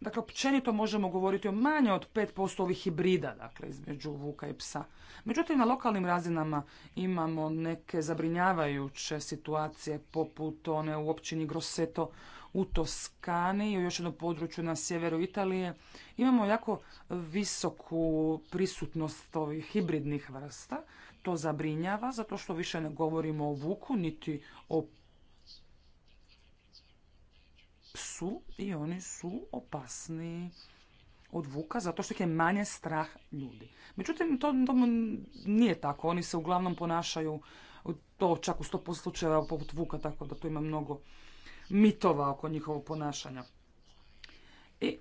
dakle, općenito možemo govoriti o manje od 5% ovih hibrida, dakle, između vuka i psa. Međutim, na lokalnim razinama imamo neke zabrinjavajuće situacije, poput one u općini Grosseto u Toskani, u još jednom području na sjeveru Italije. Imamo jako visoku prisutnost ovih hibridnih vrsta. To zabrinjava, zato što više ne govorimo o vuku, niti o su i oni su opasni od vuka zato što ih je manje strah ljudi. Međutim, to, nije tako. Oni se uglavnom ponašaju to čak u 100% slučajeva poput vuka, tako da tu ima mnogo mitova oko njihovog ponašanja. I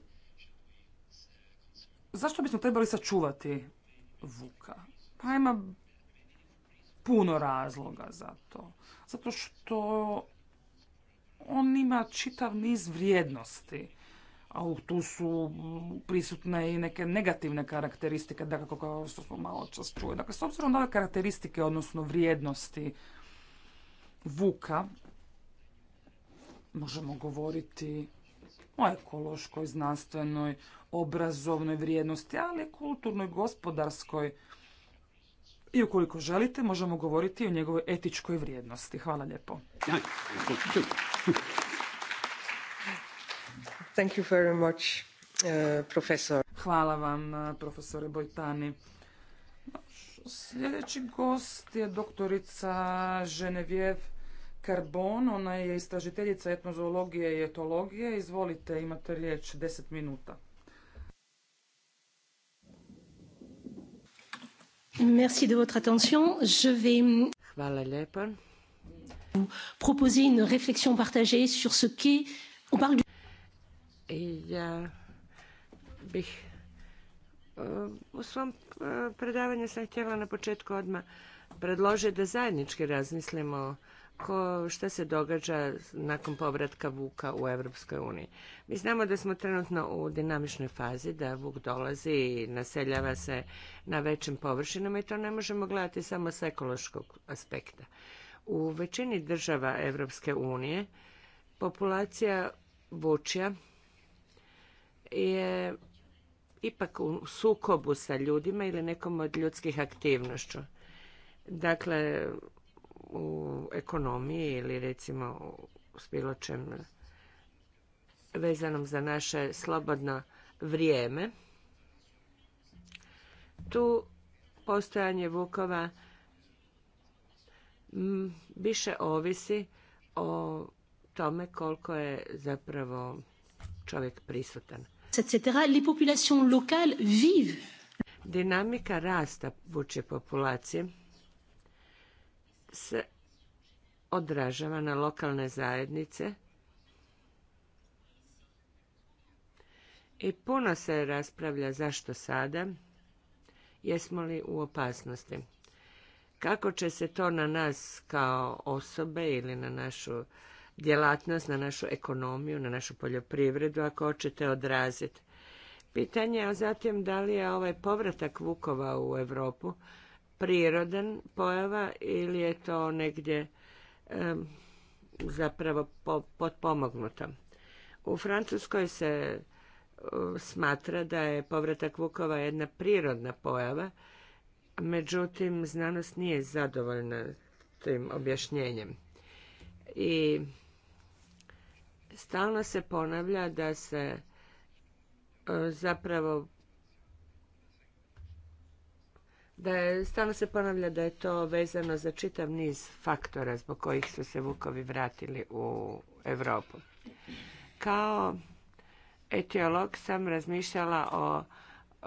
zašto bismo trebali sačuvati vuka? Pa ima puno razloga za to. Zato što on ima čitav niz vrijednosti. A tu su prisutne i neke negativne karakteristike, da kako kao što smo malo čas čuli. Dakle, s obzirom na ove karakteristike, odnosno vrijednosti vuka, možemo govoriti o ekološkoj, znanstvenoj, obrazovnoj vrijednosti, ali i kulturnoj, gospodarskoj i ukoliko želite možemo govoriti o njegovoj etičkoj vrijednosti. Hvala lijepo. Thank you very much, uh, profesor. Hvala vam, uh, profesore Bojtani. Sljedeći gost je doktorica Ženevjev Karbon. Ona je istražiteljica etnozoologije i etologije. Izvolite, imate riječ, 10 minuta. Merci de votre attention. Je vais Hvala lijepa. proposer une réflexion partagée sur ce qu'est... On parle du... Ja bih eh, u svom eh, predavanju sam htjela na početku odmah predložiti da zajednički razmislimo ko, šta se događa nakon povratka Vuka u Evropskoj uniji. Mi znamo da smo trenutno u dinamičnoj fazi, da Vuk dolazi i naseljava se na većim površinama i to ne možemo gledati samo s ekološkog aspekta. U većini država Evropske unije populacija vučja je ipak u sukobu sa ljudima ili nekom od ljudskih aktivnošću. Dakle, u ekonomiji ili recimo s bilo čem vezanom za naše slobodno vrijeme. Tu postojanje vukova više ovisi o tome koliko je zapravo čovjek prisutan. Dinamika rasta vuče populacije se odražava na lokalne zajednice i puno se raspravlja zašto sada, jesmo li u opasnosti. Kako će se to na nas kao osobe ili na našu djelatnost, na našu ekonomiju, na našu poljoprivredu, ako hoćete odraziti. Pitanje je zatim da li je ovaj povratak Vukova u Europu prirodan pojava ili je to negdje zapravo potpomognuto. U Francuskoj se smatra da je povratak vukova jedna prirodna pojava, međutim znanost nije zadovoljna tim objašnjenjem. I stalno se ponavlja da se e, zapravo da stalno se ponavlja da je to vezano za čitav niz faktora zbog kojih su se vukovi vratili u Europu. Kao etiolog sam razmišljala o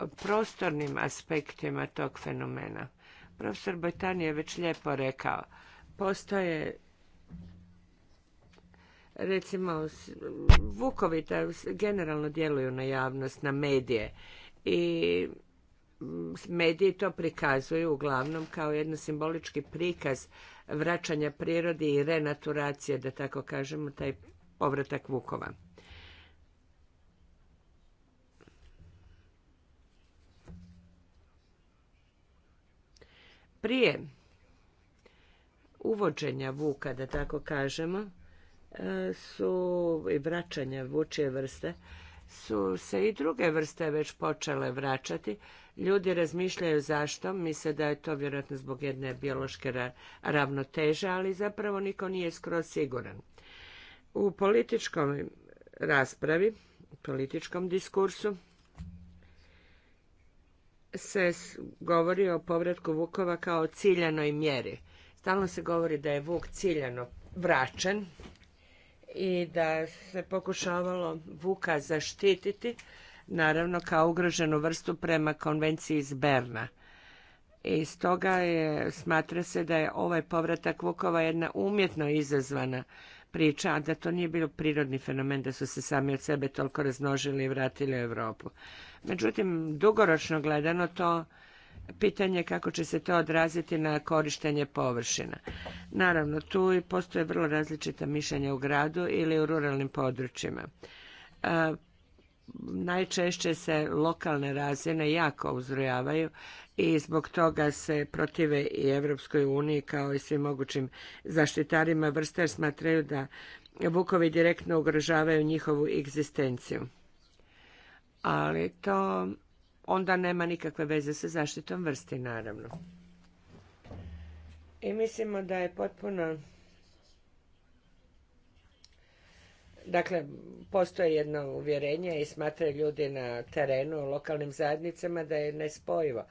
prostornim aspektima tog fenomena. Profesor Bojtan je već lijepo rekao, postoje recimo vukovi generalno djeluju na javnost, na medije i mediji to prikazuju uglavnom kao jedno simbolički prikaz vraćanja prirodi i renaturacije, da tako kažemo, taj povratak Vukova. Prije uvođenja Vuka, da tako kažemo, e, su i vraćanja vučije vrste, su se i druge vrste već počele vraćati, Ljudi razmišljaju zašto, misle da je to vjerojatno zbog jedne biološke ravnoteže, ali zapravo niko nije skroz siguran. U političkom raspravi, političkom diskursu, se govori o povratku Vukova kao ciljanoj mjeri. Stalno se govori da je Vuk ciljano vraćen i da se pokušavalo Vuka zaštititi naravno kao ugroženu vrstu prema konvenciji iz Berna. I stoga je, smatra se da je ovaj povratak vukova jedna umjetno izazvana priča, a da to nije bio prirodni fenomen da su se sami od sebe toliko raznožili i vratili u Europu. Međutim, dugoročno gledano to pitanje kako će se to odraziti na korištenje površina. Naravno, tu postoje vrlo različita mišljenja u gradu ili u ruralnim područjima najčešće se lokalne razine jako uzrujavaju i zbog toga se protive i Evropskoj uniji kao i svim mogućim zaštitarima vrste jer smatraju da vukovi direktno ugrožavaju njihovu egzistenciju. Ali to onda nema nikakve veze sa zaštitom vrsti, naravno. I mislimo da je potpuno Dakle, postoje jedno uvjerenje i smatraju ljudi na terenu, u lokalnim zajednicama da je nespojivo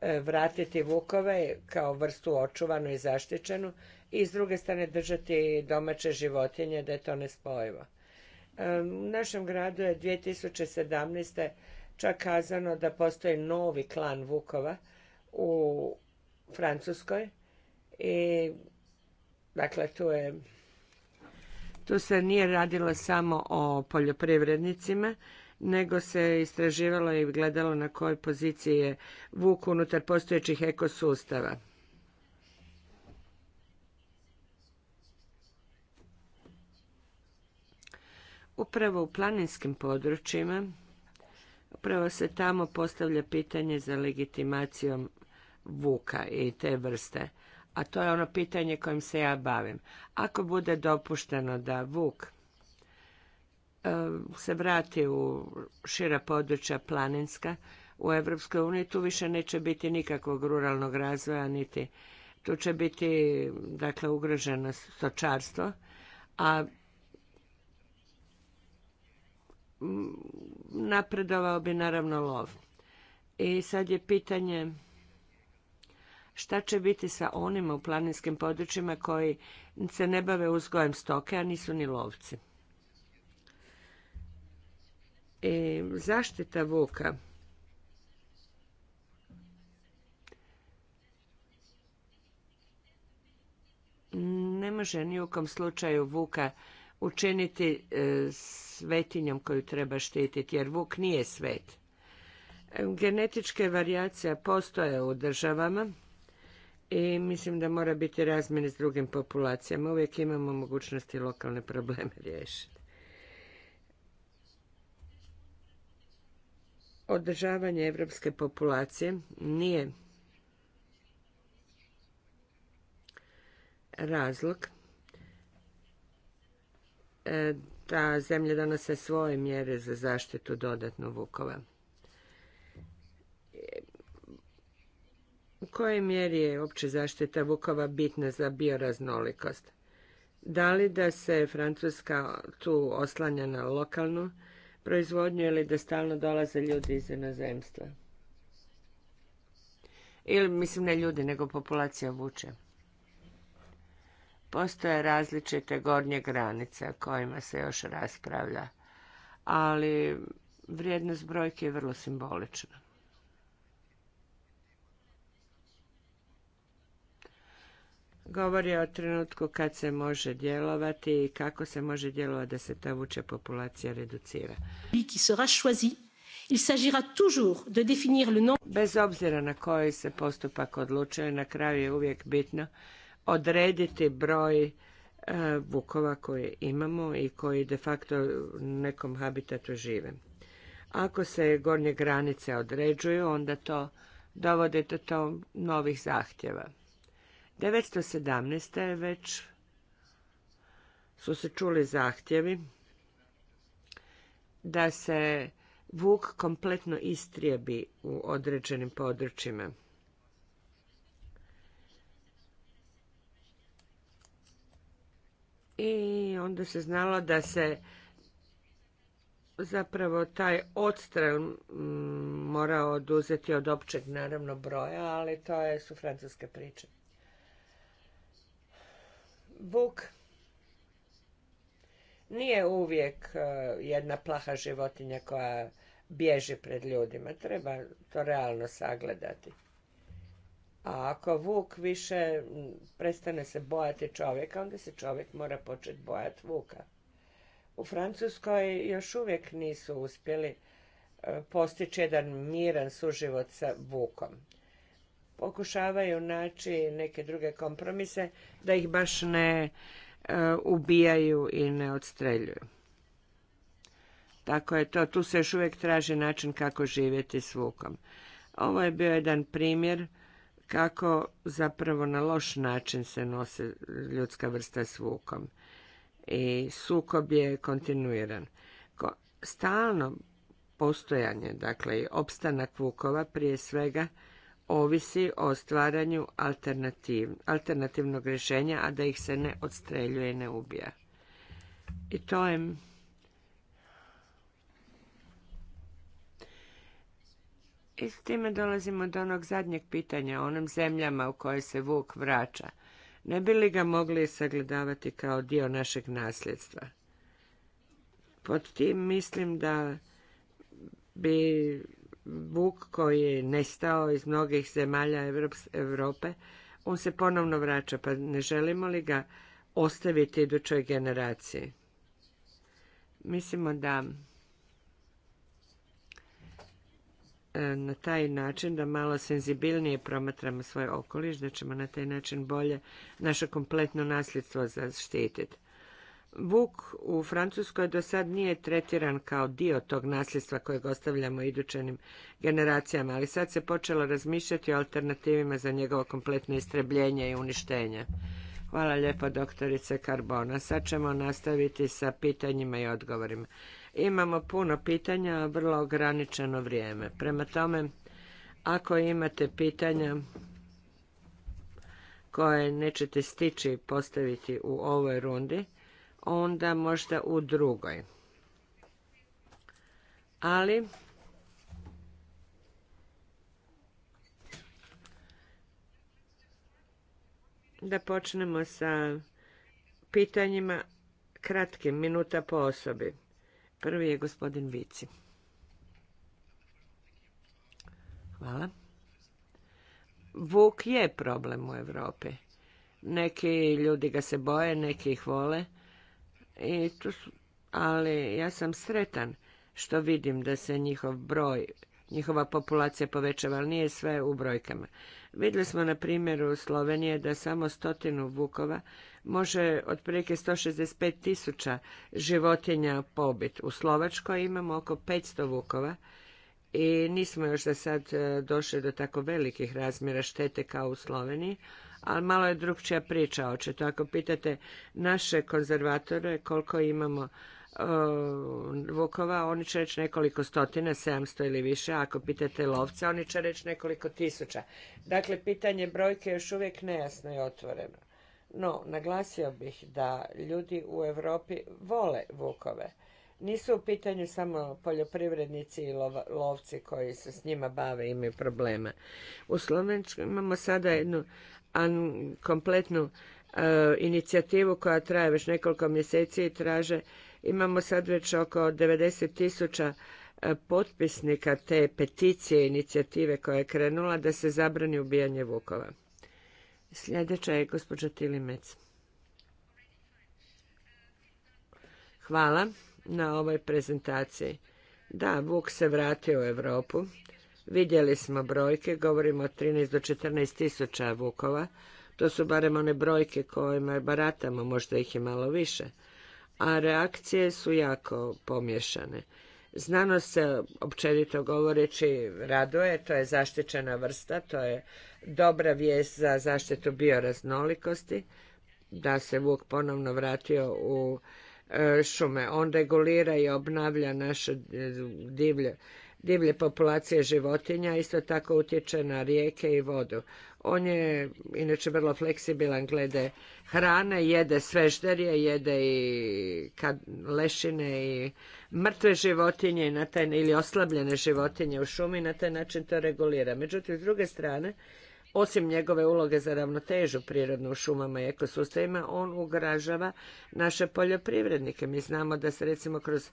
e, vratiti vukove kao vrstu očuvanu i zaštićenu i s druge strane držati domaće životinje, da je to nespojivo. E, u našem gradu je 2017. čak kazano da postoji novi klan vukova u Francuskoj i dakle tu je tu se nije radilo samo o poljoprivrednicima, nego se istraživalo i gledalo na kojoj poziciji je vuk unutar postojećih ekosustava. Upravo u planinskim područjima upravo se tamo postavlja pitanje za legitimacijom vuka i te vrste a to je ono pitanje kojim se ja bavim. Ako bude dopušteno da Vuk e, se vrati u šira područja planinska u Europskoj uniji, tu više neće biti nikakvog ruralnog razvoja, niti tu će biti dakle, ugroženo stočarstvo, a napredovao bi naravno lov. I sad je pitanje šta će biti sa onima u planinskim područjima koji se ne bave uzgojem stoke, a nisu ni lovci. zaštita vuka. Ne može ni u kom slučaju vuka učiniti e, svetinjom koju treba štititi, jer vuk nije svet. Genetičke varijacije postoje u državama i mislim da mora biti razmjene s drugim populacijama. Uvijek imamo mogućnosti lokalne probleme riješiti. Održavanje evropske populacije nije razlog da e, zemlje donose svoje mjere za zaštitu dodatno vukova. U kojoj mjeri je opće zaštita vukova bitna za bioraznolikost? Da li da se Francuska tu oslanja na lokalnu proizvodnju ili da stalno dolaze ljudi iz inozemstva? Ili, mislim, ne ljudi, nego populacija vuče. Postoje različite gornje granice kojima se još raspravlja, ali vrijednost brojke je vrlo simbolična. govori o trenutku kad se može djelovati i kako se može djelovati da se ta vuča populacija reducira. Bez obzira na koji se postupak odlučuje, na kraju je uvijek bitno odrediti broj e, vukova koje imamo i koji de facto u nekom habitatu žive. Ako se gornje granice određuju, onda to dovode do novih zahtjeva je već su se čuli zahtjevi da se vuk kompletno istrijebi u određenim područjima. I onda se znalo da se zapravo taj odstrel mm, morao oduzeti od općeg naravno broja, ali to je, su francuske priče. Vuk nije uvijek e, jedna plaha životinja koja bježi pred ljudima. Treba to realno sagledati. A ako vuk više prestane se bojati čovjeka, onda se čovjek mora početi bojati vuka. U Francuskoj još uvijek nisu uspjeli e, postići jedan miran suživot sa vukom pokušavaju naći neke druge kompromise da ih baš ne e, ubijaju i ne odstreljuju. Tako je to. Tu se još uvijek traži način kako živjeti s vukom. Ovo je bio jedan primjer kako zapravo na loš način se nose ljudska vrsta s vukom. I sukob je kontinuiran. stalno postojanje, dakle i opstanak vukova prije svega ovisi o stvaranju alternativ, alternativnog rješenja, a da ih se ne odstreljuje i ne ubija. I to je s time dolazimo do onog zadnjeg pitanja o onim zemljama u koje se Vuk vraća. Ne bi li ga mogli sagledavati kao dio našeg nasljedstva? Pod tim mislim da bi Vuk koji je nestao iz mnogih zemalja Europe, on se ponovno vraća, pa ne želimo li ga ostaviti idućoj generaciji? Mislimo da e, na taj način da malo senzibilnije promatramo svoj okoliš, da ćemo na taj način bolje naše kompletno nasljedstvo zaštititi. Vuk u Francuskoj do sad nije tretiran kao dio tog nasljedstva kojeg ostavljamo idućenim generacijama, ali sad se počelo razmišljati o alternativima za njegovo kompletno istrebljenje i uništenje. Hvala lijepo doktorice Carbona. Sad ćemo nastaviti sa pitanjima i odgovorima. Imamo puno pitanja, a vrlo ograničeno vrijeme. Prema tome, ako imate pitanja koje nećete stići postaviti u ovoj rundi, onda možda u drugoj. Ali, da počnemo sa pitanjima kratkim, minuta po osobi. Prvi je gospodin Vici. Hvala. Vuk je problem u Europi. Neki ljudi ga se boje, neki ih vole, i tu ali ja sam sretan što vidim da se njihov broj, njihova populacija povećava, ali nije sve u brojkama. Vidjeli smo na primjeru Slovenije da samo stotinu vukova može otprilike 165 tisuća životinja pobit. U Slovačkoj imamo oko 500 vukova i nismo još da sad e, došli do tako velikih razmjera štete kao u Sloveniji, ali malo je drugčija priča očito. Ako pitate naše konzervatore koliko imamo uh, vukova, oni će reći nekoliko stotina, 700 ili više. ako pitate lovca, oni će reći nekoliko tisuća. Dakle, pitanje brojke još uvijek nejasno i otvoreno. No, naglasio bih da ljudi u Europi vole vukove. Nisu u pitanju samo poljoprivrednici i lovci koji se s njima bave i imaju problema. U Slovenčku imamo sada jednu kompletnu e, inicijativu koja traje već nekoliko mjeseci i traže, imamo sad već oko 90 tisuća e, potpisnika te peticije inicijative koja je krenula da se zabrani ubijanje vukova. Sljedeća je gospođa Tilimec. Hvala na ovoj prezentaciji. Da, Vuk se vratio u Europu Vidjeli smo brojke, govorimo o 13 do 14 tisuća vukova. To su barem one brojke kojima baratamo, možda ih je malo više. A reakcije su jako pomješane. Znano se, općenito govoreći, raduje, to je zaštićena vrsta, to je dobra vijest za zaštitu bioraznolikosti, da se vuk ponovno vratio u e, šume. On regulira i obnavlja naše divlje divlje populacije životinja, isto tako utječe na rijeke i vodu. On je inače vrlo fleksibilan glede hrane, jede svežderje, jede i lešine i mrtve životinje ili oslabljene životinje u šumi i na taj način to regulira. Međutim, s druge strane, osim njegove uloge za ravnotežu prirodno u šumama i ekosustavima, on ugražava naše poljoprivrednike. Mi znamo da se recimo kroz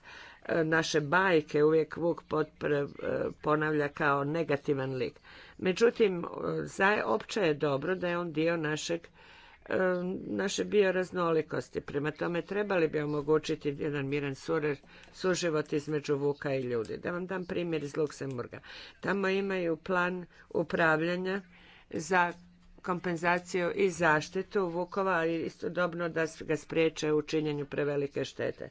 e, naše bajke uvijek Vuk e, ponavlja kao negativan lik. Međutim, e, za opće je dobro da je on dio našeg naše bioraznolikosti. Prema tome trebali bi omogućiti jedan miran suživot između vuka i ljudi. Da vam dam primjer iz Luksemburga. Tamo imaju plan upravljanja za kompenzaciju i zaštitu vukova, ali istodobno da ga spriječe u činjenju prevelike štete.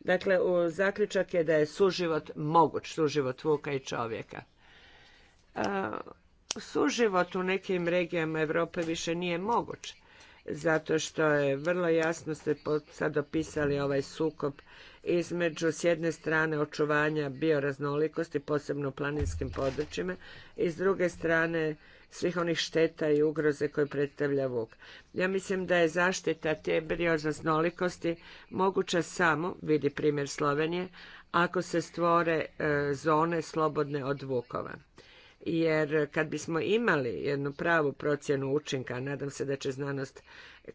Dakle, u zaključak je da je suživot moguć, suživot vuka i čovjeka. suživot u nekim regijama Europe više nije moguć, zato što je vrlo jasno ste sad opisali ovaj sukob između s jedne strane očuvanja bioraznolikosti, posebno u planinskim područjima, i s druge strane svih onih šteta i ugroze koje predstavlja vuk. Ja mislim da je zaštita te bioraznolikosti moguća samo, vidi primjer Slovenije, ako se stvore e, zone slobodne od vukova. Jer kad bismo imali jednu pravu procjenu učinka, nadam se da će znanost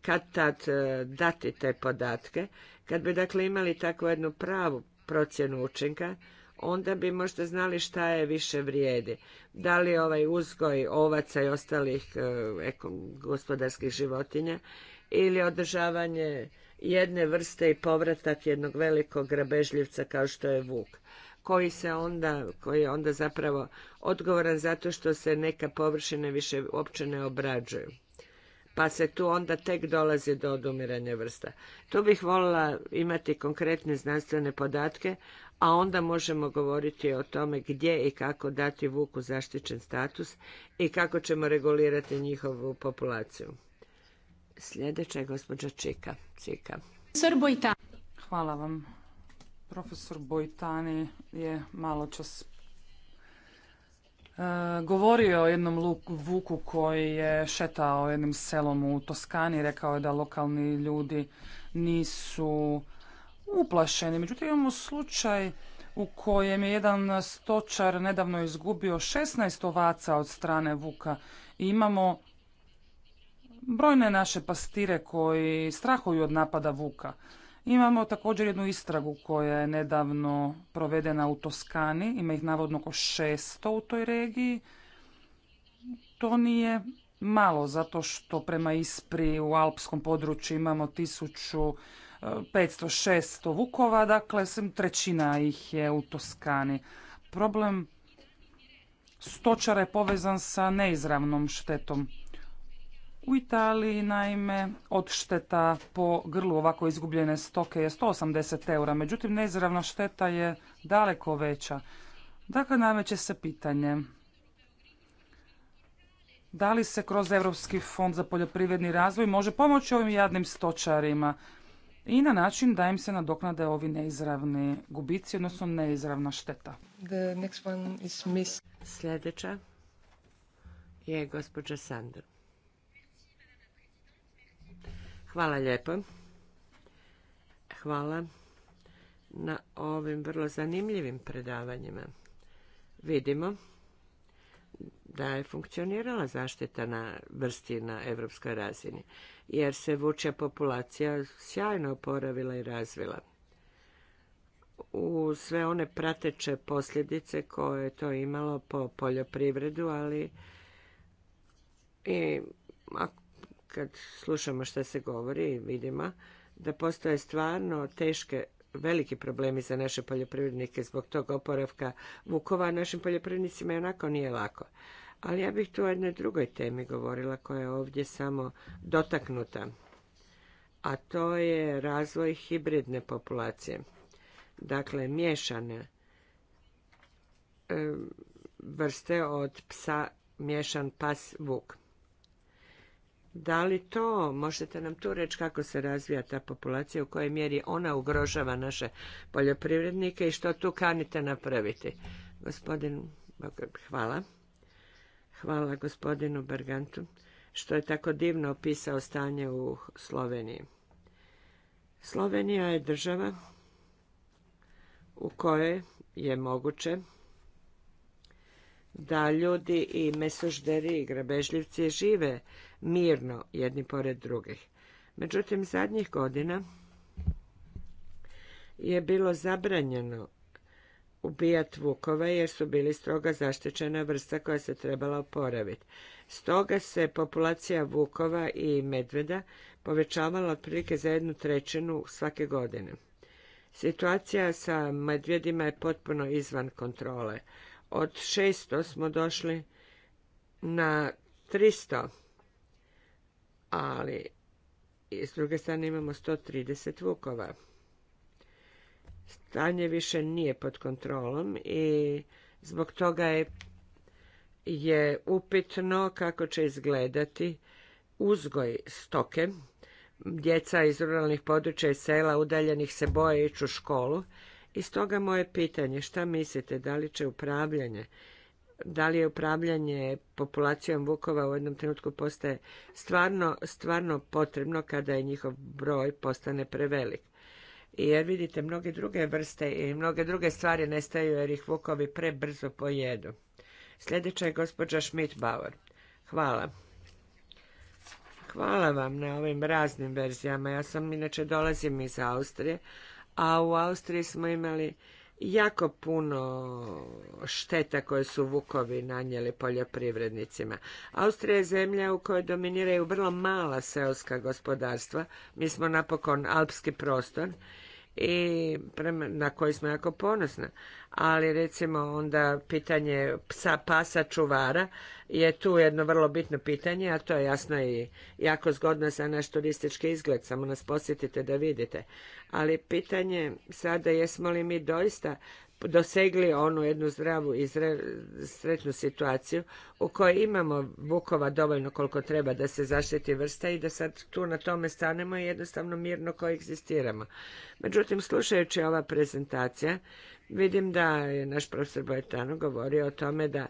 kad tad e, dati te podatke, kad bi dakle imali takvu jednu pravu procjenu učinka, onda bi možda znali šta je više vrijedi. Da li ovaj uzgoj ovaca i ostalih e, gospodarskih životinja ili održavanje jedne vrste i povratak jednog velikog grabežljivca kao što je vuk koji se onda, koji je onda zapravo odgovoran zato što se neka površine više uopće ne obrađuju. Pa se tu onda tek dolazi do odumiranja vrsta. Tu bih volila imati konkretne znanstvene podatke, a onda možemo govoriti o tome gdje i kako dati vuku zaštićen status i kako ćemo regulirati njihovu populaciju. Sljedeća je gospođa Čika. Čika. Hvala vam. Profesor Bojtani je malo čas e, govorio o jednom vuku koji je šetao jednim selom u Toskani. Rekao je da lokalni ljudi nisu uplašeni. Međutim, imamo slučaj u kojem je jedan stočar nedavno izgubio 16 ovaca od strane Vuka. I imamo brojne naše pastire koji strahuju od napada Vuka. Imamo također jednu istragu koja je nedavno provedena u Toskani. Ima ih navodno oko 600 u toj regiji. To nije malo, zato što prema Ispri u alpskom području imamo tisuću 500-600 vukova, dakle trećina ih je u Toskani. Problem stočara je povezan sa neizravnom štetom. U Italiji, naime, odšteta po grlu ovako izgubljene stoke je 180 eura, međutim neizravna šteta je daleko veća. Dakle, nameće se pitanje da li se kroz Europski fond za poljoprivredni razvoj može pomoći ovim jadnim stočarima i na način da im se nadoknade ovi neizravni gubici, odnosno neizravna šteta. The next is Sljedeća je gospođa Sander. Hvala lijepo. Hvala na ovim vrlo zanimljivim predavanjima. Vidimo da je funkcionirala zaštita na vrsti na evropskoj razini, jer se vučja populacija sjajno oporavila i razvila. U sve one prateće posljedice koje je to imalo po poljoprivredu, ali i kad slušamo što se govori i vidimo da postoje stvarno teške veliki problemi za naše poljoprivrednike zbog tog oporavka vukova našim poljoprivrednicima i onako nije lako. Ali ja bih tu o jednoj drugoj temi govorila koja je ovdje samo dotaknuta, a to je razvoj hibridne populacije. Dakle, miješane vrste od psa miješan pas vuk. Da li to, možete nam tu reći kako se razvija ta populacija, u kojoj mjeri ona ugrožava naše poljoprivrednike i što tu kanite napraviti? Gospodin, hvala. Hvala gospodinu Bergantu što je tako divno opisao stanje u Sloveniji. Slovenija je država u kojoj je moguće da ljudi i mesožderi i grabežljivci žive mirno jedni pored drugih. Međutim, zadnjih godina je bilo zabranjeno ubijati vukove jer su bili stroga zaštićena vrsta koja se trebala oporaviti. Stoga se populacija vukova i medveda povećavala otprilike za jednu trećinu svake godine. Situacija sa medvjedima je potpuno izvan kontrole. Od 600 smo došli na 300, ali s druge strane imamo 130 vukova stanje više nije pod kontrolom i zbog toga je, je upitno kako će izgledati uzgoj stoke. Djeca iz ruralnih područja i sela udaljenih se boje ići u školu. I stoga moje pitanje, šta mislite, da li će upravljanje, da li je upravljanje populacijom vukova u jednom trenutku postaje stvarno, stvarno potrebno kada je njihov broj postane prevelik? jer vidite mnoge druge vrste i mnoge druge stvari nestaju jer ih vukovi prebrzo pojedu. Sljedeća je gospođa Schmidt-Bauer. Hvala. Hvala vam na ovim raznim verzijama. Ja sam inače dolazim iz Austrije, a u Austriji smo imali jako puno šteta koje su vukovi nanijeli poljoprivrednicima. Austrija je zemlja u kojoj dominiraju vrlo mala seoska gospodarstva. Mi smo napokon alpski prostor i prema, na koji smo jako ponosna. Ali recimo onda pitanje psa, pasa, čuvara je tu jedno vrlo bitno pitanje, a to je jasno i jako zgodno za naš turistički izgled, samo nas posjetite da vidite. Ali pitanje sada jesmo li mi doista dosegli onu jednu zdravu i sretnu situaciju u kojoj imamo bukova dovoljno koliko treba da se zaštiti vrsta i da sad tu na tome stanemo i jednostavno mirno koegzistiramo. Međutim, slušajući ova prezentacija, vidim da je naš profesor Bojetano govorio o tome da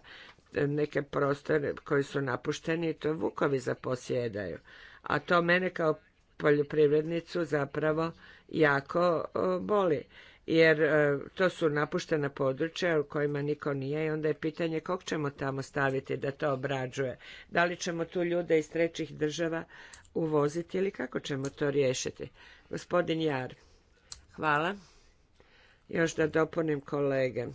neke prostore koji su napušteni, to vukovi zaposjedaju. A to mene kao poljoprivrednicu zapravo jako boli jer e, to su napuštena područja u kojima niko nije i onda je pitanje kog ćemo tamo staviti da to obrađuje. Da li ćemo tu ljude iz trećih država uvoziti ili kako ćemo to riješiti? Gospodin Jar, hvala. Još da dopunim kolege.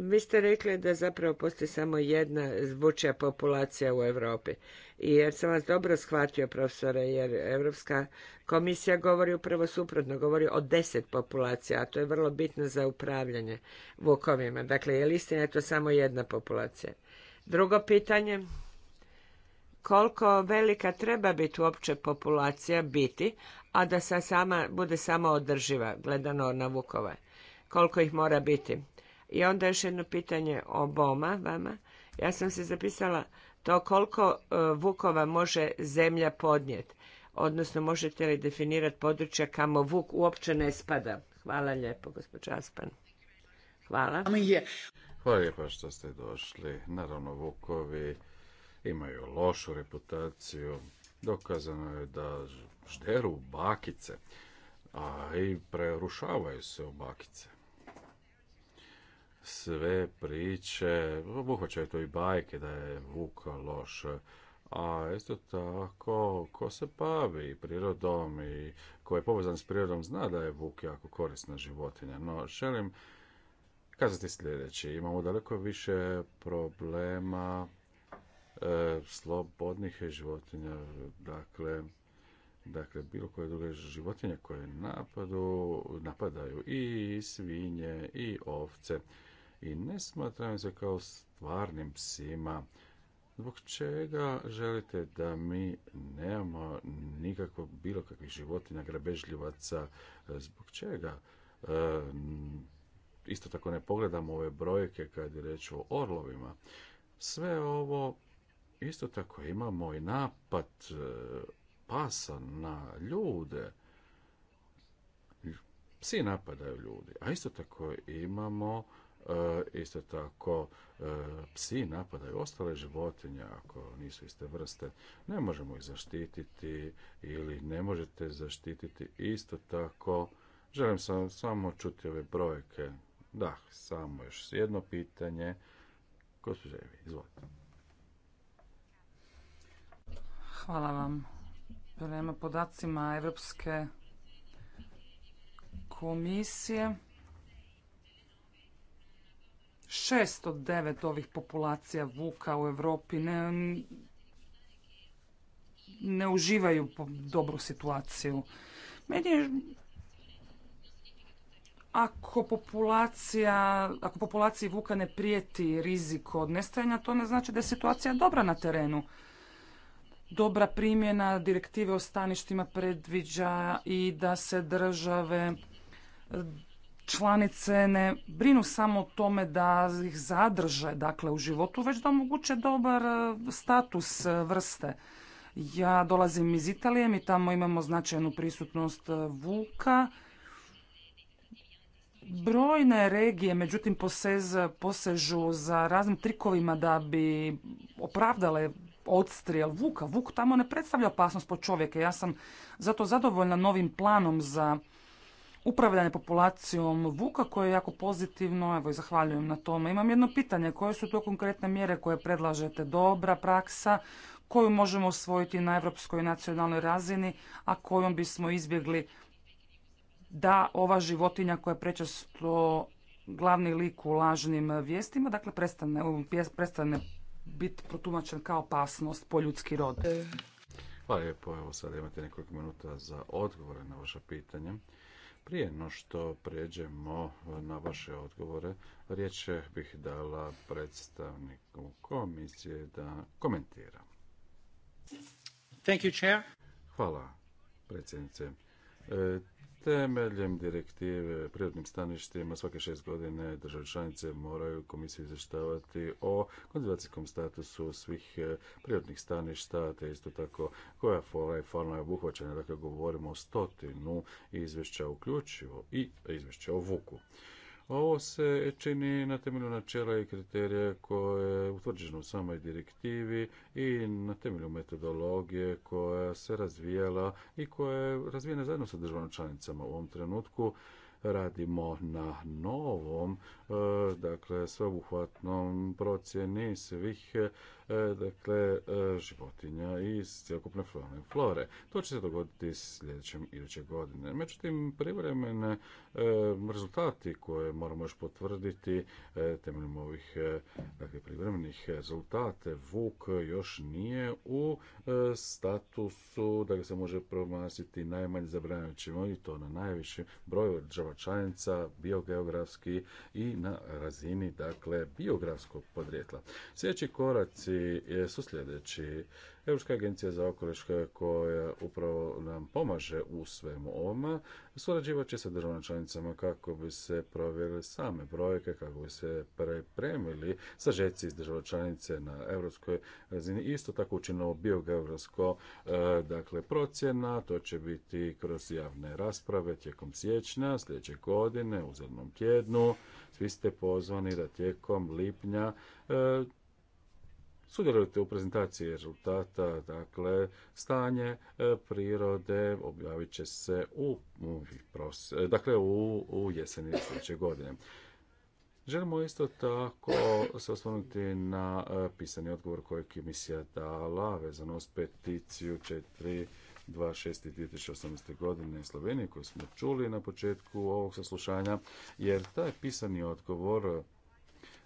Vi ste rekli da zapravo postoji samo jedna zvučja populacija u Europi. I jer sam vas dobro shvatio, profesore, jer Europska komisija govori upravo suprotno, govori o deset populacija, a to je vrlo bitno za upravljanje vukovima. Dakle, je li istina je to samo jedna populacija? Drugo pitanje, koliko velika treba biti uopće populacija biti, a da se sama, bude samo održiva, gledano na vukove? Koliko ih mora biti? I onda još jedno pitanje o Boma vama. Ja sam se zapisala to koliko e, vukova može zemlja podnijeti, odnosno možete li definirati područja kamo vuk uopće ne spada. Hvala lijepo, gospođa Aspan. Hvala. Hvala lijepo što ste došli. Naravno, vukovi imaju lošu reputaciju. Dokazano je da žderu bakice, a i prerušavaju se u bakice sve priče, obuhvaćaju to i bajke da je Vuk loš, a isto tako ko se bavi prirodom i ko je povezan s prirodom zna da je Vuk jako korisna životinja. No, želim kazati sljedeće, imamo daleko više problema e, slobodnih životinja, dakle, dakle bilo koje druge životinje koje napadu, napadaju i svinje i ovce i ne smatraju se kao stvarnim psima. Zbog čega želite da mi nemamo nikakvog bilo kakvih životinja, grabežljivaca? Zbog čega? E, isto tako ne pogledamo ove brojke kad je reč o orlovima. Sve ovo isto tako imamo i napad e, pasa na ljude. Psi napadaju ljudi, a isto tako imamo E, isto tako e, psi napadaju ostale životinje ako nisu iste vrste. Ne možemo ih zaštititi ili ne možete zaštititi. Isto tako želim sam samo čuti ove brojke. Da, samo još jedno pitanje. izvolite. Hvala vam. Prema podacima Evropske komisije, šest od devet ovih populacija vuka u Europi ne, ne uživaju dobru situaciju. Meni je ako populacija, ako populaciji vuka ne prijeti rizik od nestajanja, to ne znači da je situacija dobra na terenu. Dobra primjena direktive o staništima predviđa i da se države članice ne brinu samo o tome da ih zadrže dakle, u životu, već da omoguće dobar e, status e, vrste. Ja dolazim iz Italije, mi tamo imamo značajnu prisutnost e, vuka. Brojne regije, međutim, posez, posežu za raznim trikovima da bi opravdale odstrijel vuka. Vuk tamo ne predstavlja opasnost po čovjeka. Ja sam zato zadovoljna novim planom za upravljanje populacijom vuka koje je jako pozitivno, evo i zahvaljujem na tome. Imam jedno pitanje, koje su to konkretne mjere koje predlažete, dobra praksa koju možemo osvojiti na europskoj i nacionalnoj razini, a kojom bismo izbjegli da ova životinja koja je prečesto glavni lik u lažnim vijestima, dakle prestane, prestane biti protumačen kao opasnost po ljudski rod. Hvala lijepo, evo sad imate nekoliko minuta za odgovore na vaše pitanje. Prije no što pređemo na vaše odgovore, riječ bih dala predstavniku komisije da komentira. Thank you, Chair. Hvala, predsjednice. E, Temeljem direktive prirodnim staništima svake šest godine države članice moraju komisiju izvještavati o konzervacijskom statusu svih e, prirodnih staništa, te isto tako koja fora i fauna je obuhvaćena. Dakle, govorimo o stotinu izvješća uključivo i izvješća o vuku. Ovo se čini na temelju načela i kriterija koje je utvrđeno u samoj direktivi i na temelju metodologije koja se razvijala i koja je razvijena zajedno sa državama članicama. U ovom trenutku radimo na novom E, dakle sveobuhvatnom procjeni svih e, dakle e, životinja i cjelokupne flore. flore. To će se dogoditi sljedećem iduće godine. Međutim, privremene rezultati koje moramo još potvrditi temeljem ovih dakle, privremenih rezultate VUK još nije u statusu da ga se može promasiti najmanje zabranjujućim i to na najviši broj država članica biogeografski i na razini dakle biografskog podrijetla. Sljedeći koraci su sljedeći Europska agencija za okoliš koja upravo nam pomaže u svemu ovome, surađivat će sa državnim članicama kako bi se provjerili same brojke, kako bi se prepremili sažeci iz država članice na europskoj razini. Isto tako učinilo biogeografsko e, dakle, procjena, to će biti kroz javne rasprave tijekom siječnja sljedeće godine u zadnom tjednu. Svi ste pozvani da tijekom lipnja e, sudjelujete u prezentaciji rezultata, dakle, stanje e, prirode objavit će se u, u e, dakle, u, u jeseni sljedeće godine. Želimo isto tako se osvrnuti na e, pisani odgovor kojeg je komisija dala vezano s peticiju 426. 2018. godine Slovenije koju smo čuli na početku ovog saslušanja, jer taj pisani odgovor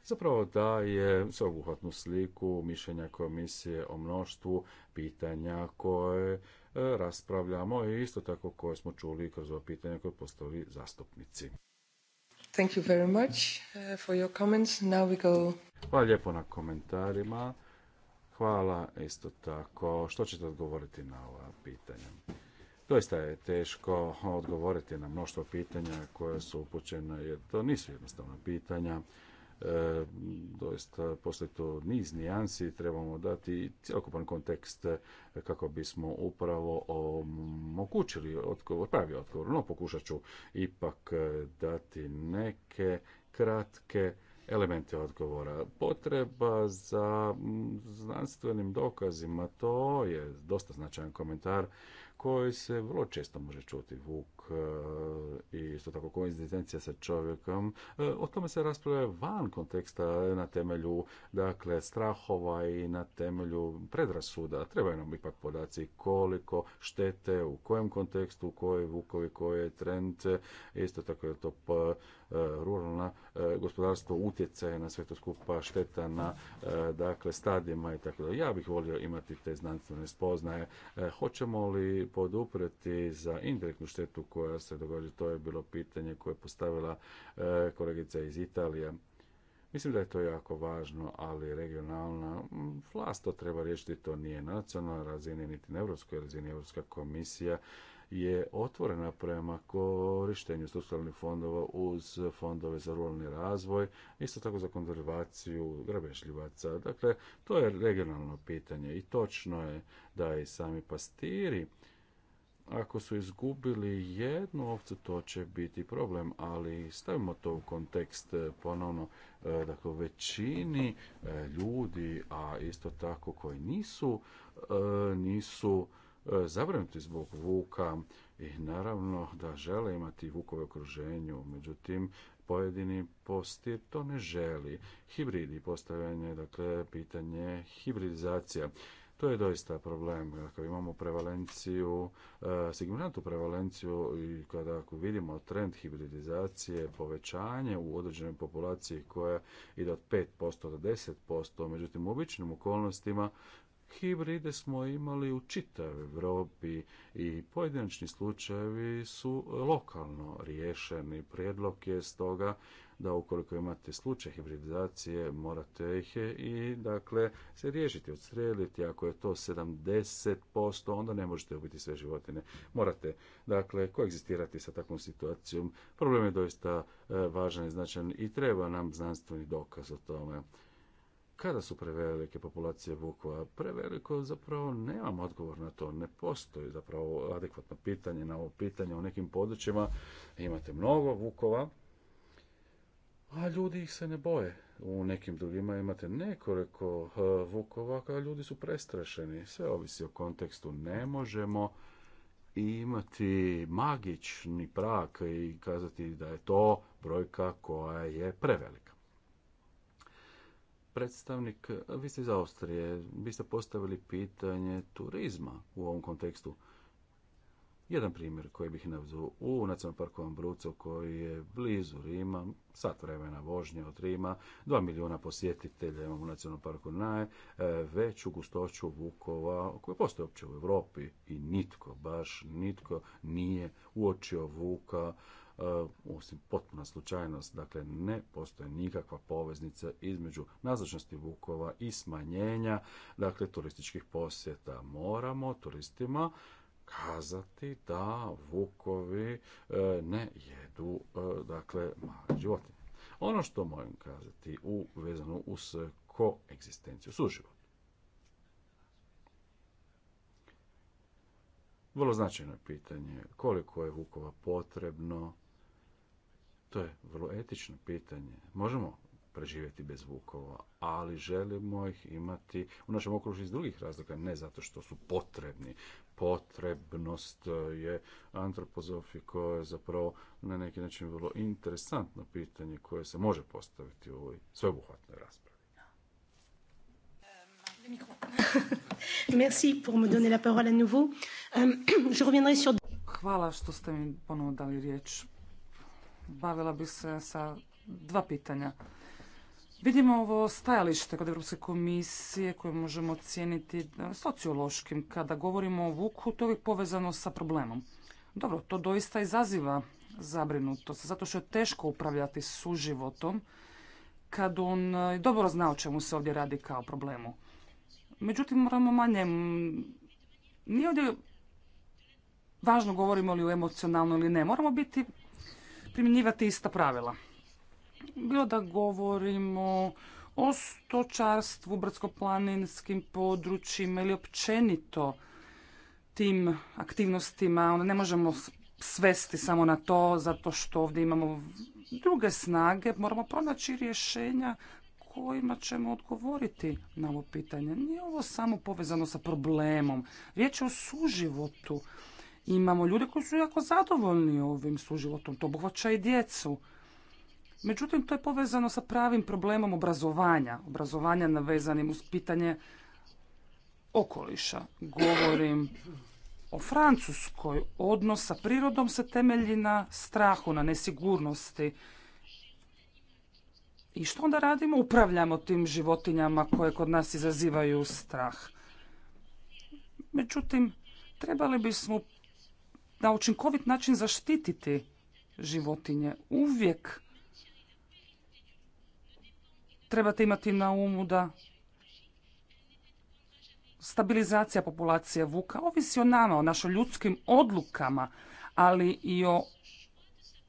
zapravo daje sveobuhvatnu sliku mišljenja komisije o mnoštvu pitanja koje e, raspravljamo i isto tako koje smo čuli kroz ovo pitanje koje postavili zastupnici. Hvala lijepo na komentarima. Hvala isto tako. Što ćete odgovoriti na ova pitanja? Doista je teško odgovoriti na mnoštvo pitanja koje su upućena jer to nisu jednostavna pitanja. E, doista postoji to niz nijansi, trebamo dati cjelokupan kontekst kako bismo upravo omogućili odgovor, pravi odgovor, no pokušat ću ipak dati neke kratke elemente odgovora. Potreba za znanstvenim dokazima, to je dosta značajan komentar koji se vrlo često može čuti. Vuk E, i isto tako koinzidencija sa čovjekom, e, o tome se raspravlja van konteksta na temelju dakle strahova i na temelju predrasuda. Trebaju nam ipak podaci koliko štete, u kojem kontekstu, u kojoj vukovi, koji je trend, isto tako je to e, ruralna gospodarstvo utjecaje na sve to skupa šteta na dakle stadima i tako da ja bih volio imati te znanstvene spoznaje hoćemo li podupreti za indirektnu štetu koja se događa, to je bilo pitanje koje je postavila e, kolegica iz Italije. Mislim da je to jako važno, ali regionalna vlast to treba riješiti, to nije nacionalna razina, niti na evropskoj razini, Evropska komisija je otvorena prema korištenju strukturalnih fondova uz fondove za ruralni razvoj, isto tako za konzervaciju grabešljivaca. Dakle, to je regionalno pitanje i točno je da i sami pastiri ako su izgubili jednu ovcu, to će biti problem, ali stavimo to u kontekst e, ponovno. E, dakle, većini e, ljudi, a isto tako koji nisu, nisu zabrinuti zbog vuka i naravno da žele imati vukove okruženju, međutim pojedini postir to ne želi. Hibridi postavljanje, dakle, pitanje hibridizacija. To je doista problem. Ako imamo prevalenciju, e, signifikantnu prevalenciju i kada ako vidimo trend hibridizacije, povećanje u određenoj populaciji koja ide od 5% do 10%, međutim u običnim okolnostima hibride smo imali u čitavoj Europi i pojedinačni slučajevi su lokalno riješeni. Prijedlog je stoga da ukoliko imate slučaj hibridizacije morate ih i dakle se riješiti, odstreliti. Ako je to 70% onda ne možete ubiti sve životine. Morate dakle koegzistirati sa takvom situacijom. Problem je doista e, važan i značajan i treba nam znanstveni dokaz o tome kada su prevelike populacije vukova? Preveliko zapravo nemam odgovor na to. Ne postoji zapravo adekvatno pitanje na ovo pitanje. U nekim područjima imate mnogo vukova a ljudi ih se ne boje. U nekim drugima imate nekoliko vukova, a ljudi su prestrašeni. Sve ovisi o kontekstu. Ne možemo imati magični prak i kazati da je to brojka koja je prevelika. Predstavnik, vi ste iz Austrije, vi ste postavili pitanje turizma u ovom kontekstu. Jedan primjer koji bih navzao u Nacionalnom parku Ambruco koji je blizu Rima, sat vremena vožnje od Rima, dva milijuna posjetitelja imamo u Nacionalnom parku veću gustoću vukova koja postoje uopće u Europi i nitko, baš nitko nije uočio vuka e, osim potpuna slučajnost, dakle ne postoji nikakva poveznica između nazočnosti vukova i smanjenja dakle turističkih posjeta. Moramo turistima kazati da vukovi e, ne jedu e, dakle male životinje. Ono što moram kazati u vezano uz koegzistenciju suživot. Vrlo značajno pitanje koliko je vukova potrebno. To je vrlo etično pitanje. Možemo preživjeti bez vukova, ali želimo ih imati u našem okružju iz drugih razloga, ne zato što su potrebni potrebnost e, je antropozofi koja je zapravo na neki način vrlo interesantno pitanje koje se može postaviti u ovoj sveobuhvatnoj raspravi. Merci pour me Hvala što ste mi ponovo dali riječ. Bavila bi se sa dva pitanja. Vidimo ovo stajalište kod Europske komisije koje možemo ocijeniti sociološkim. Kada govorimo o vuku, to je povezano sa problemom. Dobro, to doista izaziva zabrinutost, zato što je teško upravljati suživotom kad on eh, dobro zna o čemu se ovdje radi kao problemu. Međutim, moramo manje... Nije ovdje važno govorimo li o emocionalno ili ne. Moramo biti primjenjivati ista pravila bilo da govorimo o stočarstvu, brdsko-planinskim područjima ili općenito tim aktivnostima, onda ne možemo svesti samo na to zato što ovdje imamo druge snage, moramo pronaći rješenja kojima ćemo odgovoriti na ovo pitanje. Nije ovo samo povezano sa problemom, riječ je o suživotu. Imamo ljude koji su jako zadovoljni ovim suživotom, to obuhvaća i djecu. Međutim, to je povezano sa pravim problemom obrazovanja, obrazovanja navezanim uz pitanje okoliša. Govorim o Francuskoj. Odnos sa prirodom se temelji na strahu, na nesigurnosti. I što onda radimo? Upravljamo tim životinjama koje kod nas izazivaju strah. Međutim, trebali bismo na učinkovit način zaštititi životinje. Uvijek trebate imati na umu da stabilizacija populacije vuka ovisi o nama, o našim ljudskim odlukama, ali i o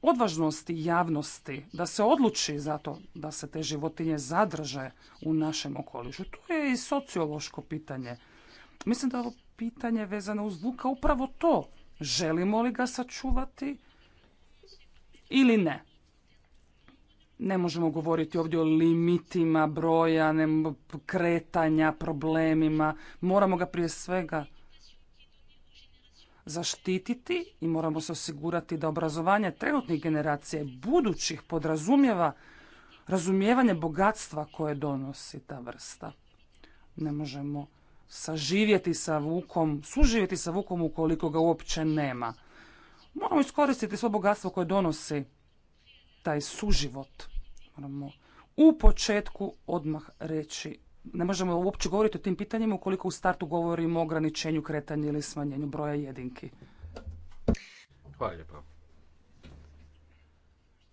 odvažnosti javnosti da se odluči za to da se te životinje zadrže u našem okolišu. To je i sociološko pitanje. Mislim da je ovo pitanje vezano uz vuka upravo to. Želimo li ga sačuvati ili ne? Ne možemo govoriti ovdje o limitima broja, kretanja, problemima. Moramo ga prije svega zaštititi i moramo se osigurati da obrazovanje trenutnih generacija budućih podrazumijeva razumijevanje bogatstva koje donosi ta vrsta. Ne možemo saživjeti sa vukom, suživjeti sa vukom ukoliko ga uopće nema. Moramo iskoristiti svo bogatstvo koje donosi taj suživot. Moramo u početku odmah reći ne možemo uopće govoriti o tim pitanjima ukoliko u startu govorimo o ograničenju kretanja ili smanjenju broja jedinki. Hvala lijepa.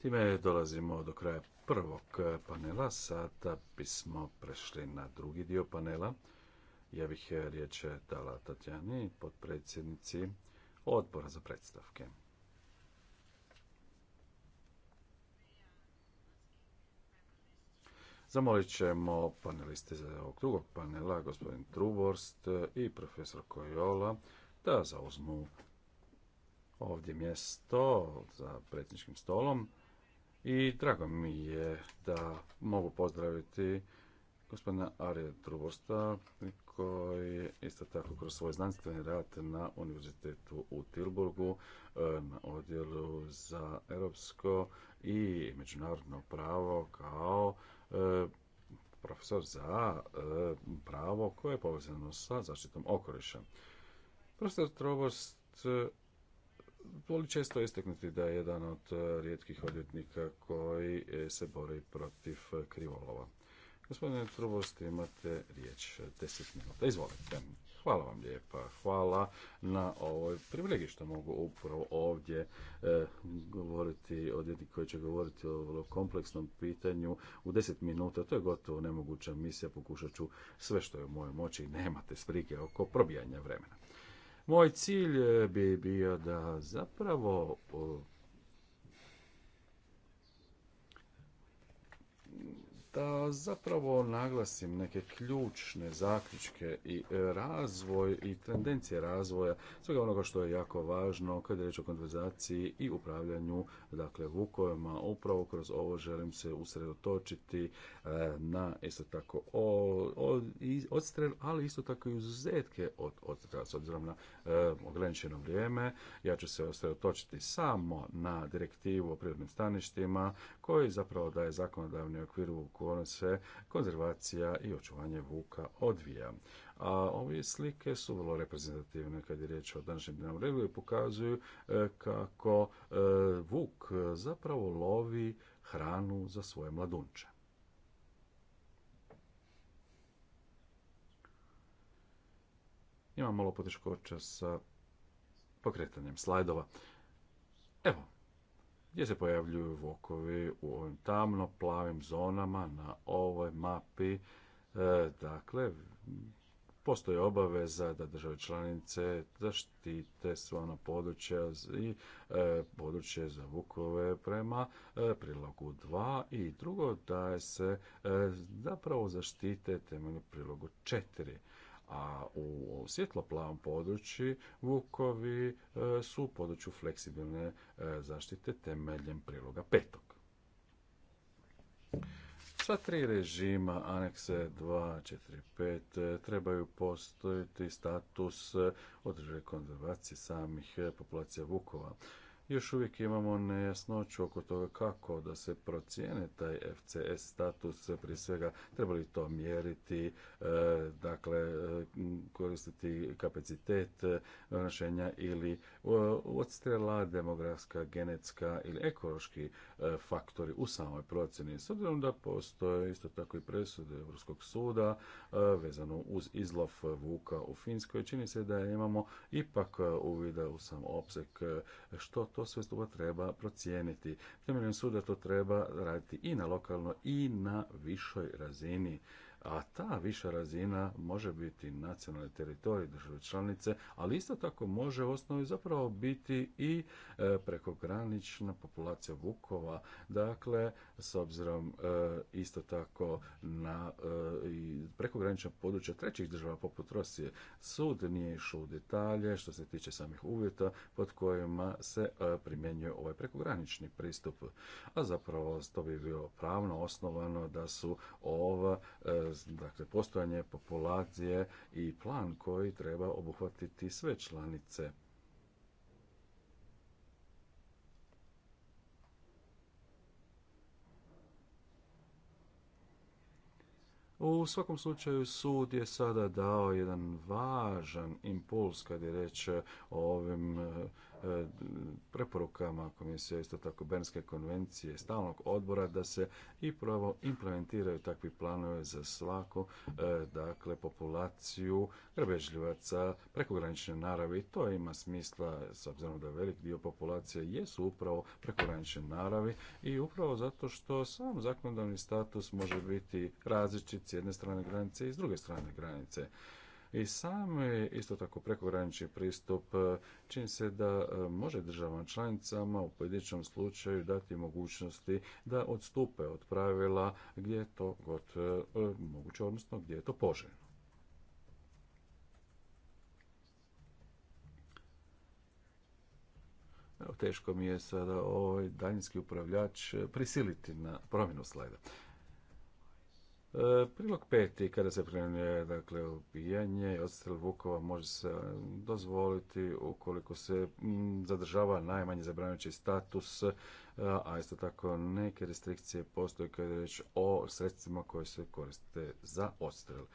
Time dolazimo do kraja prvog eh, panela. Sada bismo prešli na drugi dio panela. Ja bih eh, riječ dala Tatjani, podpredsjednici odbora za predstavke. Zamolit ćemo paneliste za ovog drugog panela, gospodin Truborst i profesor Kojola, da zauzmu ovdje mjesto za predsjedničkim stolom. I drago mi je da mogu pozdraviti gospodina Arija Truborsta, koji je isto tako kroz svoj znanstveni rad na Univerzitetu u Tilburgu e, na odjelu za europsko i međunarodno pravo kao E, profesor za e, pravo koje je povezano sa zaštitom okoliša. Profesor trobost Voli e, često istaknuti da je jedan od rijetkih odvjetnika koji se bori protiv krivolova. Gospodine trobost imate riječ. Deset minuta. Izvolite. Hvala vam lijepa, hvala na ovoj privilegiji što mogu upravo ovdje e, govoriti o koji će govoriti o vrlo kompleksnom pitanju u deset minuta. To je gotovo nemoguća misija, pokušat ću sve što je u mojoj moći i nemate sprike oko probijanja vremena. Moj cilj e, bi bio da zapravo da zapravo naglasim neke ključne zaključke i e, razvoj i tendencije razvoja svega onoga što je jako važno kada je reč o konverzaciji i upravljanju dakle vukovima upravo kroz ovo želim se usredotočiti e, na isto tako odstrel ali isto tako i uzetke od odstrela s obzirom na e, ograničeno vrijeme ja ću se usredotočiti samo na direktivu o prirodnim staništima koji zapravo daje zakonodavni okvir u kojem se konzervacija i očuvanje vuka odvija. A ove slike su vrlo reprezentativne kad je riječ o današnjem dnevnom redu i pokazuju e, kako e, vuk zapravo lovi hranu za svoje mladunče. Imam malo poteškoća sa pokretanjem slajdova. Evo, gdje se pojavljuju vokovi u ovim tamno-plavim zonama na ovoj mapi. E, dakle, postoji obaveza da države članice zaštite sva ona područja i e, područje za vukove prema e, prilogu 2 i drugo da se zapravo zaštite temelju prilogu 4 a u svjetlo-plavom području vukovi e, su u području fleksibilne e, zaštite temeljem priloga petog. Sva tri režima, anekse 2, 4, 5, trebaju postojiti status određene konzervacije samih e, populacija vukova još uvijek imamo nejasnoću oko toga kako da se procijene taj FCS status, prije svega treba li to mjeriti, e, dakle e, koristiti kapacitet donošenja e, ili odstrela, demografska, genetska ili ekološki faktori u samoj procjeni. S obzirom da postoje isto tako i presude Europskog suda vezano uz izlov vuka u Finskoj, čini se da imamo ipak uvida u sam opsek što to sve skupa treba procijeniti. Temeljem suda to treba raditi i na lokalno i na višoj razini a ta viša razina može biti nacionalni teritorij države članice, ali isto tako može u osnovi zapravo biti i e, prekogranična populacija vukova, dakle, s obzirom e, isto tako na e, prekogranična područja trećih država poput Rosije. Sud nije išao u detalje što se tiče samih uvjeta pod kojima se primjenjuje ovaj prekogranični pristup, a zapravo to bi bilo pravno osnovano da su ova dakle, postojanje populacije i plan koji treba obuhvatiti sve članice. U svakom slučaju sud je sada dao jedan važan impuls kad je reč o ovim E, preporukama komisije, isto tako Bernske konvencije, stalnog odbora da se i pravo implementiraju takvi planovi za svaku e, dakle, populaciju grbežljivaca prekogranične naravi. To ima smisla s obzirom da velik dio populacije jesu upravo prekogranične naravi i upravo zato što sam zakonodavni status može biti različit s jedne strane granice i s druge strane granice. I sam isto tako prekogranični pristup e, čini se da e, može državama članicama u pojedinačnom slučaju dati mogućnosti da odstupe od pravila gdje je to god e, moguće, odnosno gdje je to poželjno. teško mi je sada ovaj daljinski upravljač prisiliti na promjenu slajda. E, prilog peti, kada se primjenjuje dakle, ubijanje i odstrel vukova može se dozvoliti ukoliko se zadržava najmanje zabranjujući status, e, a isto tako neke restrikcije postoje kada je reč o sredstvima koje se koriste za odstrel.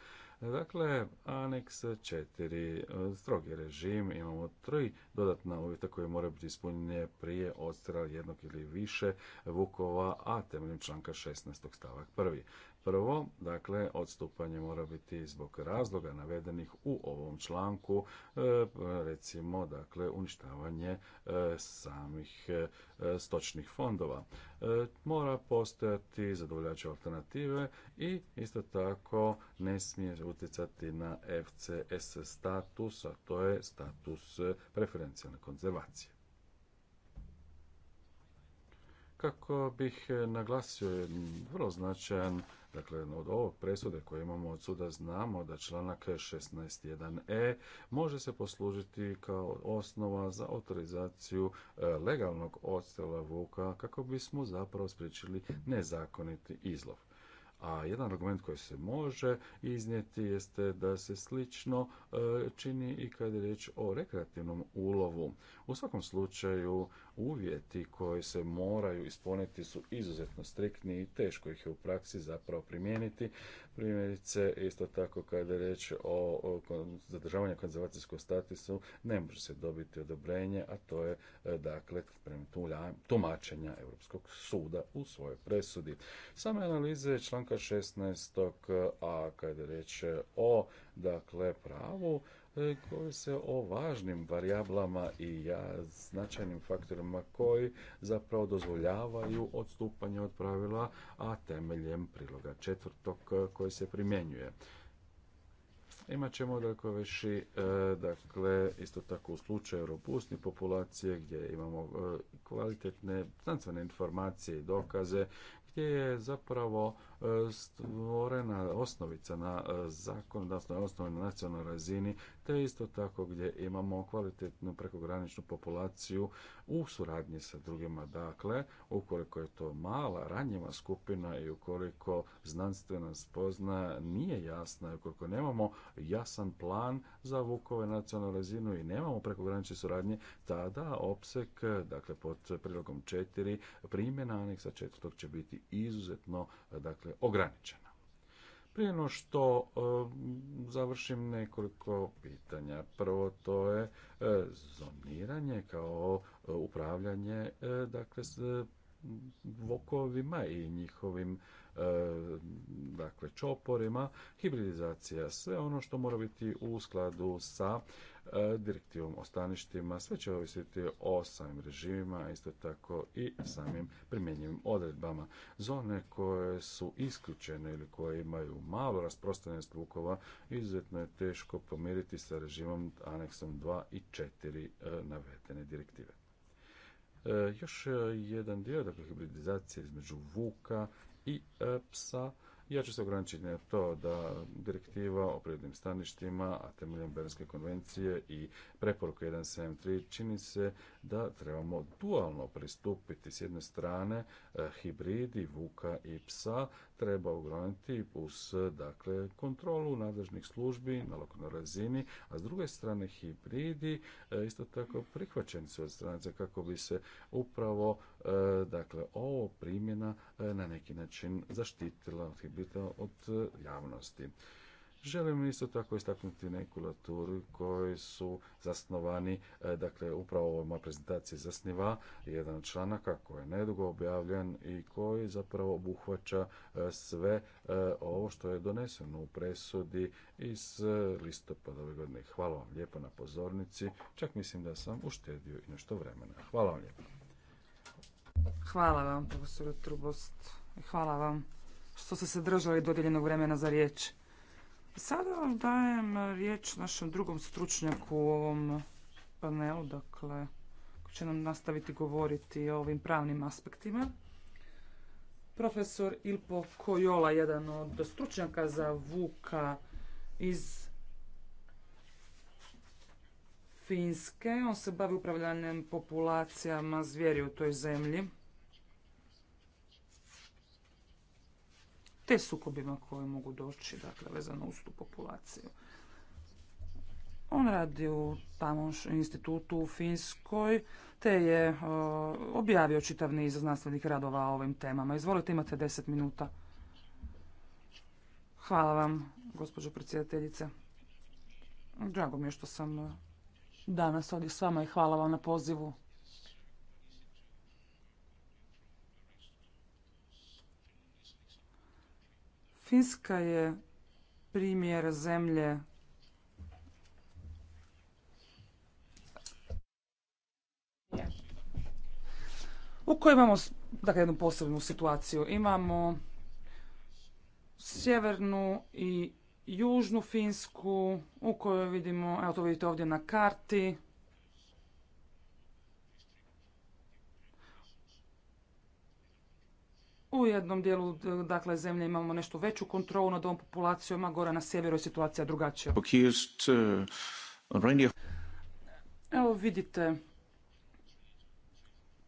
E, dakle, aneks 4, strogi režim, imamo tri dodatna uvjeta koje moraju biti ispunjene prije odstrela jednog ili više vukova, a temeljem članka 16. stavak prvi. Prvo, dakle, odstupanje mora biti zbog razloga navedenih u ovom članku, e, recimo, dakle, uništavanje e, samih e, stočnih fondova. Mora postojati zadovoljače alternative i isto tako ne smije utjecati na FCS status, a to je status preferencijalne konzervacije kako bih e, naglasio jedan vrlo značajan Dakle, od ovog presude koje imamo od suda znamo da članak 16.1e može se poslužiti kao osnova za autorizaciju e, legalnog odstrela vuka kako bismo zapravo spriječili nezakoniti izlov. A jedan argument koji se može iznijeti jeste da se slično e, čini i kad je riječ o rekreativnom ulovu. U svakom slučaju uvjeti koji se moraju ispuniti su izuzetno striktni i teško ih je u praksi zapravo primijeniti. Primjerice, isto tako kada je riječ o zadržavanju konzervacijskog statusu, ne može se dobiti odobrenje, a to je e, dakle tumačenja Europskog suda u svojoj presudi. Same analize članka 16. a kada je riječ o dakle pravu govori e, se o važnim varijablama i ja, značajnim faktorima koji zapravo dozvoljavaju odstupanje od pravila, a temeljem priloga četvrtog e, koji se primjenjuje. Imat ćemo dakle, veši, e, dakle, isto tako u slučaju robustne populacije gdje imamo kvalitetne znanstvene informacije i dokaze gdje je zapravo stvorena osnovica na e, zakonodavstvenoj osnovi na nacionalnoj razini, te isto tako gdje imamo kvalitetnu prekograničnu populaciju u suradnji sa drugima. Dakle, ukoliko je to mala, ranjiva skupina i ukoliko znanstvena spozna nije jasna, ukoliko nemamo jasan plan za vukove nacionalnu razinu i nemamo prekogranične suradnje, tada opsek, dakle pod prilogom 4, primjena aneksa četvrtog će biti izuzetno, dakle, dakle ograničena. Prije no što e, završim nekoliko pitanja. Prvo to je e, zoniranje kao e, upravljanje dakle s vokovima i njihovim dakle čoporima, hibridizacija, sve ono što mora biti u skladu sa E, direktivom o staništima, sve će ovisiti o samim režimima, isto tako i samim primjenjivim odredbama. Zone koje su isključene ili koje imaju malu rasprostranjenost vukova izuzetno je teško pomiriti sa režimom aneksom 2 i 4 e, navedene direktive. E, još jedan dio, dakle, hibridizacije između vuka i psa, ja ću se ograničiti na to da direktiva o prirodnim staništima, a temeljem Bernske konvencije i preporuka 173 čini se da trebamo dualno pristupiti s jedne strane eh, hibridi vuka i psa treba ugraniti uz dakle, kontrolu nadležnih službi na lokalnoj razini, a s druge strane hibridi e, isto tako prihvaćeni su od stranice kako bi se upravo e, dakle, ovo primjena e, na neki način zaštitila od javnosti. Želim isto tako istaknuti laturu koji su zasnovani, e, dakle upravo ovoj mojoj prezentaciji zasniva jedan članaka koji je nedugo objavljen i koji zapravo obuhvaća e, sve e, ovo što je doneseno u presudi iz listopada ove godine. Hvala vam lijepo na pozornici, čak mislim da sam uštedio i nešto vremena. Hvala vam lijepo. Hvala vam, profesor Trubost. Hvala vam što ste se držali dodijeljenog vremena za riječ. Sada vam dajem riječ našem drugom stručnjaku u ovom panelu, dakle, koji će nam nastaviti govoriti o ovim pravnim aspektima. Profesor Ilpo Kojola, jedan od stručnjaka za Vuka iz Finske. On se bavi upravljanjem populacijama zvijeri u toj zemlji. te sukobima koje mogu doći, dakle, vezano uz tu populaciju. On radi u institutu u Finskoj, te je objavio čitav niz znanstvenih radova o ovim temama. Izvolite, imate deset minuta. Hvala vam, gospođo predsjedateljice. Drago mi je što sam e, danas ovdje s vama i hvala vam na pozivu. Finska je primjer zemlje u kojoj imamo dakle, jednu posebnu situaciju. Imamo sjevernu i južnu Finsku u kojoj vidimo, evo to vidite ovdje na karti, U jednom dijelu dakle, zemlje imamo nešto veću kontrolu nad ovom populacijom, a gore na sjeveru je situacija drugačija. Uh, Evo vidite,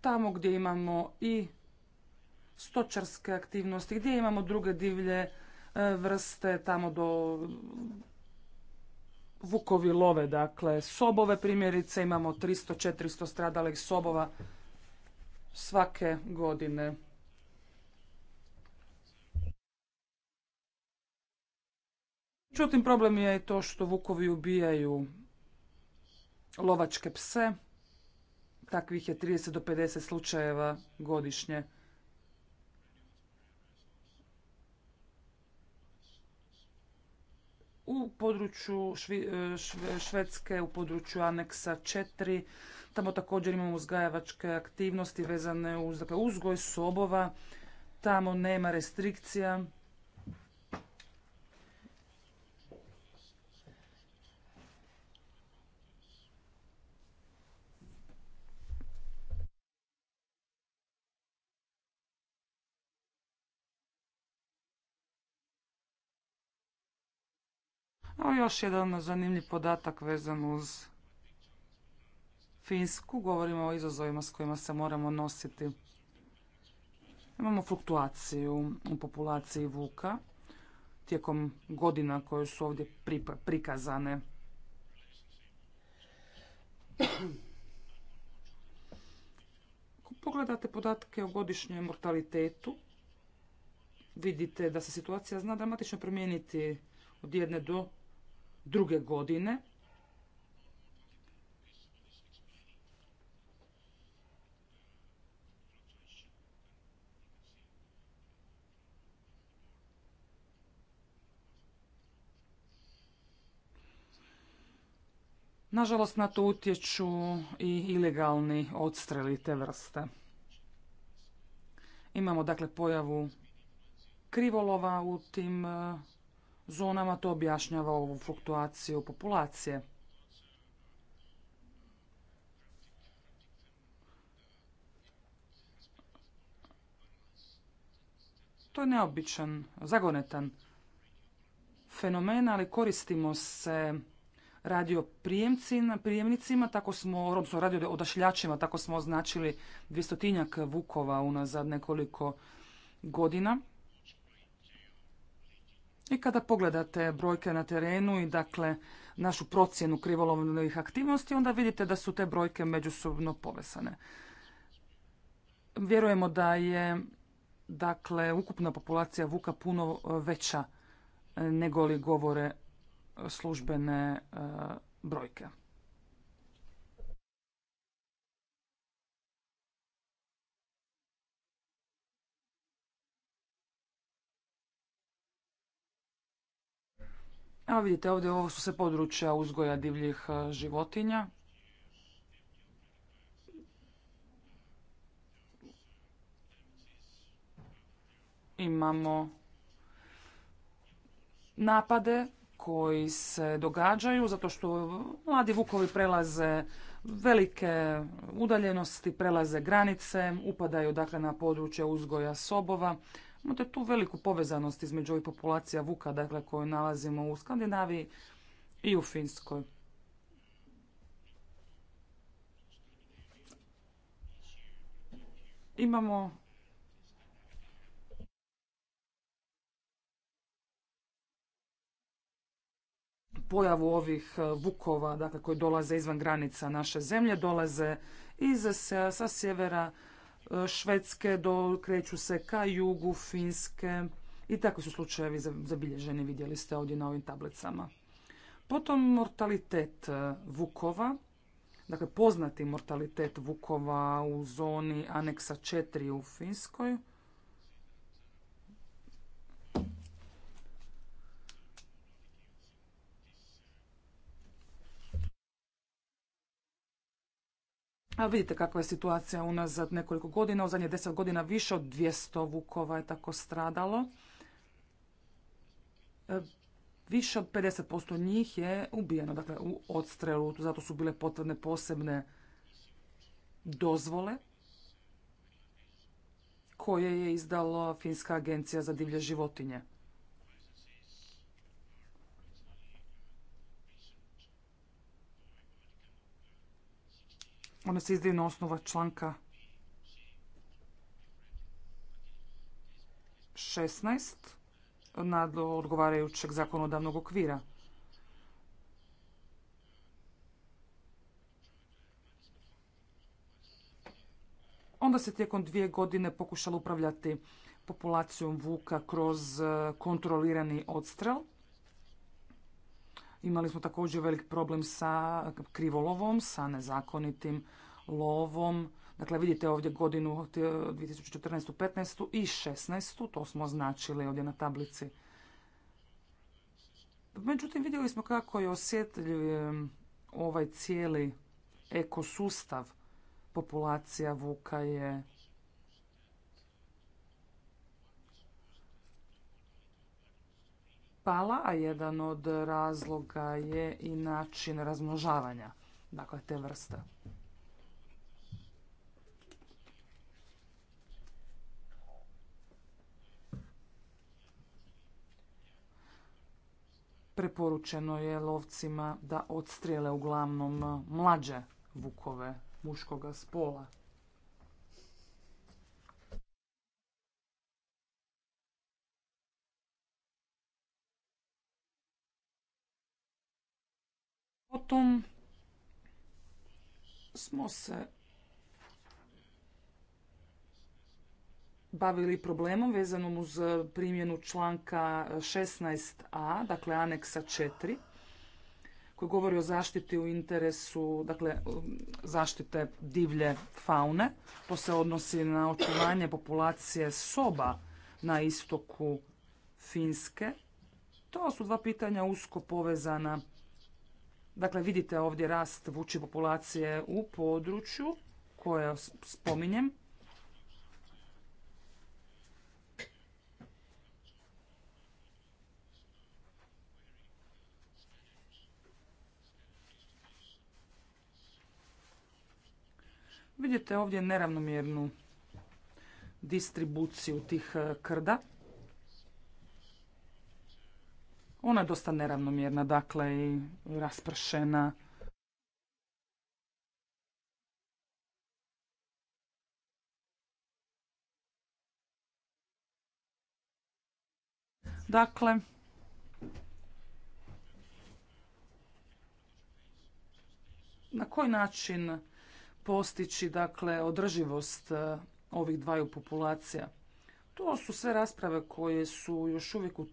tamo gdje imamo i stočarske aktivnosti, gdje imamo druge divlje e, vrste, tamo do vukovi love, dakle sobove primjerice, imamo 300-400 stradalih sobova svake godine. Međutim, problem je i to što vukovi ubijaju lovačke pse. Takvih je 30 do 50 slučajeva godišnje. U području e, Švedske, u području aneksa 4, tamo također imamo uzgajavačke aktivnosti vezane uz dakle, uzgoj sobova, tamo nema restrikcija. Evo još jedan zanimljiv podatak vezan uz Finsku. Govorimo o izazovima s kojima se moramo nositi. Imamo fluktuaciju u populaciji vuka tijekom godina koje su ovdje prikazane. Ako pogledate podatke o godišnjem mortalitetu, vidite da se situacija zna dramatično promijeniti od jedne do druge godine. Nažalost, na to utječu i ilegalni odstreli te vrste. Imamo dakle pojavu krivolova u tim zonama, to objašnjava ovu fluktuaciju populacije. To je neobičan, zagonetan fenomen, ali koristimo se radio prijemnicima, tako smo, odnosno radio odašljačima, tako smo označili dvjestotinjak vukova unazad nekoliko godina. I e, kada pogledate brojke na terenu i dakle našu procjenu krivolovnih aktivnosti, onda vidite da su te brojke međusobno povezane. Vjerujemo da je dakle ukupna populacija vuka puno e, veća e, nego li govore službene brojke. Evo vidite, ovdje ovo su se područja uzgoja divljih e, životinja. Imamo napade koji se događaju zato što mladi vukovi prelaze velike udaljenosti, prelaze granice, upadaju dakle na područje uzgoja sobova. Imate tu veliku povezanost između ovih populacija vuka, dakle, koju nalazimo u Skandinaviji i u Finskoj. Imamo pojavu ovih e, vukova, dakle, koji dolaze izvan granica naše zemlje, dolaze iz sa sjevera Švedske, do, kreću se ka jugu, Finske i takvi su slučajevi zabilježeni, vidjeli ste ovdje na ovim tablicama. Potom mortalitet e, vukova, dakle poznati mortalitet vukova u zoni aneksa 4 u Finskoj. A vidite kakva je situacija unazad nekoliko godina. U zadnje deset godina više od 200 vukova je tako stradalo. E, više od 50% njih je ubijeno dakle, u odstrelu. Zato su bile potrebne posebne dozvole koje je izdala Finska agencija za divlje životinje. Ona se izdaju na osnova članka 16 nad odgovarajućeg zakonodavnog okvira. Onda se tijekom dvije godine pokušalo upravljati populacijom vuka kroz eh, kontrolirani odstrel. Imali smo također velik problem sa krivolovom, sa nezakonitim lovom. Dakle, vidite ovdje godinu 2014. 15. E, i 16. To smo označili ovdje na tablici. Međutim, vidjeli smo kako je osjetljiv e, ovaj cijeli ekosustav. Populacija vuka je a jedan od razloga je i način razmnožavanja dakle, te vrste. Preporučeno je lovcima da odstrijele uglavnom mlađe vukove muškoga spola. Potom smo se bavili problemom vezanom uz primjenu članka 16a, dakle aneksa 4, koji govori o zaštiti u interesu, dakle zaštite divlje faune. To se odnosi na očuvanje populacije soba na istoku Finske. To su dva pitanja usko povezana Dakle, vidite ovdje rast vuče populacije u području koje spominjem. Vidite ovdje neravnomjernu distribuciju tih e, krda. Ona je dosta neravnomjerna, dakle, i raspršena. Dakle, na koji način postići dakle održivost e, ovih dvaju populacija? To su sve rasprave koje su još uvijek u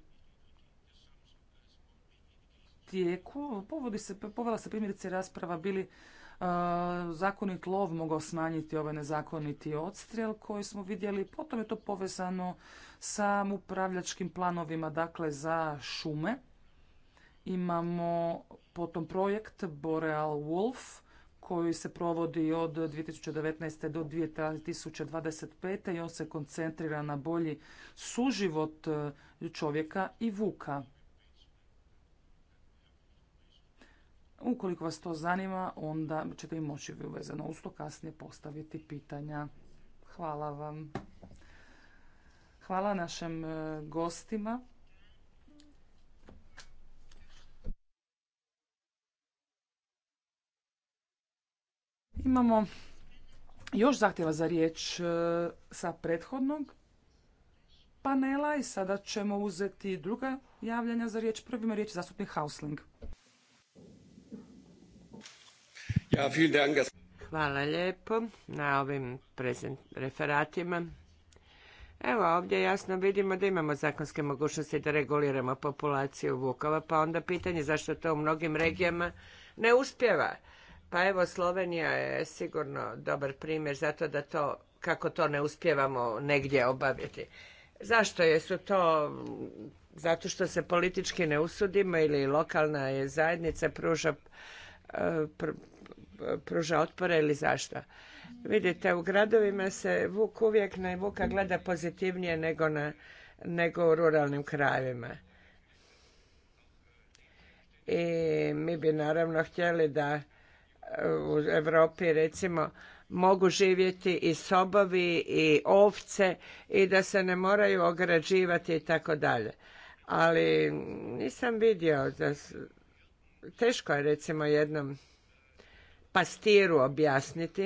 tijeku. Povodi se, povela se primjerice rasprava bili e, zakonit lov mogao smanjiti ovaj nezakoniti odstrel koji smo vidjeli. Potom je to povezano sa upravljačkim planovima dakle za šume. Imamo potom projekt Boreal Wolf koji se provodi od 2019. do 2025. i on se koncentrira na bolji suživot e, čovjeka i vuka. Ukoliko vas to zanima, onda ćete i moći vezano uz to kasnije postaviti pitanja. Hvala vam. Hvala našim e, gostima. Imamo još zahtjeva za riječ e, sa prethodnog panela i sada ćemo uzeti druga javljanja za riječ. Prvima je riječ zastupnik Hausling. Hvala lijepo na ovim prezent referatima. Evo ovdje jasno vidimo da imamo zakonske mogućnosti da reguliramo populaciju vukova, pa onda pitanje zašto to u mnogim regijama ne uspjeva. Pa evo Slovenija je sigurno dobar primjer zato da to, kako to ne uspjevamo negdje obaviti. Zašto je su to zato što se politički ne usudimo ili lokalna je zajednica pruža e, pruža otpore ili zašto. Vidite, u gradovima se vuk uvijek na vuka gleda pozitivnije nego, na, nego u ruralnim krajevima. I mi bi naravno htjeli da e, u Europi recimo mogu živjeti i sobovi i ovce i da se ne moraju ograđivati i tako dalje. Ali nisam vidio da teško je recimo jednom pastiru objasniti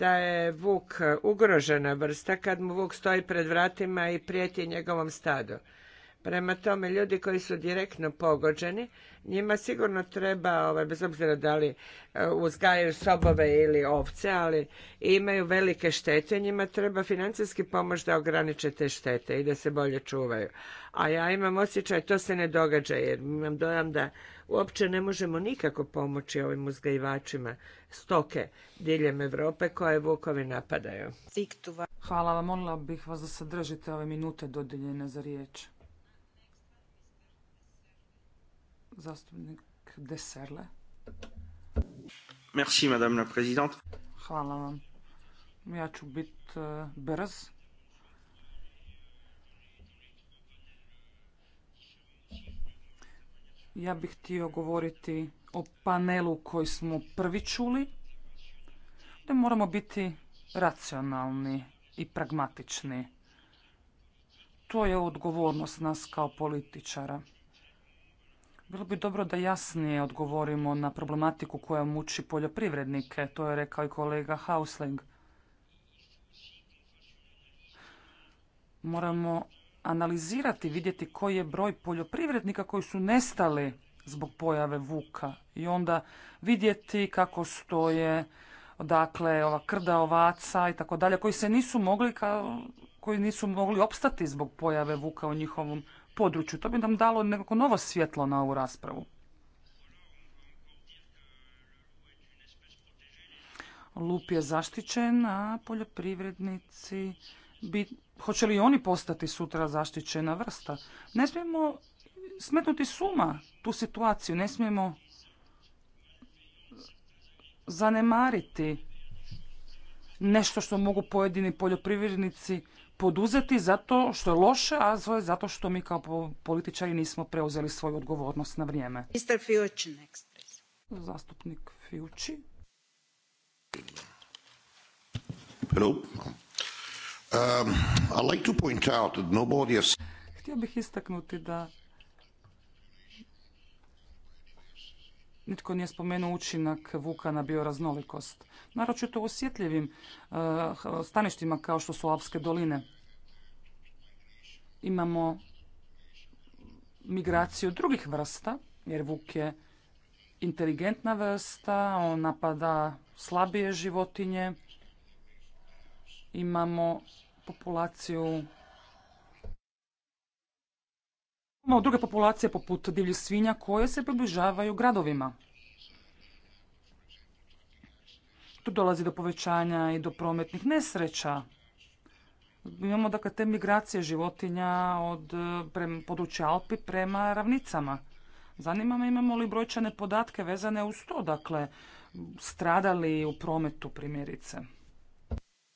da je vuk ugrožena vrsta kad mu vuk stoji pred vratima i prijeti njegovom stadu. Prema tome, ljudi koji su direktno pogođeni, njima sigurno treba, ovaj, bez obzira da li e, uzgajaju sobove ili ovce, ali imaju velike štete, njima treba financijski pomoć da ograniče te štete i da se bolje čuvaju. A ja imam osjećaj, to se ne događa, jer imam dojam da uopće ne možemo nikako pomoći ovim uzgajivačima stoke diljem Europe koje vukovi napadaju. Hvala vam, molila bih vas da se ove minute dodijeljene za riječ. Zastupnik Deserle. Hvala vam. Ja ću biti e, brz. Ja bih htio govoriti o panelu koji smo prvi čuli. Da moramo biti racionalni i pragmatični. To je odgovornost nas kao političara. Bilo bi dobro da jasnije odgovorimo na problematiku koja muči poljoprivrednike, to je rekao i kolega Hausling. Moramo analizirati, vidjeti koji je broj poljoprivrednika koji su nestali zbog pojave vuka i onda vidjeti kako stoje dakle ova krda ovaca i tako dalje koji se nisu mogli koji nisu mogli opstati zbog pojave vuka u njihovom području. To bi nam dalo nekako novo svjetlo na ovu raspravu. Lup je zaštićen, a poljoprivrednici bi... Hoće li oni postati sutra zaštićena vrsta? Ne smijemo smetnuti suma tu situaciju, ne smijemo zanemariti nešto što mogu pojedini poljoprivrednici poduzeti zato što je loše, a zato što mi kao političari nismo preuzeli svoju odgovornost na vrijeme. Mr. Fiuči, next. Zastupnik Fiuči. Hello. Um, like to point out that nobody has... Htio bih istaknuti da Nitko nije spomenuo učinak vuka na bioraznolikost, naročito u osjetljivim eh, staništima kao što su Alpske doline. Imamo migraciju drugih vrsta, jer vuk je inteligentna vrsta, on napada slabije životinje. Imamo populaciju druge populacije poput divljih svinja koje se približavaju gradovima. Tu dolazi do povećanja i do prometnih nesreća. Imamo dakle te migracije životinja od e, područja Alpi prema ravnicama. Zanima me imamo li brojčane podatke vezane uz to, dakle stradali u prometu primjerice.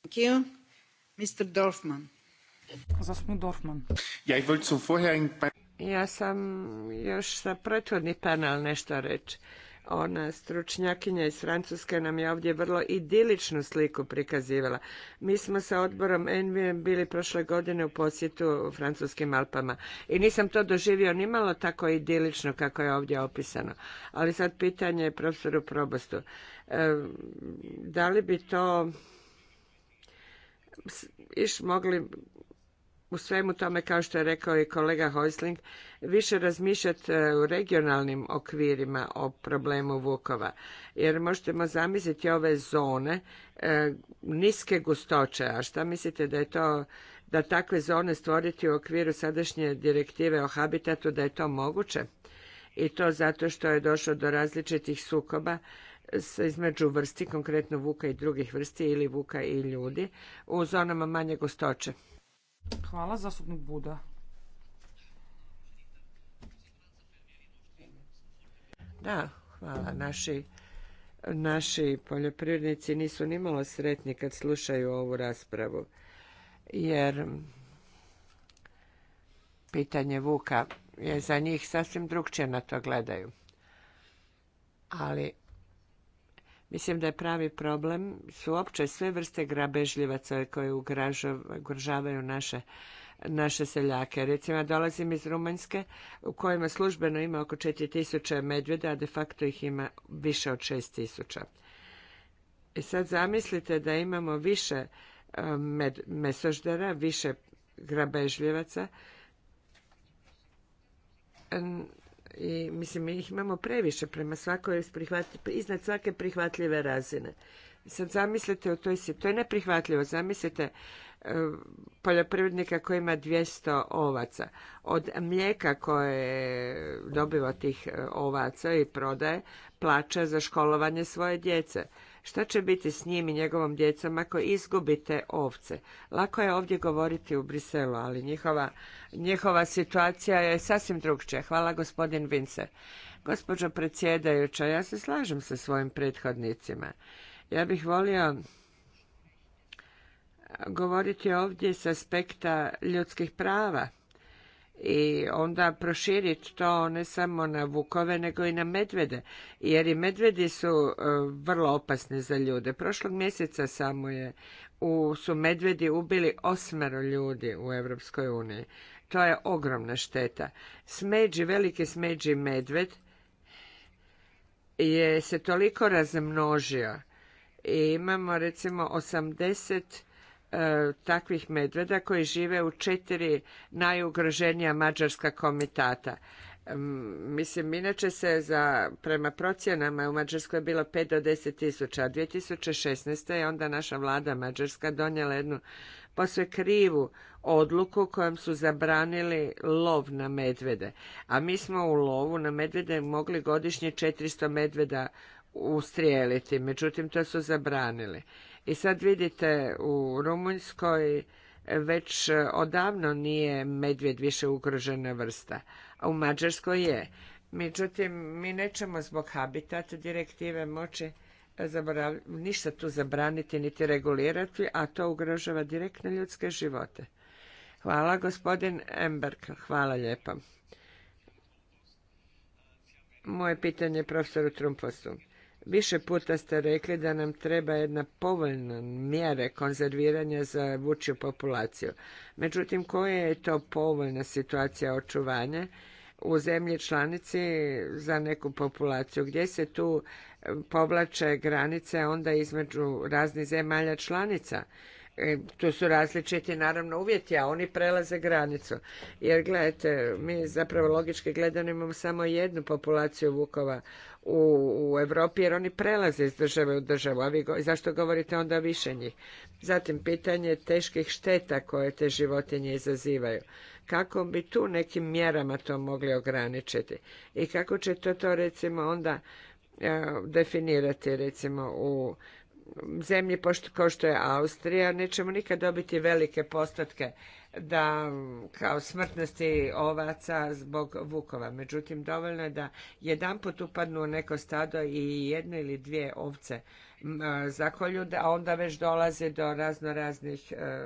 Thank you. Mr. Dorfman. Dorfman. Ja, ich wollte zum ja sam još sa prethodni panel nešto reći. Ona stručnjakinja iz Francuske nam je ovdje vrlo idiličnu sliku prikazivala. Mi smo sa odborom Envijem bili prošle godine u posjetu u francuskim Alpama i nisam to doživio ni malo tako idilično kako je ovdje opisano. Ali sad pitanje je profesoru Probostu. E, da li bi to iš mogli u svemu tome, kao što je rekao i kolega Hojsling, više razmišljati e, u regionalnim okvirima o problemu vukova. Jer možemo zamisliti ove zone e, niske gustoće. A šta mislite da je to da takve zone stvoriti u okviru sadašnje direktive o habitatu, da je to moguće? I to zato što je došlo do različitih sukoba između vrsti, konkretno vuka i drugih vrsti ili vuka i ljudi, u zonama manje gustoće. Hvala, zastupnik Buda. Da, hvala. Naši, naši poljoprivrednici nisu ni malo sretni kad slušaju ovu raspravu, jer pitanje Vuka je za njih sasvim drugčije na to gledaju. Ali Mislim da je pravi problem su uopće sve vrste grabežljivaca koje ugrožavaju naše naše seljake. Recimo, dolazim iz Rumunjske u kojima službeno ima oko 4000 medvjeda, a de facto ih ima više od 6000. I e sad zamislite da imamo više e, med, mesoždera, više grabežljivaca i mislim mi ih imamo previše prema svakoj iznad svake prihvatljive razine. Sad zamislite o toj to je neprihvatljivo. Zamislite eh, poljoprivrednika koji ima 200 ovaca. Od mlijeka koje dobiva tih eh, ovaca i prodaje plaća za školovanje svoje djece. Šta će biti s njim i njegovom djecom ako izgubite ovce? Lako je ovdje govoriti u Briselu, ali njihova, njihova situacija je sasvim drugčija. Hvala gospodin Vince. Gospođo predsjedajuća, ja se slažem sa svojim prethodnicima. Ja bih volio govoriti ovdje s aspekta ljudskih prava i onda proširiti to ne samo na vukove nego i na medvede jer i medvedi su e, vrlo opasni za ljude. Prošlog mjeseca samo je u, su medvedi ubili osmero ljudi u Europskoj uniji. To je ogromna šteta. Smeđi, veliki smeđi medved je se toliko razmnožio i imamo recimo 80 E, takvih medveda koji žive u četiri najugroženija mađarska komitata. Mislim, inače se za, prema procjenama u Mađarskoj je bilo 5 do 10 tisuća, a 2016. je onda naša vlada Mađarska donijela jednu posve krivu odluku kojom su zabranili lov na medvede. A mi smo u lovu na medvede mogli godišnje 400 medveda ustrijeliti, međutim to su zabranili. I sad vidite u Rumunjskoj već odavno nije medvjed više ugrožena vrsta, a u Mađarskoj je. Međutim, mi nećemo zbog habitat direktive moći ništa tu zabraniti niti regulirati, a to ugrožava direktno ljudske živote. Hvala, gospodin Emberg. Hvala lijepo. Moje pitanje je profesoru Trumposu. Više puta ste rekli da nam treba jedna povoljna mjere konzerviranja za vučju populaciju. Međutim, koja je to povoljna situacija očuvanja u zemlji članici za neku populaciju? Gdje se tu eh, povlače granice onda između raznih zemalja članica? E, tu su različiti naravno uvjeti, a oni prelaze granicu. Jer gledajte, mi zapravo logički gledano imamo samo jednu populaciju vukova u, u Europi jer oni prelaze iz države u državu. A vi zašto govorite onda više njih? Zatim pitanje teških šteta koje te životinje izazivaju. Kako bi tu nekim mjerama to mogli ograničiti? I kako će to, to recimo onda e, definirati recimo u zemlje kao što je Austrija nećemo nikad dobiti velike postatke da kao smrtnosti ovaca zbog vukova. Međutim, dovoljno je da jedanput upadnu u neko stado i jedne ili dvije ovce zakolju, a onda već dolaze do razno raznih e,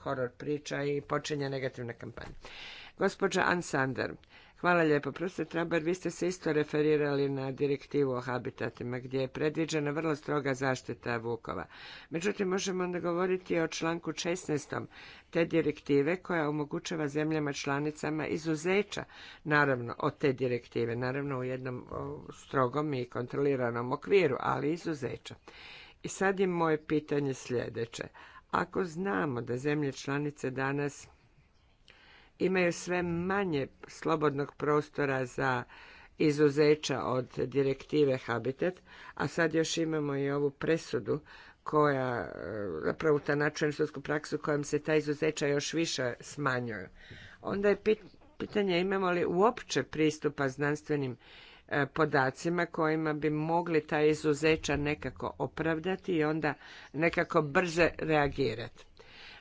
horor priča i počinje negativna kampanja. Gospođa Ansander. Hvala lijepo. Proste, Trabar, vi ste se isto referirali na direktivu o habitatima gdje je predviđena vrlo stroga zaštita vukova. Međutim, možemo onda govoriti o članku 16. te direktive koja omogućava zemljama članicama izuzeća, naravno, od te direktive, naravno u jednom strogom i kontroliranom okviru, ali izuzeća. I sad je moje pitanje sljedeće. Ako znamo da zemlje članice danas imaju sve manje slobodnog prostora za izuzeća od direktive Habitat, a sad još imamo i ovu presudu koja, zapravo ta načujem sudsku praksu kojom se ta izuzeća još više smanjuju. Onda je pitanje imamo li uopće pristupa znanstvenim e, podacima kojima bi mogli ta izuzeća nekako opravdati i onda nekako brže reagirati.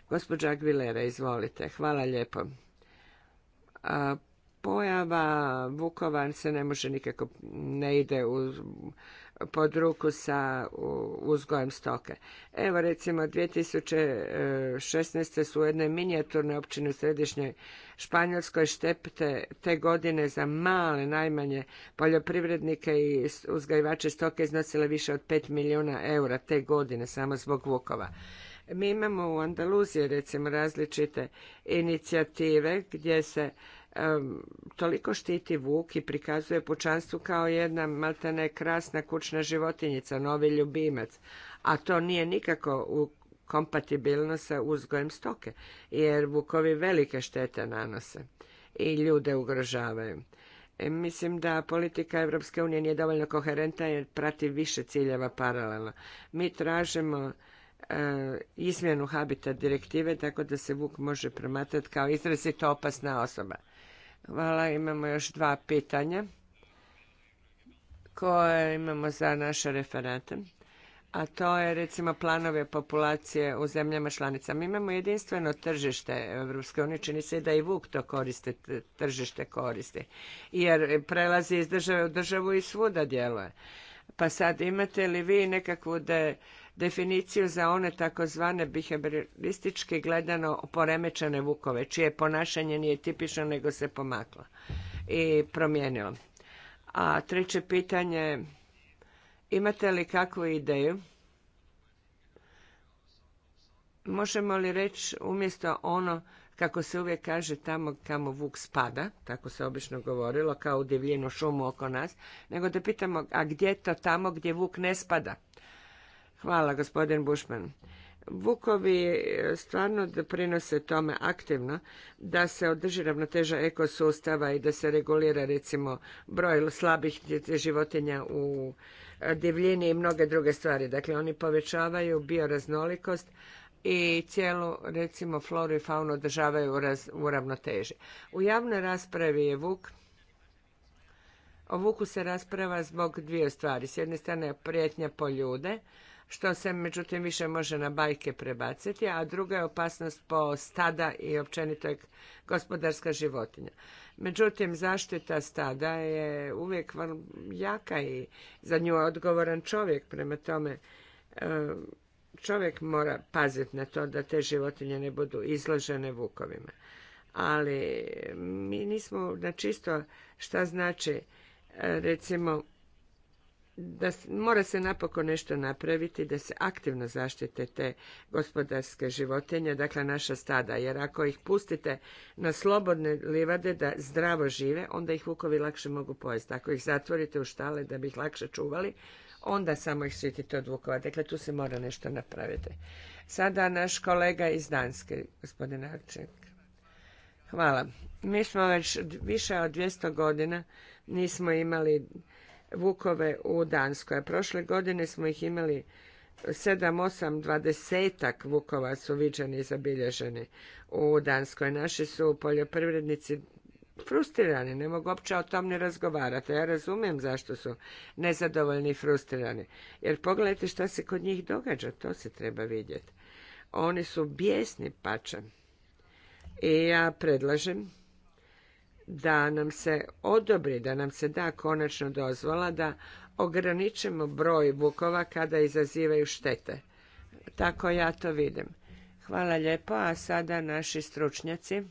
Gospođa Agvilera, izvolite. Hvala lijepo pojava vukovar se ne može nikako, ne ide u, pod ruku sa uzgojem stoke. Evo recimo 2016. su u jednoj minijaturne općini u središnjoj Španjolskoj štepte te godine za male najmanje poljoprivrednike i uzgajivače stoke iznosile više od 5 milijuna eura te godine samo zbog vukova. Mi imamo u Andaluziji recimo različite inicijative gdje se toliko štiti vuk i prikazuje pučanstvu kao jedna maltene krasna kućna životinjica, novi ljubimac. A to nije nikako u kompatibilno sa uzgojem stoke, jer vukovi velike štete nanose i ljude ugrožavaju. E, mislim da politika Evropske unije nije dovoljno koherentna jer prati više ciljeva paralelno. Mi tražimo E, izmjenu Habitat direktive, tako da se vuk može promatrati kao izrazito opasna osoba. Hvala, imamo još dva pitanja koje imamo za naše referente, a to je recimo planove populacije u zemljama Mi Imamo jedinstveno tržište Evropske unije, čini se da i VUK to koriste, tržište koristi, jer prelazi iz države u državu i svuda djeluje. Pa sad imate li vi nekakvu de, definiciju za one takozvane biheberistički gledano poremećene vukove, čije ponašanje nije tipično nego se pomaklo i promijenilo. A treće pitanje, imate li kakvu ideju? Možemo li reći umjesto ono kako se uvijek kaže tamo kamo vuk spada, tako se obično govorilo, kao u šumu oko nas, nego da pitamo a gdje to tamo gdje vuk ne spada? Hvala, gospodin Bušman. Vukovi e, stvarno doprinose tome aktivno da se održi ravnoteža ekosustava i da se regulira recimo broj slabih životinja u e, divljini i mnoge druge stvari. Dakle, oni povećavaju bioraznolikost i cijelu recimo floru i faunu održavaju u, ravnoteži. U javnoj raspravi je Vuk o Vuku se rasprava zbog dvije stvari. S jedne strane prijetnja po ljude, što se međutim više može na bajke prebaciti, a druga je opasnost po stada i općenito gospodarska životinja. Međutim, zaštita stada je uvijek jaka i za nju je odgovoran čovjek, prema tome e, čovjek mora paziti na to da te životinje ne budu izložene vukovima. Ali mi nismo na čisto šta znači recimo da mora se napokon nešto napraviti da se aktivno zaštite te gospodarske životinje, dakle naša stada, jer ako ih pustite na slobodne livade da zdravo žive, onda ih vukovi lakše mogu pojesti. Ako ih zatvorite u štale da bi ih lakše čuvali, onda samo ih svitite od vukova. Dakle, tu se mora nešto napraviti. Sada naš kolega iz Danske, gospodin Arček. Hvala. Mi smo već više od 200 godina nismo imali vukove u Danskoj. A prošle godine smo ih imali 7, 8, 20 vukova su viđeni i zabilježeni u Danskoj. Naši su poljoprivrednici frustrirani, ne mogu uopće o tom ne razgovarati. Ja razumijem zašto su nezadovoljni i frustrirani. Jer pogledajte šta se kod njih događa, to se treba vidjeti. Oni su bijesni pače. I ja predlažem da nam se odobri, da nam se da konačno dozvola da ograničimo broj bukova kada izazivaju štete. Tako ja to vidim. Hvala lijepo, a sada naši stručnjaci.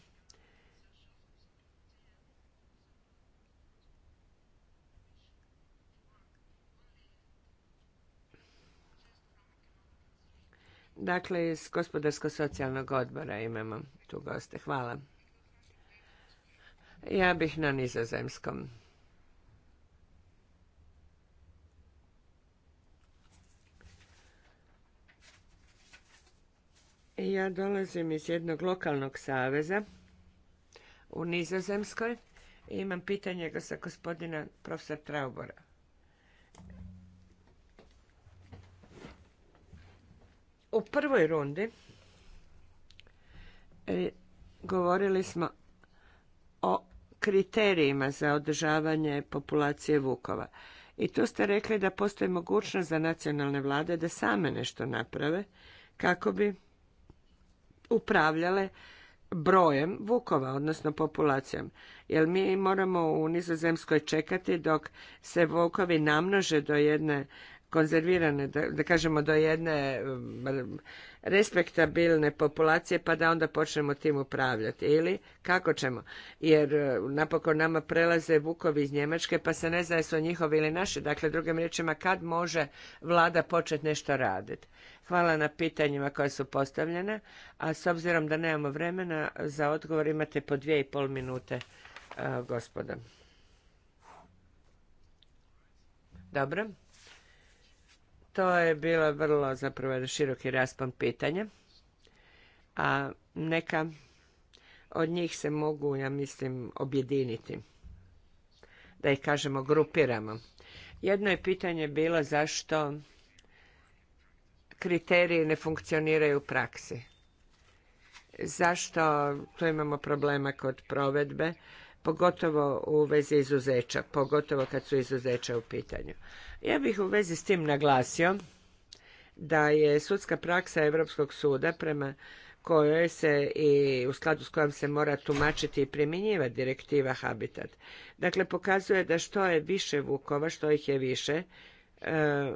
Dakle, iz Gospodarsko-socijalnog odbora imamo tu goste. Hvala. Ja bih na nizozemskom. Ja dolazim iz jednog lokalnog saveza u Nizozemskoj i imam pitanje sa gospodina profesor Traubora. U prvoj rundi e, govorili smo o kriterijima za održavanje populacije vukova. I tu ste rekli da postoji mogućnost za nacionalne vlade da same nešto naprave kako bi upravljale brojem vukova, odnosno populacijom. Jer mi moramo u nizozemskoj čekati dok se vukovi namnože do jedne konzervirane, da, da kažemo do jedne um, respektabilne populacije pa da onda počnemo tim upravljati ili kako ćemo jer uh, napokon nama prelaze vukovi iz Njemačke pa se ne zna jesu njihovi ili naši dakle drugim riječima kad može vlada početi nešto raditi hvala na pitanjima koja su postavljena a s obzirom da nemamo vremena za odgovor imate po dvije i pol minute uh, gospoda dobro to je bilo vrlo zapravo široki raspon pitanja, a neka od njih se mogu, ja mislim, objediniti. Da ih kažemo, grupiramo. Jedno je pitanje bilo zašto kriteriji ne funkcioniraju u praksi. Zašto tu imamo problema kod provedbe, pogotovo u vezi izuzeća, pogotovo kad su izuzeća u pitanju. Ja bih u vezi s tim naglasio da je sudska praksa Europskog suda prema kojoj se i u skladu s kojom se mora tumačiti i primjenjivati direktiva Habitat. Dakle, pokazuje da što je više vukova, što ih je više, e,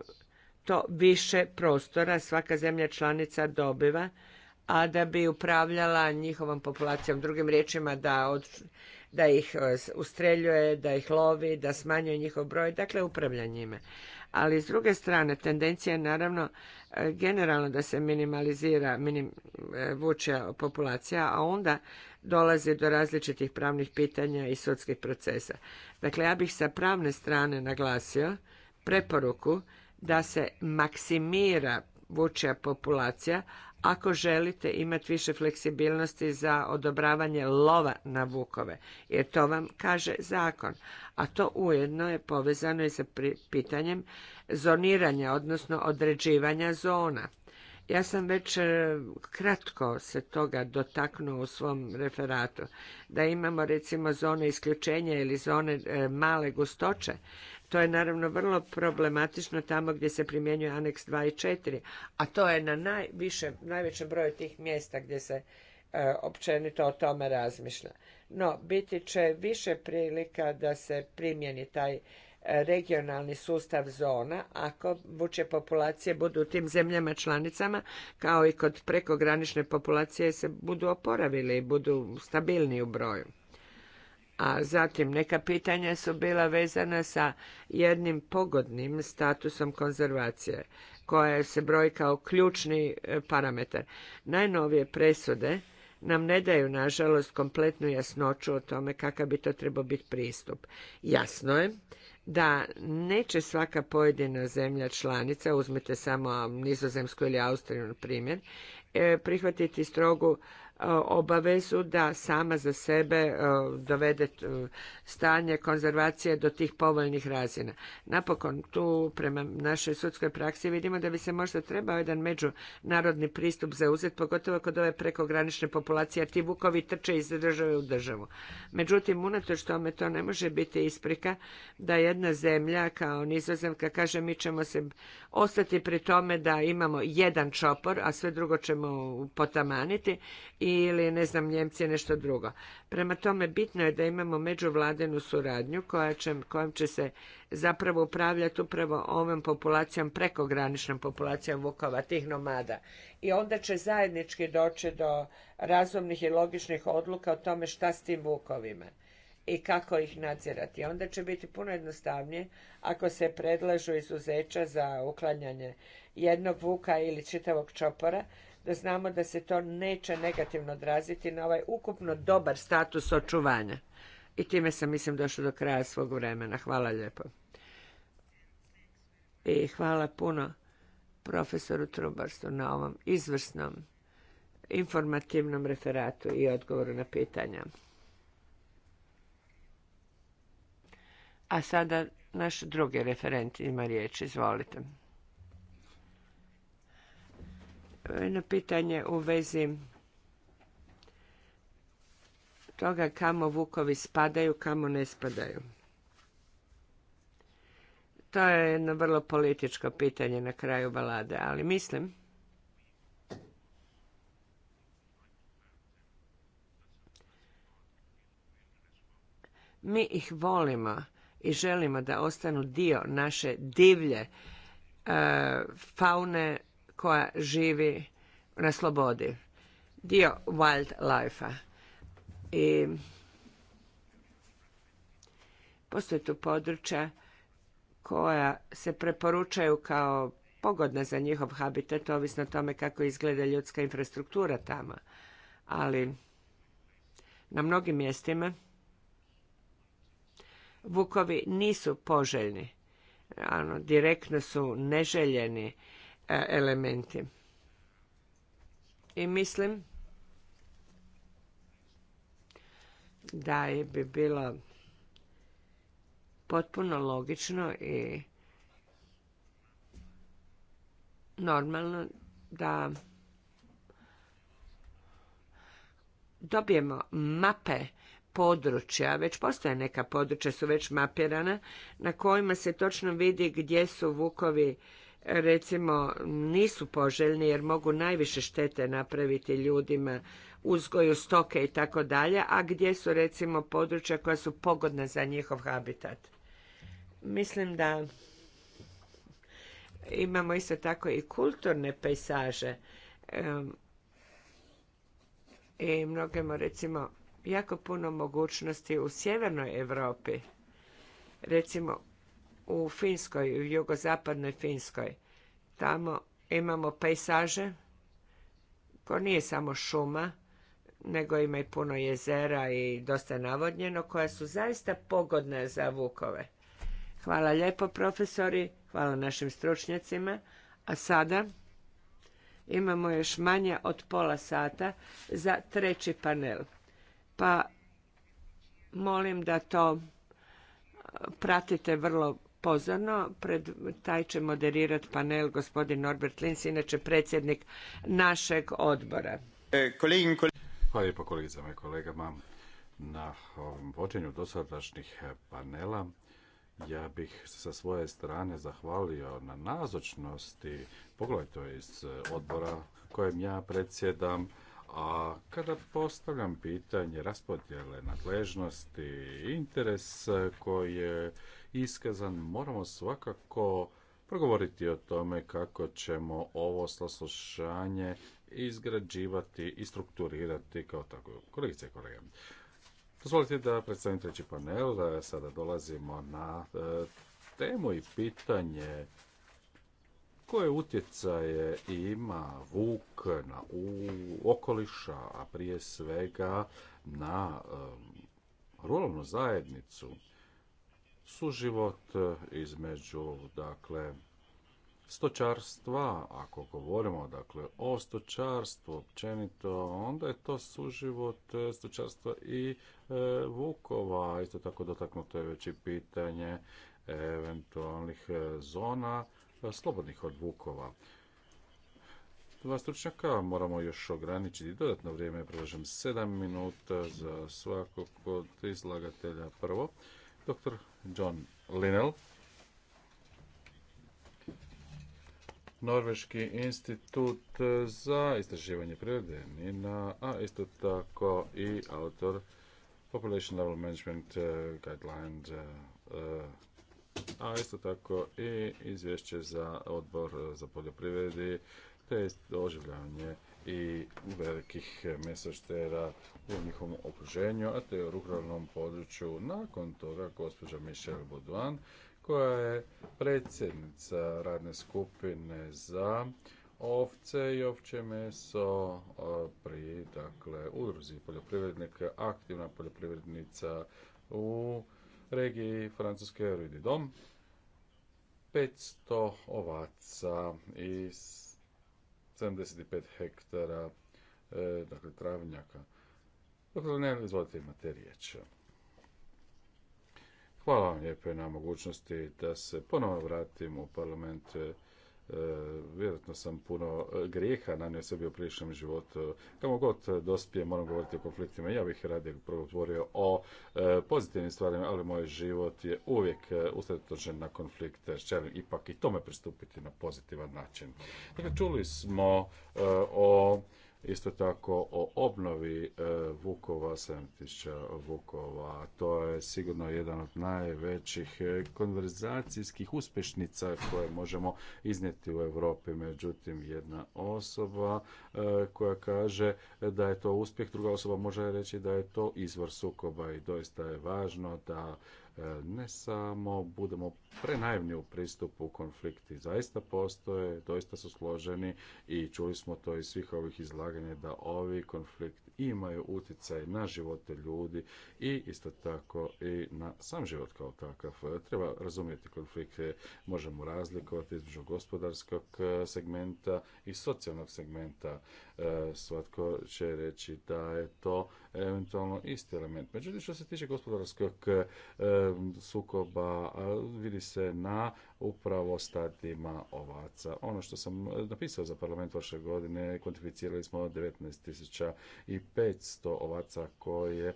to više prostora svaka zemlja članica dobiva, a da bi upravljala njihovom populacijom. Drugim riječima, da od da ih e, ustreljuje, da ih lovi, da smanjuje njihov broj, dakle upravlja njime. Ali s druge strane, tendencija je naravno e, generalno da se minimalizira minim, e, vučja populacija, a onda dolazi do različitih pravnih pitanja i sudskih procesa. Dakle, ja bih sa pravne strane naglasio preporuku da se maksimira vučja populacija, ako želite imati više fleksibilnosti za odobravanje lova na vukove, jer to vam kaže zakon. A to ujedno je povezano i sa pitanjem zoniranja, odnosno određivanja zona. Ja sam već e, kratko se toga dotaknuo u svom referatu, da imamo recimo zone isključenja ili zone e, male gustoće, to je naravno vrlo problematično tamo gdje se primjenjuje aneks 2 i 4, a to je na najviše, najvećem broju tih mjesta gdje se e, općenito o tome razmišlja. No, biti će više prilika da se primjeni taj e, regionalni sustav zona ako vuče populacije budu u tim zemljama članicama kao i kod prekogranične populacije se budu oporavili i budu stabilni u broju. A zatim neka pitanja su bila vezana sa jednim pogodnim statusom konzervacije, koja se broji kao ključni e, parametar. Najnovije presude nam ne daju, nažalost, kompletnu jasnoću o tome kakav bi to trebao biti pristup. Jasno je da neće svaka pojedina zemlja članica, uzmite samo Nizozemsku ili Austriju na primjer, e, prihvatiti strogu obavezu da sama za sebe e, dovede e, stanje konzervacije do tih povoljnih razina. Napokon tu prema našoj sudskoj praksi vidimo da bi se možda trebao jedan međunarodni pristup zauzeti, pogotovo kod ove prekogranične populacije, a ti vukovi trče iz države u državu. Međutim, unatoč tome to ne može biti isprika da jedna zemlja kao nizozemka kaže mi ćemo se ostati pri tome da imamo jedan čopor, a sve drugo ćemo potamaniti i ili ne znam Njemci nešto drugo. Prema tome bitno je da imamo međuvladenu suradnju koja kojom će se zapravo upravljati upravo ovom populacijom, prekograničnom populacijom vukova, tih nomada. I onda će zajednički doći do razumnih i logičnih odluka o tome šta s tim vukovima i kako ih nadzirati. Onda će biti puno jednostavnije ako se predlažu izuzeća za uklanjanje jednog vuka ili čitavog čopora, da znamo da se to neće negativno odraziti na ovaj ukupno dobar status očuvanja. I time sam, mislim, došla do kraja svog vremena. Hvala lijepo. I hvala puno profesoru Trubarstvu na ovom izvrsnom informativnom referatu i odgovoru na pitanja. A sada naš drugi referent ima riječ. Izvolite jedno pitanje u vezi toga kamo vukovi spadaju, kamo ne spadaju. To je jedno vrlo političko pitanje na kraju balade, ali mislim mi ih volimo i želimo da ostanu dio naše divlje e, faune koja živi na slobodi. Dio Wild a I postoje tu područja koja se preporučaju kao pogodna za njihov habitat, ovisno o tome kako izgleda ljudska infrastruktura tamo. Ali na mnogim mjestima vukovi nisu poželjni. direktno su neželjeni E, elementi. I mislim da je bi bilo potpuno logično i normalno da dobijemo mape područja, već postoje neka područja, su već mapirana, na kojima se točno vidi gdje su vukovi recimo nisu poželjni jer mogu najviše štete napraviti ljudima uzgoju stoke i tako dalje, a gdje su recimo područja koja su pogodna za njihov habitat. Mislim da imamo isto tako i kulturne pejsaže i mnogemo recimo jako puno mogućnosti u sjevernoj Europi. Recimo u Finskoj, u jugozapadnoj Finskoj. Tamo imamo pejsaže koje nije samo šuma, nego ima i puno jezera i dosta navodnjeno, koja su zaista pogodne za vukove. Hvala lijepo profesori, hvala našim stručnjacima. A sada imamo još manje od pola sata za treći panel. Pa molim da to pratite vrlo pozorno. Pred, taj će moderirati panel gospodin Norbert Lins, inače predsjednik našeg odbora. E, Hvala lijepo kolegicama i kolegama na ovom vođenju dosadašnjih panela. Ja bih sa svoje strane zahvalio na nazočnosti, to iz odbora kojem ja predsjedam, a kada postavljam pitanje raspodjele nadležnosti, interes koje iskazan, moramo svakako progovoriti o tome kako ćemo ovo saslušanje izgrađivati i strukturirati kao tako. Kolegice i kolege, dozvolite da predstavim treći panel. Sada dolazimo na e, temu i pitanje koje utjecaje ima vuk na okoliša, a prije svega na e, ruralnu zajednicu suživot e, između dakle stočarstva, ako govorimo dakle o stočarstvu općenito, onda je to suživot e, stočarstva i e, vukova. Isto tako dotaknuto je već pitanje e, eventualnih zona slobodnih od vukova. Dva stručnjaka moramo još ograničiti dodatno vrijeme, predlažem 7 minuta za svakog od izlagatelja prvo dr. John Linnell, Norveški institut za istraživanje prirode NINA, a isto tako i autor Population Level Management eh, Guidelines, eh, eh, a isto tako i izvješće za odbor za poljoprivredi, te oživljavanje i velikih mesaštera u njihovom okruženju, a te u ruralnom području. Nakon toga gospođa Michelle Baudouin, koja je predsjednica radne skupine za ovce i ovče meso pri dakle, udruzi poljoprivrednika, aktivna poljoprivrednica u regiji Francuske Rudi dom. 500 ovaca iz 75 hektara e, dakle travnjaka. Dakle, ne, imate riječ. Hvala vam lijepo na mogućnosti da se ponovno vratimo u parlament. E, E, vjerojatno sam puno e, grijeha nanio sebi u priličnom životu. Kamo god dospije, moram govoriti o konfliktima. Ja bih radije progovorio o e, pozitivnim stvarima, ali moj život je uvijek usredotočen na konflikte. Želim ipak i tome pristupiti na pozitivan način. Dakle, čuli smo o Isto tako o obnovi e, Vukova, 7000 Vukova. To je sigurno jedan od najvećih e, konverzacijskih uspješnica koje možemo iznijeti u Europi. Međutim, jedna osoba e, koja kaže da je to uspjeh, druga osoba može reći da je to izvor sukoba i doista je važno da ne samo budemo prenajemni u pristupu konflikti. Zaista postoje, doista su složeni i čuli smo to iz svih ovih izlaganja da ovi konflikti imaju utjecaj na živote ljudi i isto tako i na sam život kao takav. Treba razumjeti konflikte, možemo razlikovati između gospodarskog e, segmenta i socijalnog segmenta. E, svatko će reći da je to eventualno isti element. Međutim, što se tiče gospodarskog e, sukoba, vidi se na upravo stadima ovaca. Ono što sam napisao za parlament prošle godine, kvantificirali smo 19.500 ovaca koje, e,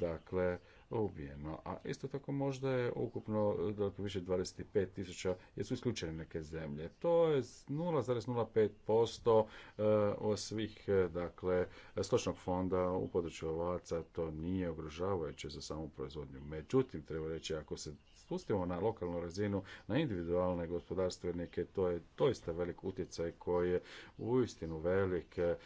dakle, ubijeno, a isto tako možda je ukupno daleko više 25.000 tisuća jer su isključene neke zemlje. To je 0,05% e, svih e, dakle, stočnog fonda u području ovaca, to nije ugrožavajuće za samu proizvodnju. Međutim, treba reći, ako se spustimo na lokalnu razinu, na individualne gospodarstvenike, to je doista velik utjecaj koji je uistinu velik. E,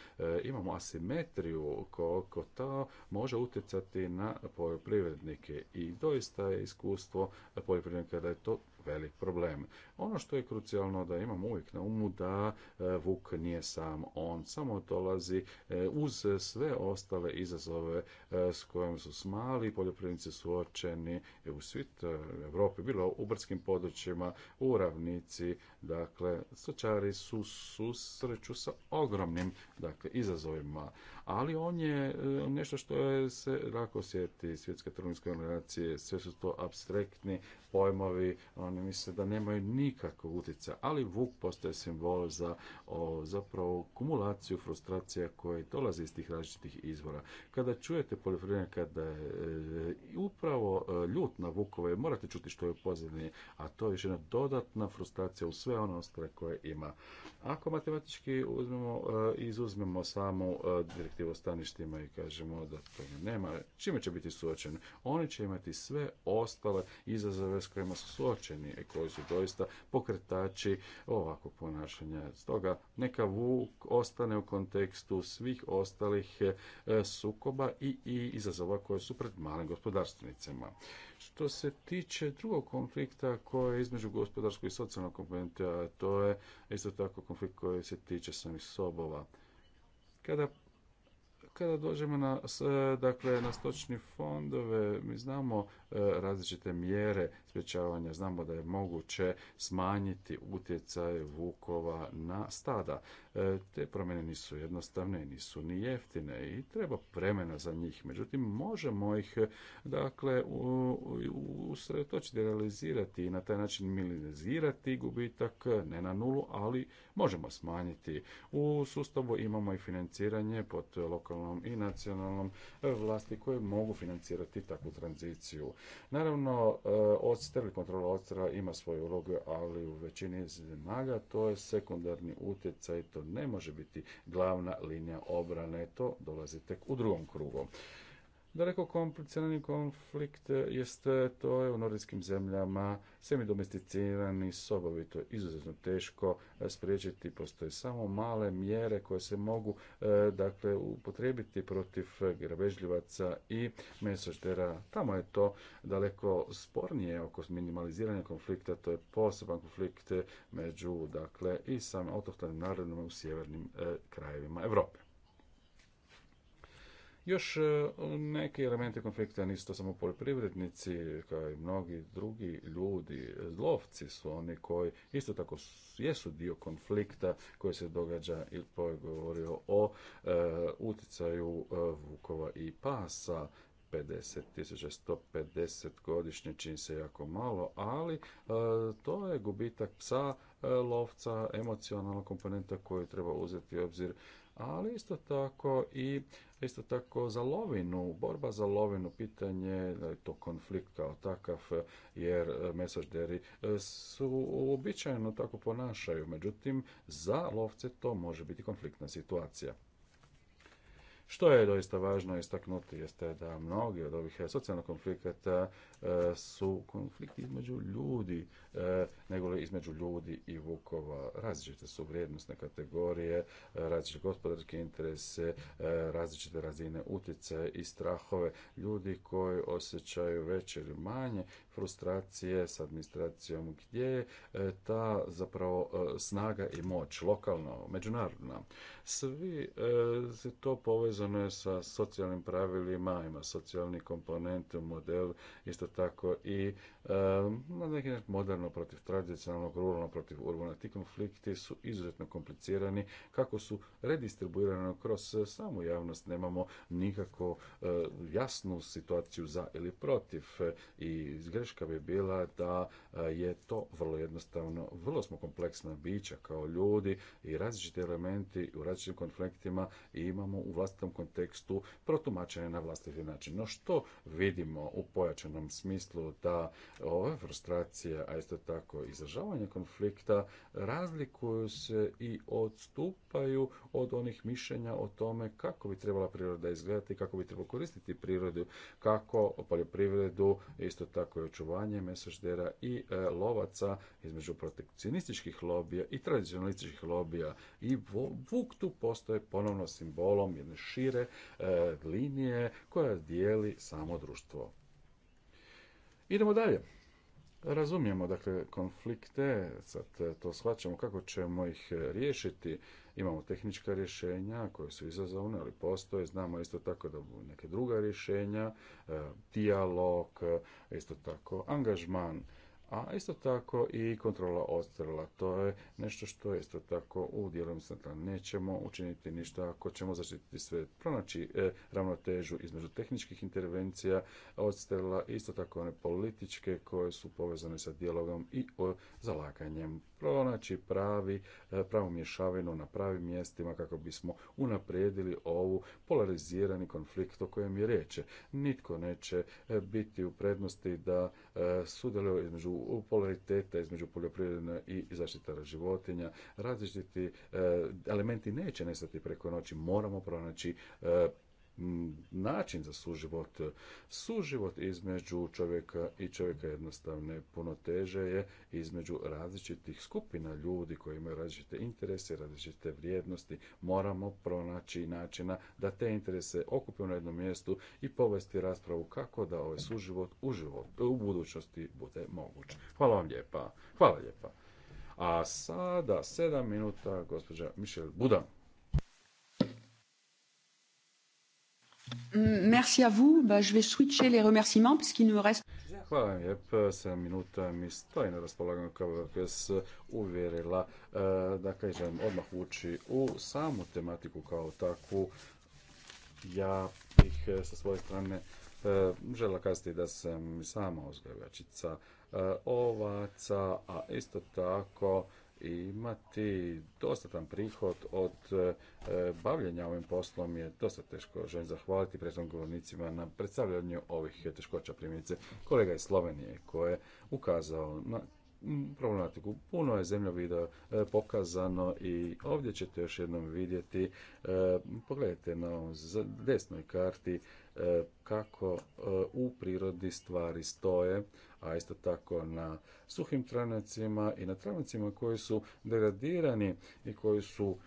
imamo asimetriju koliko to može utjecati na poljoprivrednike i doista je iskustvo poljoprivrednika da je to velik problem. Ono što je krucijalno da imamo uvijek na umu da e, Vuk nije sam on, samo dolazi e, uz sve ostale izazove e, s kojom su smali poljoprivrednici suočeni u svit Europi, bilo u brdskim područjima, u ravnici, dakle, stočari su susreću sa ogromnim dakle, izazovima ali on je e, nešto što je se lako sjeti svjetske trgovinske organizacije, sve su to abstraktni pojmovi, oni misle da nemaju nikakvog utjeca, ali vuk postaje simbol za o, zapravo kumulaciju frustracija koje dolaze iz tih različitih izvora. Kada čujete poljoprivredne kada je e, upravo e, ljut na vukove, morate čuti što je pozadini, a to je još jedna dodatna frustracija u sve ono ostale koje ima. Ako matematički uzmemo, izuzmemo samo direktivu direktivu staništima i kažemo da to nema, čime će biti suočeni? Oni će imati sve ostale izazove s kojima su suočeni i koji su doista pokretači ovakvog ponašanja. Stoga neka vuk ostane u kontekstu svih ostalih e, sukoba i, i izazova koje su pred malim gospodarstvenicima. Što se tiče drugog konflikta koji je između gospodarskog i socijalnog komponente, to je isto tako konflikt koji se tiče samih sobova. Kada kada dođemo na, e, dakle, na stočni fondove, mi znamo e, različite mjere sprječavanja, znamo da je moguće smanjiti utjecaj vukova na stada. E, te promjene nisu jednostavne, nisu ni jeftine i treba vremena za njih. Međutim, možemo ih e, dakle usredotočiti, realizirati i na taj način minimizirati gubitak, ne na nulu, ali možemo smanjiti. U sustavu imamo i financiranje pod lokalnom i nacionalnom vlasti koje mogu financirati takvu tranziciju. Naravno, e, odstrel i kontrola odstrela ima svoju ulogu, ali u većini zemalja to je sekundarni utjecaj, ne može biti glavna linija obrane, to dolazi tek u drugom krugu. Daleko komplicirani konflikt e, jeste to je u nordijskim zemljama semidomesticirani sobovi. To je izuzetno teško e, spriječiti. Postoje samo male mjere koje se mogu e, dakle upotrijebiti protiv grabežljivaca i mesoštera. Tamo je to daleko spornije oko minimaliziranja konflikta. To je poseban konflikt među dakle i samim autohtonim narodima u sjevernim krajevima Europe. Još e, neki elementi konflikta nisu samo poljoprivrednici, kao i mnogi drugi ljudi. Lovci su oni koji isto tako jesu dio konflikta koji se događa i to je govorio o e, e, vukova i pasa. 50.150 godišnje čini se jako malo, ali e, to je gubitak psa, lovca, emocionalna komponenta koju treba uzeti u obzir ali isto tako i isto tako za lovinu, borba za lovinu, pitanje da je to konflikt kao takav, jer mesažderi e, su uobičajeno tako ponašaju, međutim za lovce to može biti konfliktna situacija. Što je doista važno istaknuti jeste da mnogi od ovih socijalnih konflikata E, su konflikt između ljudi, e, nego između ljudi i vukova. Različite su vrijednostne kategorije, različite gospodarske interese, e, različite razine utjecaja i strahove. Ljudi koji osjećaju veće ili manje frustracije s administracijom gdje je ta zapravo snaga i moć, lokalno, međunarodna. Svi se to povezano je sa socijalnim pravilima, ima socijalni komponent, model isto tako i Ehm, na neki način moderno protiv tradicionalnog, ruralno protiv urbana. Ti konflikti su izuzetno komplicirani kako su redistribuirani kroz samu javnost. Nemamo nikako eh, jasnu situaciju za ili protiv i greška bi bila da eh, je to vrlo jednostavno. Vrlo smo kompleksna bića kao ljudi i različiti elementi u različitim konfliktima i imamo u vlastitom kontekstu protumačenje na vlastiti način. No što vidimo u pojačanom smislu da Ove frustracije, a isto tako izražavanje konflikta, razlikuju se i odstupaju od onih mišljenja o tome kako bi trebala priroda izgledati, kako bi trebalo koristiti prirodu, kako poljoprivredu, isto tako i očuvanje mesoždera i e, lovaca između protekcionističkih lobija i tradicionalističkih lobija. I vuk tu postoje ponovno simbolom jedne šire e, linije koja dijeli samo društvo. Idemo dalje. Razumijemo, dakle, konflikte, sad e, to shvaćamo kako ćemo ih e, riješiti. Imamo tehnička rješenja koje su izazovne, ali postoje. Znamo isto tako da neke druga rješenja, e, dijalog, isto tako angažman a isto tako i kontrola odstrela. To je nešto što isto tako u dijelom centra nećemo učiniti ništa ako ćemo zaštititi sve, pronaći e, ravnotežu između tehničkih intervencija odstrela, isto tako one političke koje su povezane sa dijalogom i zalaganjem pronaći pravi, e, pravu mješavinu na pravim mjestima kako bismo unaprijedili ovu polarizirani konflikt o kojem je reče. Nitko neće e, biti u prednosti da e, sudjeluje između polariteta između poljoprivredne i zaštitara životinja. Različiti elementi neće nestati preko noći. Moramo pronaći način za suživot. Suživot između čovjeka i čovjeka jednostavne puno teže je između različitih skupina ljudi koji imaju različite interese, različite vrijednosti. Moramo pronaći načina da te interese okupimo na jednom mjestu i povesti raspravu kako da ovaj suživot u, u budućnosti bude moguć. Hvala vam lijepa. Hvala lijepa. A sada sedam minuta gospođa Mišel Buda. Mm, merci à vous. Bah, je vais switcher les remerciements puisqu'il nous reste... Hvala vam lijepa, 7 minuta mi stoji na raspolaganju kao bi vas eh, uvjerila. Eh, e, dakle, kažem odmah ući u samu tematiku kao takvu. Ja bih eh, sa svoje strane e, žela kazati da sam sama uzgajivačica e, ovaca, a isto tako imati dostatan prihod od e, e, bavljenja ovim poslom je dosta teško. Želim zahvaliti prethodnim govornicima na predstavljanju ovih teškoća primjerice kolega iz Slovenije koje je ukazao na Mm, problematiku. Puno je zemljovida e, pokazano i ovdje ćete još jednom vidjeti, e, pogledajte na desnoj karti e, kako u prirodi stvari stoje, a isto tako na suhim tranacima i na travnjacima koji su degradirani i koji su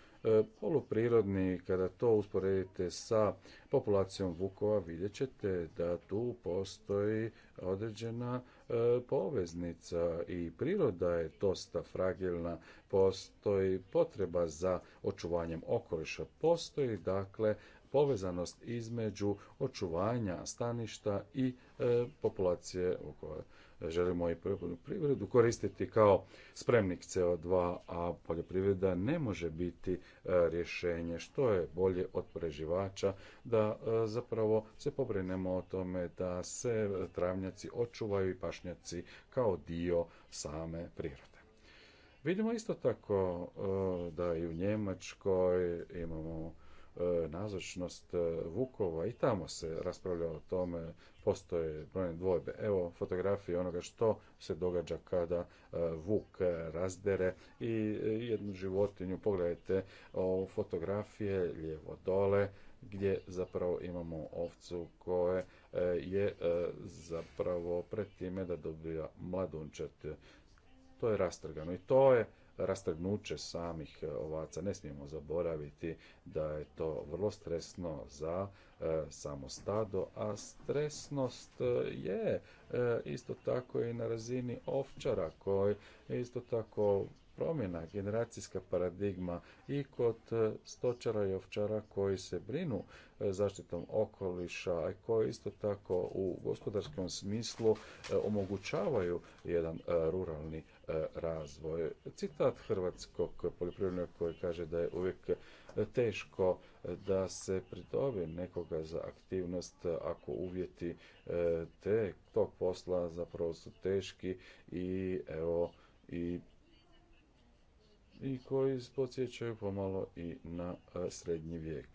poluprirodni, kada to usporedite sa populacijom vukova, vidjet ćete da tu postoji određena E, poveznica i priroda je dosta fragilna, postoji potreba za očuvanjem okoliša, postoji dakle povezanost između očuvanja staništa i e, populacije okoliša želimo i poljoprivredu koristiti kao spremnik CO2, a poljoprivreda ne može biti e, rješenje što je bolje od preživača da e, zapravo se pobrinemo o tome da se travnjaci očuvaju i pašnjaci kao dio same prirode. Vidimo isto tako e, da i u Njemačkoj imamo E, nazočnost e, Vukova i tamo se raspravlja o tome, postoje brojne dvojbe. Evo fotografije onoga što se događa kada e, Vuk razdere i jednu životinju. Pogledajte fotografije lijevo dole gdje zapravo imamo ovcu koje je zapravo pred time da dobija mladunčet. To je rastrgano i to je rastrgnuće samih e, ovaca. Ne smijemo zaboraviti da je to vrlo stresno za e, samo stado, a stresnost e, je isto tako i na razini ovčara koji isto tako promjena, generacijska paradigma i kod stočara i ovčara koji se brinu zaštitom okoliša, i koji isto tako u gospodarskom smislu omogućavaju jedan ruralni razvoj. Citat hrvatskog poljoprivrednog koji kaže da je uvijek teško da se pridobi nekoga za aktivnost ako uvjeti e, te tog posla zapravo su teški i evo i i koji podsjećaju pomalo i na e, srednji vijek.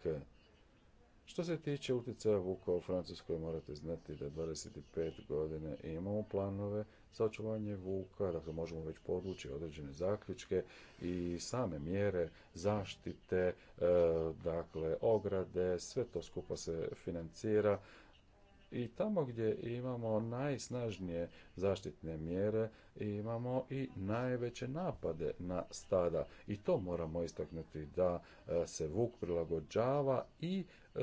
Što se tiče utjecaja Vuka u Francuskoj, morate znati da 25 godina imamo planove za očuvanje Vuka, dakle možemo već podvući određene zaključke i same mjere zaštite, e, dakle ograde, sve to skupa se financira i tamo gdje imamo najsnažnije zaštitne mjere imamo i najveće napade na stada i to moramo istaknuti da e, se vuk prilagođava i e,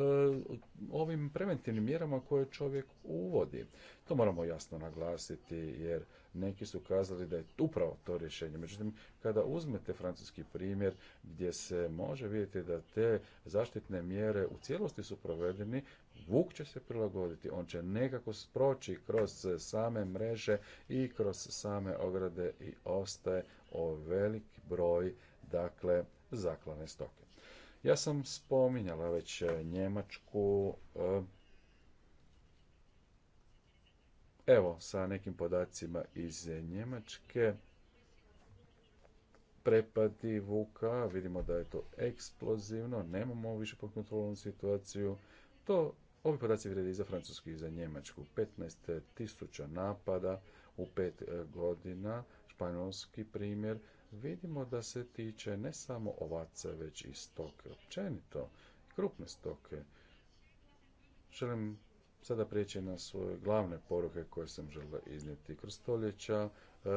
ovim preventivnim mjerama koje čovjek uvodi. To moramo jasno naglasiti jer neki su kazali da je upravo to rješenje. Međutim, kada uzmete francuski primjer gdje se može vidjeti da te zaštitne mjere u cijelosti su provedeni, Vuk će se prilagoditi, on će nekako sproći kroz same mreže i kroz same ograde i ostaje o velik broj dakle zaklane stoke. Ja sam spominjala već e, Njemačku, e, evo sa nekim podacima iz Njemačke, prepadi vuka, vidimo da je to eksplozivno, nemamo više pod situaciju, to Ovi podaci i za Francusku i za Njemačku. 15.000 napada u pet e, godina, španjolski primjer, vidimo da se tiče ne samo ovaca, već i stoke općenito, krupne stoke. Želim sada prijeći na svoje glavne poruke koje sam želio iznijeti kroz stoljeća. E,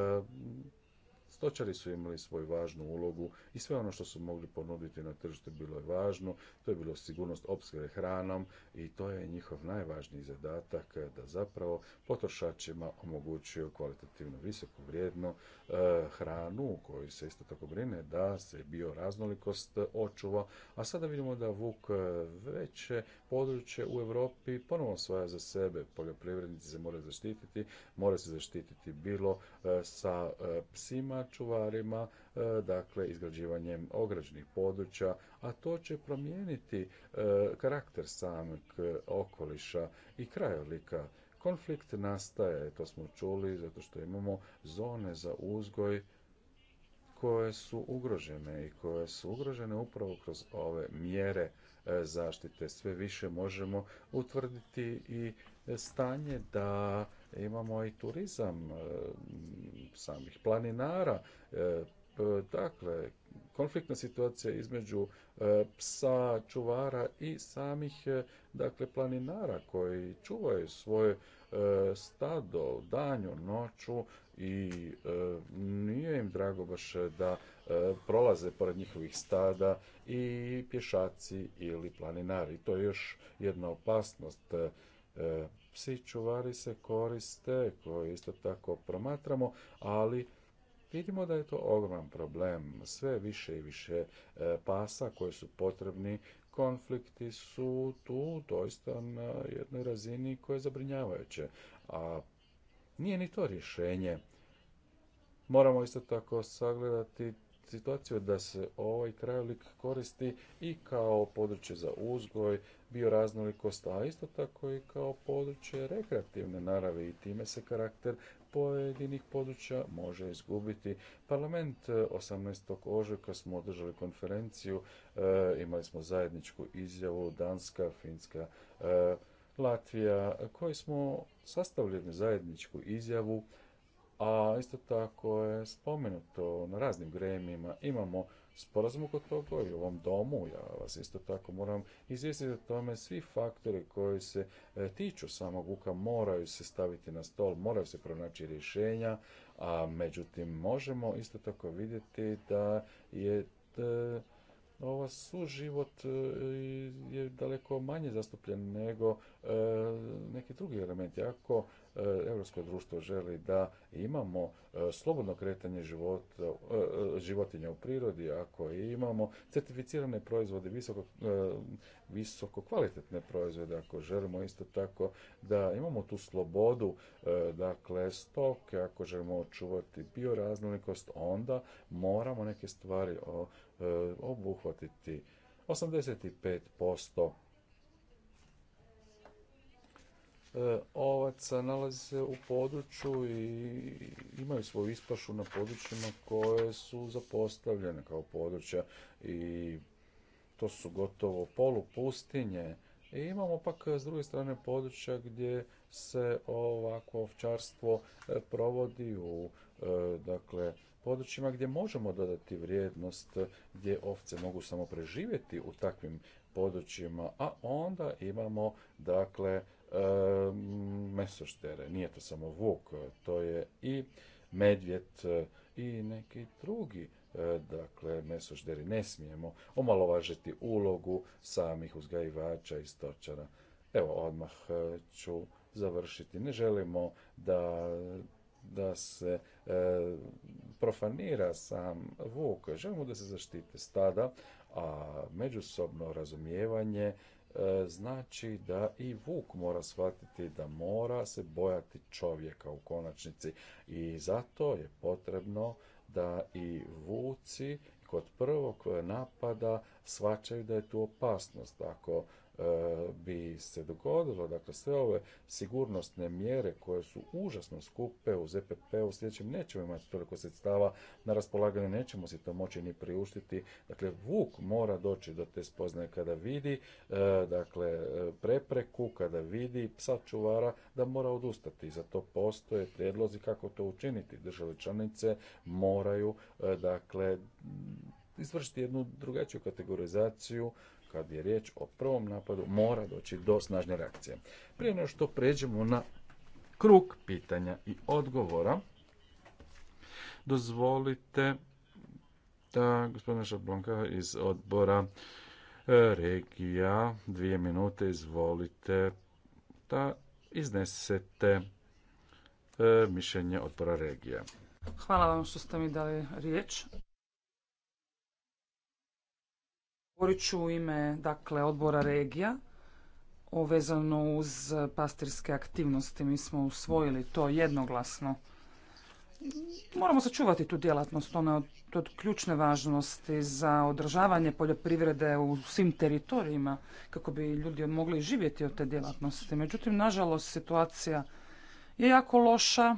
Stočari su imali svoju važnu ulogu i sve ono što su mogli ponuditi na tržištu bilo je važno. To je bilo sigurnost opskrbe hranom i to je njihov najvažniji zadatak da zapravo potrošačima omogućuju kvalitativno visoko vrijedno e, eh, hranu kojoj se isto tako brine da se bioraznolikost očuva. A sada vidimo da Vuk eh, već područje u Europi ponovo svaja za sebe. Poljoprivrednici se moraju zaštititi, mora se zaštititi bilo e, sa e, psima, čuvarima, e, dakle izgrađivanjem ograđenih područja, a to će promijeniti karakter samog okoliša i krajolika. Konflikt nastaje, to smo čuli, zato što imamo zone za uzgoj koje su ugrožene i koje su ugrožene upravo kroz ove mjere E, zaštite. Sve više možemo utvrditi i stanje da imamo i turizam e, samih planinara. E, dakle, konfliktna situacija između psa, čuvara i samih dakle, planinara koji čuvaju svoje stado danju, noću i nije im drago baš da E, prolaze pored njihovih stada i pješaci ili planinari. To je još jedna opasnost. E, e, psi čuvari se koriste, koje isto tako promatramo, ali vidimo da je to ogroman problem. Sve više i više pasa koji su potrebni, konflikti su tu doista na jednoj razini koja je zabrinjavajuće. A nije ni to rješenje. Moramo isto tako sagledati situaciju da se ovaj krajolik koristi i kao područje za uzgoj, bioraznolikost, a isto tako i kao područje rekreativne narave i time se karakter pojedinih područja može izgubiti. Parlament 18. E, ožujka smo održali konferenciju, e, imali smo zajedničku izjavu Danska, Finska, e, Latvija, koji smo sastavili zajedničku izjavu a isto tako je spomenuto na raznim gremijima. Imamo sporazum oko toga i u ovom domu, ja vas isto tako moram izvijestiti o tome, svi faktori koji se e, tiču samog vuka moraju se staviti na stol, moraju se pronaći rješenja, a međutim možemo isto tako vidjeti da je e, ova suživot e, je daleko manje zastupljen nego e, neki drugi elementi. Ako e, europsko društvo želi da imamo slobodno kretanje života, životinja u prirodi, ako imamo certificirane proizvode, visoko, visoko kvalitetne proizvode, ako želimo isto tako da imamo tu slobodu, dakle stoke, ako želimo očuvati bioraznolikost, onda moramo neke stvari E, obuhvatiti 85% e, ovaca nalazi se u području i imaju svoju ispašu na područjima koje su zapostavljene kao područja i to su gotovo polupustinje. I imamo pak e, s druge strane područja gdje se ovako ovčarstvo provodi u dakle područjima gdje možemo dodati vrijednost, gdje ovce mogu samo preživjeti u takvim područjima, a onda imamo dakle e, mesoštere, nije to samo vuk, to je i medvjed e, i neki drugi e, dakle mesožderi ne smijemo omalovažiti ulogu samih uzgajivača i stočara. Evo, odmah ću završiti. Ne želimo da se E, profanira sam vuk. Želimo da se zaštite stada, a međusobno razumijevanje e, znači da i vuk mora shvatiti da mora se bojati čovjeka u konačnici i zato je potrebno da i vuci kod prvog napada shvaćaju da je tu opasnost. Ako bi se dogodilo, dakle sve ove sigurnosne mjere koje su užasno skupe u ZPP-u, sljedećem nećemo imati toliko sredstava na raspolaganju, nećemo si to moći ni priuštiti. Dakle, Vuk mora doći do te spoznaje kada vidi, e, dakle, prepreku, kada vidi psa čuvara da mora odustati. Za to postoje prijedlozi kako to učiniti. Države članice moraju, e, dakle, izvršiti jednu drugačiju kategorizaciju kad je riječ o prvom napadu, mora doći do snažne reakcije. Prije nego što pređemo na krug pitanja i odgovora, dozvolite da gospodina Šablonka iz odbora e, regija, dvije minute, izvolite da iznesete e, mišljenje odbora regija. Hvala vam što ste mi dali riječ. Govorit ću u ime dakle, odbora regija vezano uz pastirske aktivnosti. Mi smo usvojili to jednoglasno. Moramo sačuvati tu djelatnost. Ona je od ključne važnosti za održavanje poljoprivrede u svim teritorijima kako bi ljudi mogli živjeti od te djelatnosti. Međutim, nažalost, situacija je jako loša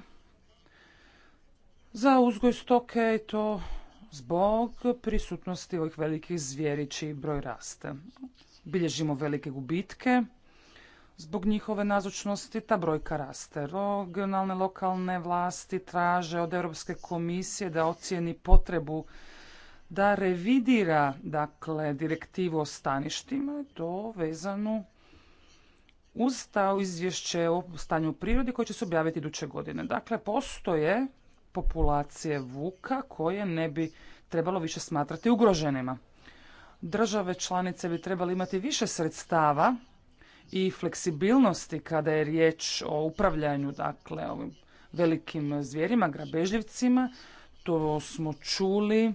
za uzgoj stoke i to zbog prisutnosti ovih velikih zvijeri čiji broj raste. Bilježimo velike gubitke zbog njihove nazočnosti, ta brojka raste. Regionalne lokalne vlasti traže od Europske komisije da ocijeni potrebu da revidira dakle, direktivu o staništima, to vezanu uz ta izvješće o stanju prirodi koje će se objaviti iduće godine. Dakle, postoje populacije vuka koje ne bi trebalo više smatrati ugroženima. Države članice bi trebali imati više sredstava i fleksibilnosti kada je riječ o upravljanju dakle ovim velikim zvijerima, grabežljivcima. To smo čuli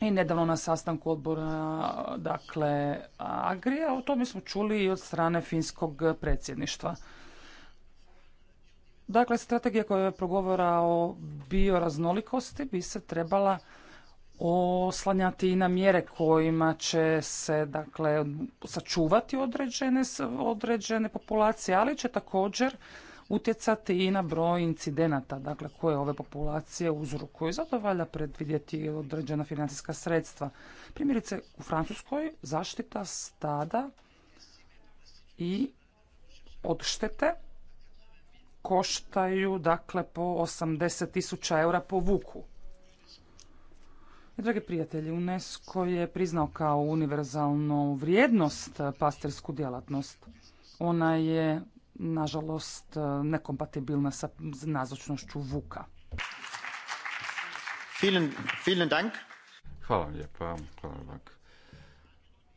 i nedavno na sastanku odbora dakle Agrija. O tome smo čuli i od strane finskog predsjedništva. Dakle, strategija koja je progovora o bioraznolikosti bi se trebala oslanjati i na mjere kojima će se dakle sačuvati određene, određene populacije, ali će također utjecati i na broj incidenata, dakle koje ove populacije uzrokuju. Zato valja predvidjeti određena financijska sredstva. Primjerice u Francuskoj zaštita stada i odštete koštaju dakle po 80 tisuća eura po vuku. I, dragi prijatelji, UNESCO je priznao kao univerzalnu vrijednost pastirsku djelatnost. Ona je, nažalost, nekompatibilna sa nazočnošću vuka. Vielen, Hvala vam lijepa. Hvala vam.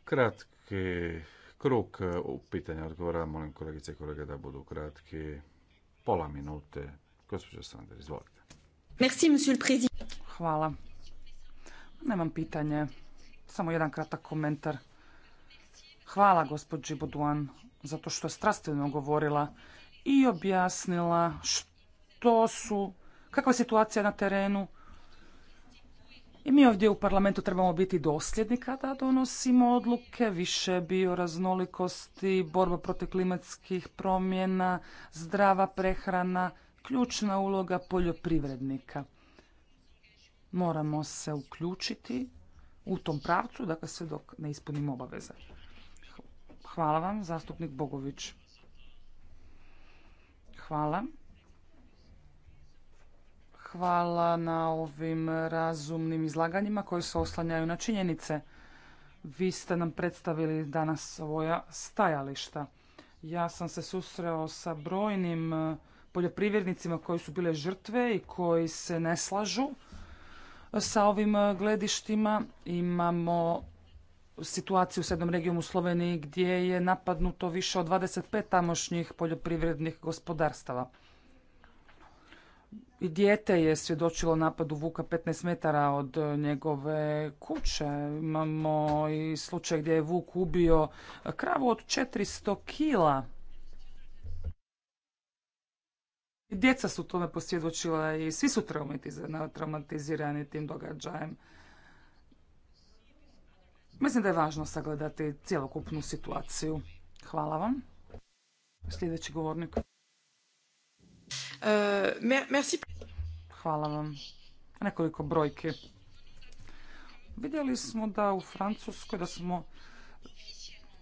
Kratki krug pitanja odgovora. Molim kolegice i kolege da budu kratki pola minute. gospođa Sander, izvolite. Merci, monsieur le Hvala. Nemam pitanje, samo jedan kratak komentar. Hvala gospođi Boduan zato što je strastveno govorila i objasnila što su, kakva je situacija na terenu i mi ovdje u parlamentu trebamo biti dosljedni kada donosimo odluke, više bioraznolikosti, borba protiv klimatskih promjena, zdrava prehrana, ključna uloga poljoprivrednika. Moramo se uključiti u tom pravcu, dakle sve dok ne ispunimo obaveze. Hvala vam, zastupnik Bogović. Hvala. Hvala na ovim razumnim izlaganjima koji se oslanjaju na činjenice. Vi ste nam predstavili danas svoja stajališta. Ja sam se susreo sa brojnim e, poljoprivrednicima koji su bile žrtve i koji se ne slažu e, sa ovim e, gledištima. Imamo situaciju u sedmom regijom u Sloveniji gdje je napadnuto više od 25 tamošnjih poljoprivrednih gospodarstava dijete je svjedočilo napadu Vuka 15 metara od e, njegove kuće. Imamo i slučaj gdje je Vuk ubio kravu od 400 kila. Djeca su tome posvjedočila i svi su traumatizirani tim događajem. Mislim da je važno sagledati cjelokupnu situaciju. Hvala vam. Sljedeći govornik. Eh, Hvala vam. Nekoliko brojki. Vidjeli smo da u Francuskoj da smo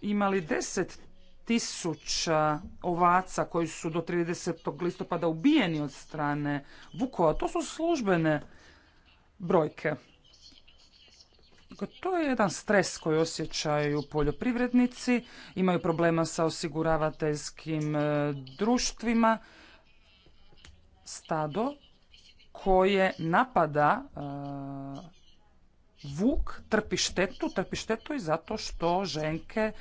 imali 10 tisuća ovaca koji su do 30. listopada ubijeni od strane vukova. To su službene brojke. To je jedan stres koji osjećaju poljoprivrednici, imaju problema sa osiguravateljskim eh, društvima stado koje napada e, vuk trpi štetu, trpi štetu i zato što ženke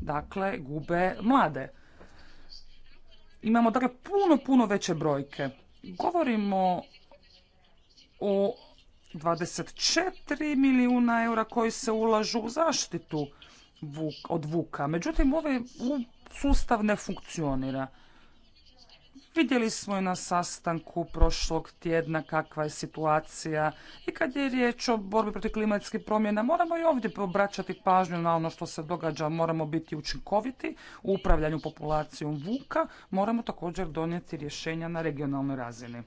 dakle gube mlade. Imamo dakle puno, puno veće brojke. Govorimo o 24 milijuna eura koji se ulažu u zaštitu od vuka. Međutim, ovaj sustav ne funkcionira. Vidjeli smo i na sastanku prošlog tjedna kakva je situacija i kad je riječ o borbi protiv klimatskih promjena moramo i ovdje obraćati pažnju na ono što se događa, moramo biti učinkoviti u upravljanju populacijom vuka, moramo također donijeti rješenja na regionalnoj razini.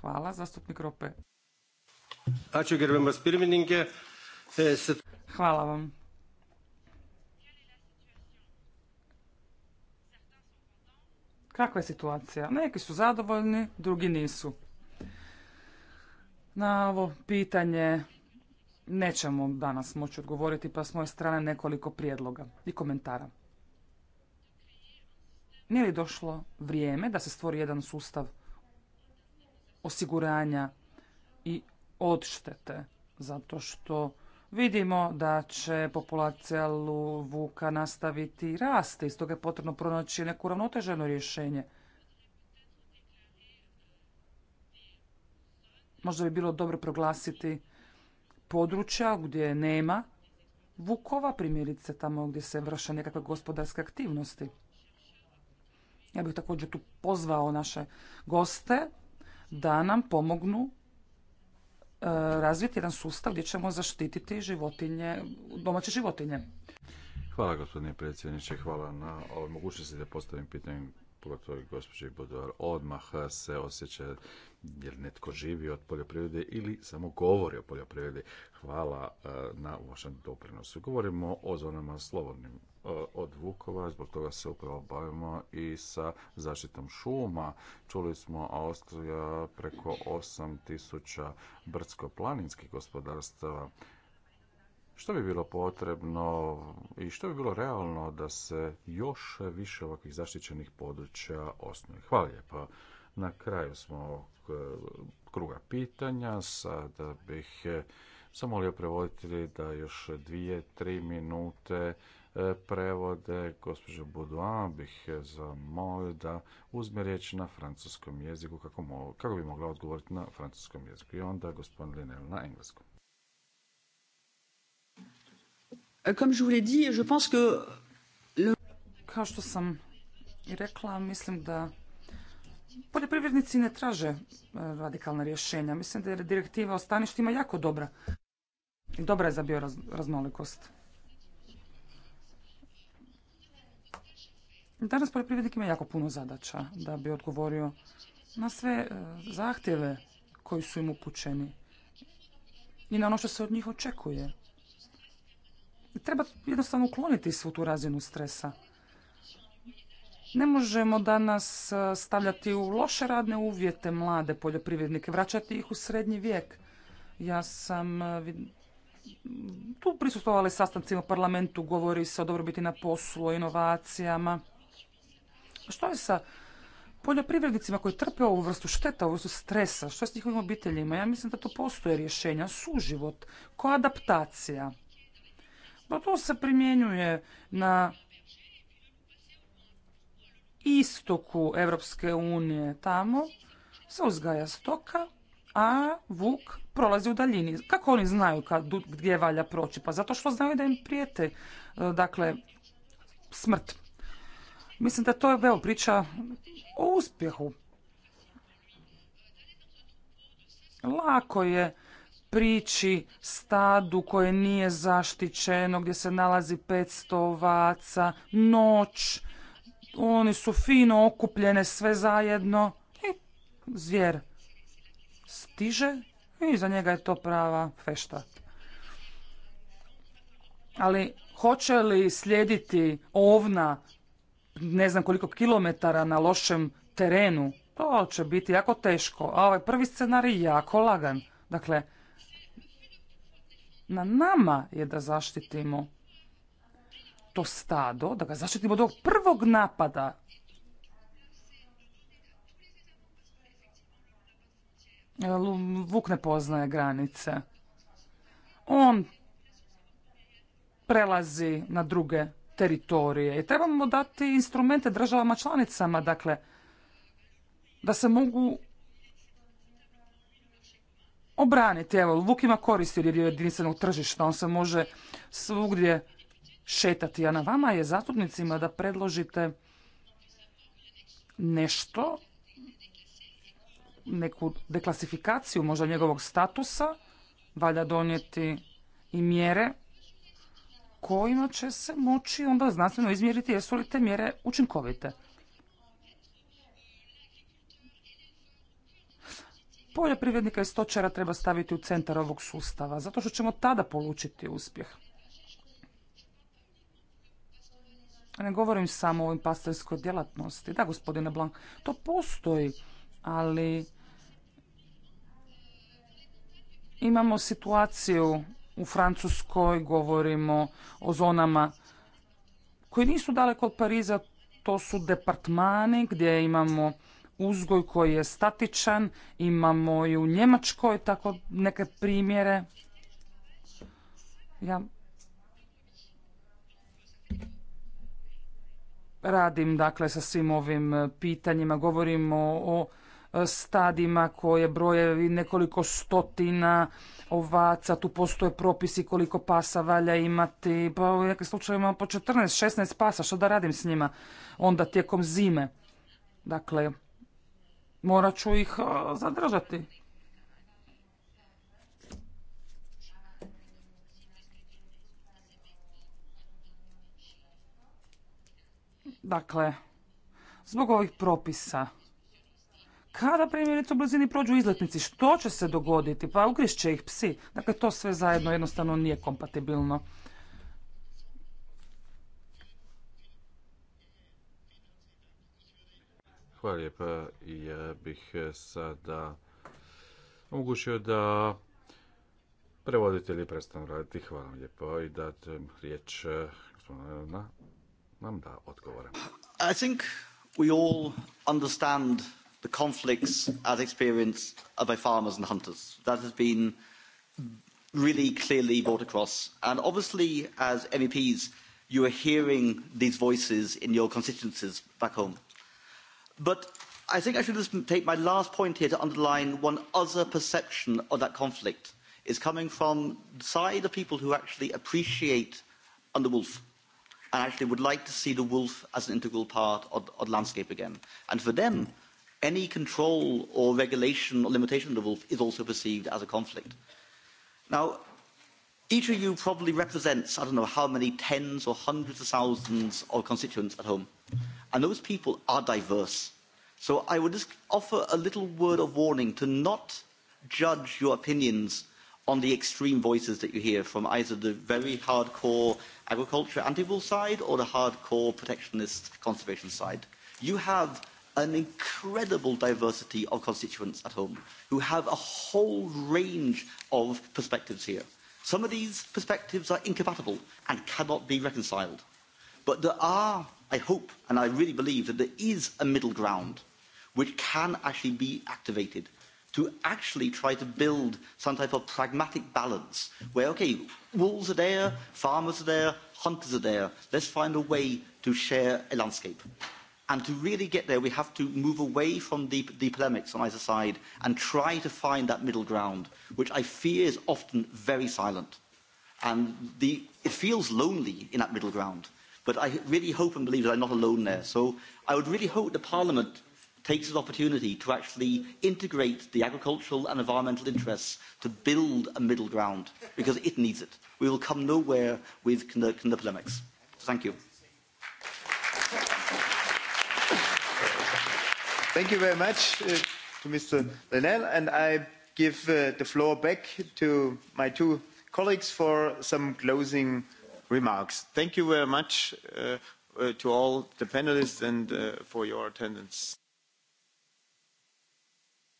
Hvala, zastupnik Rope. Hvala vam. Kakva je situacija? Neki su zadovoljni, drugi nisu. Na ovo pitanje nećemo danas moći odgovoriti, pa s moje strane nekoliko prijedloga i komentara. Nije li došlo vrijeme da se stvori jedan sustav osiguranja i odštete, zato što Vidimo da će populacija vuka nastaviti rasti i stoga je potrebno pronaći neko uravnoteženo rješenje. Možda bi bilo dobro proglasiti područja gdje nema vukova, primjerice tamo gdje se vrše nekakve gospodarske aktivnosti. Ja bih također tu pozvao naše goste da nam pomognu E, razviti jedan sustav gdje ćemo zaštititi životinje, domaće životinje. Hvala gospodine predsjedniče, hvala na ovoj mogućnosti da postavim pitanje pogotovo gospođi Budovar, odmah se osjeća jer netko živi od poljoprivrede ili samo govori o poljoprivredi. Hvala e, na vašem doprinosu. Govorimo o zonama slobodnim e, od Vukova, zbog toga se upravo bavimo i sa zaštitom šuma. Čuli smo Austrija preko 8000 brdsko-planinskih gospodarstava što bi bilo potrebno i što bi bilo realno da se još više ovakvih zaštićenih područja osnuje? Hvala lijepa. Na kraju smo kruga pitanja. Sada bih e, zamolio prevoditelji da još dvije, tri minute e, prevode. gospođo Boudouin bih e, zamolio da uzme riječ na francuskom jeziku kako, kako bi mogla odgovoriti na francuskom jeziku i onda gospodin Linel na engleskom. Kao što sam i rekla, mislim da poljoprivrednici ne traže e, radikalna rješenja. Mislim da je direktiva o staništima jako dobra. Dobra je za bioraznolikost. Danas poljoprivrednik ima jako puno zadaća da bi odgovorio na sve e, zahtjeve koji su im upućeni i na ono što se od njih očekuje. Treba jednostavno ukloniti svu tu razinu stresa. Ne možemo danas e, stavljati u loše radne uvjete mlade poljoprivrednike, vraćati ih u srednji vijek. Ja sam e, tu prisustovali sastancima u parlamentu, govori se o dobrobiti na poslu, o inovacijama. Što je sa poljoprivrednicima koji trpe ovu vrstu šteta, ovu vrstu stresa, što je s njihovim obiteljima? Ja mislim da to postoje rješenja, suživot, koadaptacija. Pa to se primjenjuje na istoku Evropske unije. Tamo se uzgaja stoka, a vuk prolazi u daljini. Kako oni znaju gdje valja proći? Pa zato što znaju da im prijete e, dakle, smrt. Mislim da to je priča o uspjehu. Lako je priči, stadu koje nije zaštićeno, gdje se nalazi 500 ovaca, noć, oni su fino okupljene sve zajedno i zvijer stiže i za njega je to prava fešta. Ali hoće li slijediti ovna ne znam koliko kilometara na lošem terenu, to će biti jako teško, a ovaj prvi scenarij jako lagan. Dakle, na nama je da zaštitimo to stado, da ga zaštitimo od ovog prvog napada. Vuk ne poznaje granice. On prelazi na druge teritorije i trebamo dati instrumente državama članicama, dakle, da se mogu obraniti. Evo, Luk ima koristi jer je jedinstvenog tržišta, on se može svugdje šetati. A na vama je zastupnicima da predložite nešto, neku deklasifikaciju možda njegovog statusa, valja donijeti i mjere kojima će se moći onda znanstveno izmjeriti jesu li te mjere učinkovite. poljoprivrednika i stočara treba staviti u centar ovog sustava, zato što ćemo tada polučiti uspjeh. Ne govorim samo o ovim pastorskoj djelatnosti. Da, gospodine Blanc, to postoji, ali imamo situaciju u Francuskoj, govorimo o zonama koji nisu daleko od Pariza, to su departmani gdje imamo uzgoj koji je statičan, imamo i u Njemačkoj tako neke primjere. Ja radim dakle sa svim ovim e, pitanjima, govorimo o e, stadima koje broje nekoliko stotina ovaca, tu postoje propisi koliko pasa valja imati, pa u nekim slučajevima po 14-16 pasa, što da radim s njima onda tijekom zime. Dakle, morat ću ih e, zadržati. Dakle, zbog ovih propisa, kada primjerice u blizini prođu izletnici, što će se dogoditi? Pa ugrišće ih psi. Dakle, to sve zajedno jednostavno nije kompatibilno. Hvala lijepa. Ja bih e, sada omogućio da prevoditelji prestanu raditi. Hvala vam lijepo i da riječ e, na, nam da odgovore. I think we all understand the conflicts as experienced by farmers and hunters. That has been really clearly brought across. And obviously, as MEPs, you are hearing these voices in your constituencies back home but i think i should just take my last point here to underline one other perception of that conflict is coming from the side of people who actually appreciate the wolf and actually would like to see the wolf as an integral part of, of the landscape again. And for them, any control or regulation or limitation of the wolf is also perceived as a conflict. Now, each of you probably represents, I don't know how many tens or hundreds of thousands of constituents at home. And those people are diverse. So I would just offer a little word of warning to not judge your opinions on the extreme voices that you hear from either the very hardcore agriculture anti-bull side or the hardcore protectionist conservation side. You have an incredible diversity of constituents at home who have a whole range of perspectives here some of these perspectives are incompatible and cannot be reconciled but there are i hope and i really believe that there is a middle ground which can actually be activated to actually try to build some type of pragmatic balance where okay wolves are there farmers are there hunters are there let's find a way to share a landscape and to really get there we have to move away from the, the polemics on either side and try to find that middle ground which i fear is often very silent and the, it feels lonely in that middle ground but i really hope and believe that i'm not alone there so i would really hope the parliament takes this opportunity to actually integrate the agricultural and environmental interests to build a middle ground because it needs it. we will come nowhere with the polemics. thank you. Thank you very much uh, to Mr. Lenel, and I give uh, the floor back to my two colleagues for some closing remarks. Thank you very much uh, to all the panelists and for your attendance.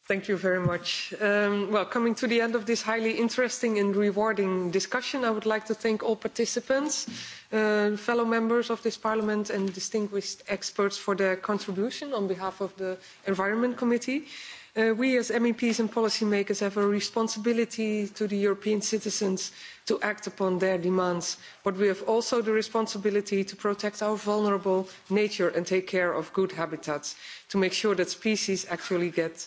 Thank you very much. Um, well, coming to the end of this highly interesting and rewarding discussion, I would like to thank all participants, uh, fellow members of this parliament and distinguished experts for their contribution on behalf of the Environment Committee. Uh, we as MEPs and policymakers have a responsibility to the European citizens to act upon their demands, but we have also the responsibility to protect our vulnerable nature and take care of good habitats to make sure that species actually get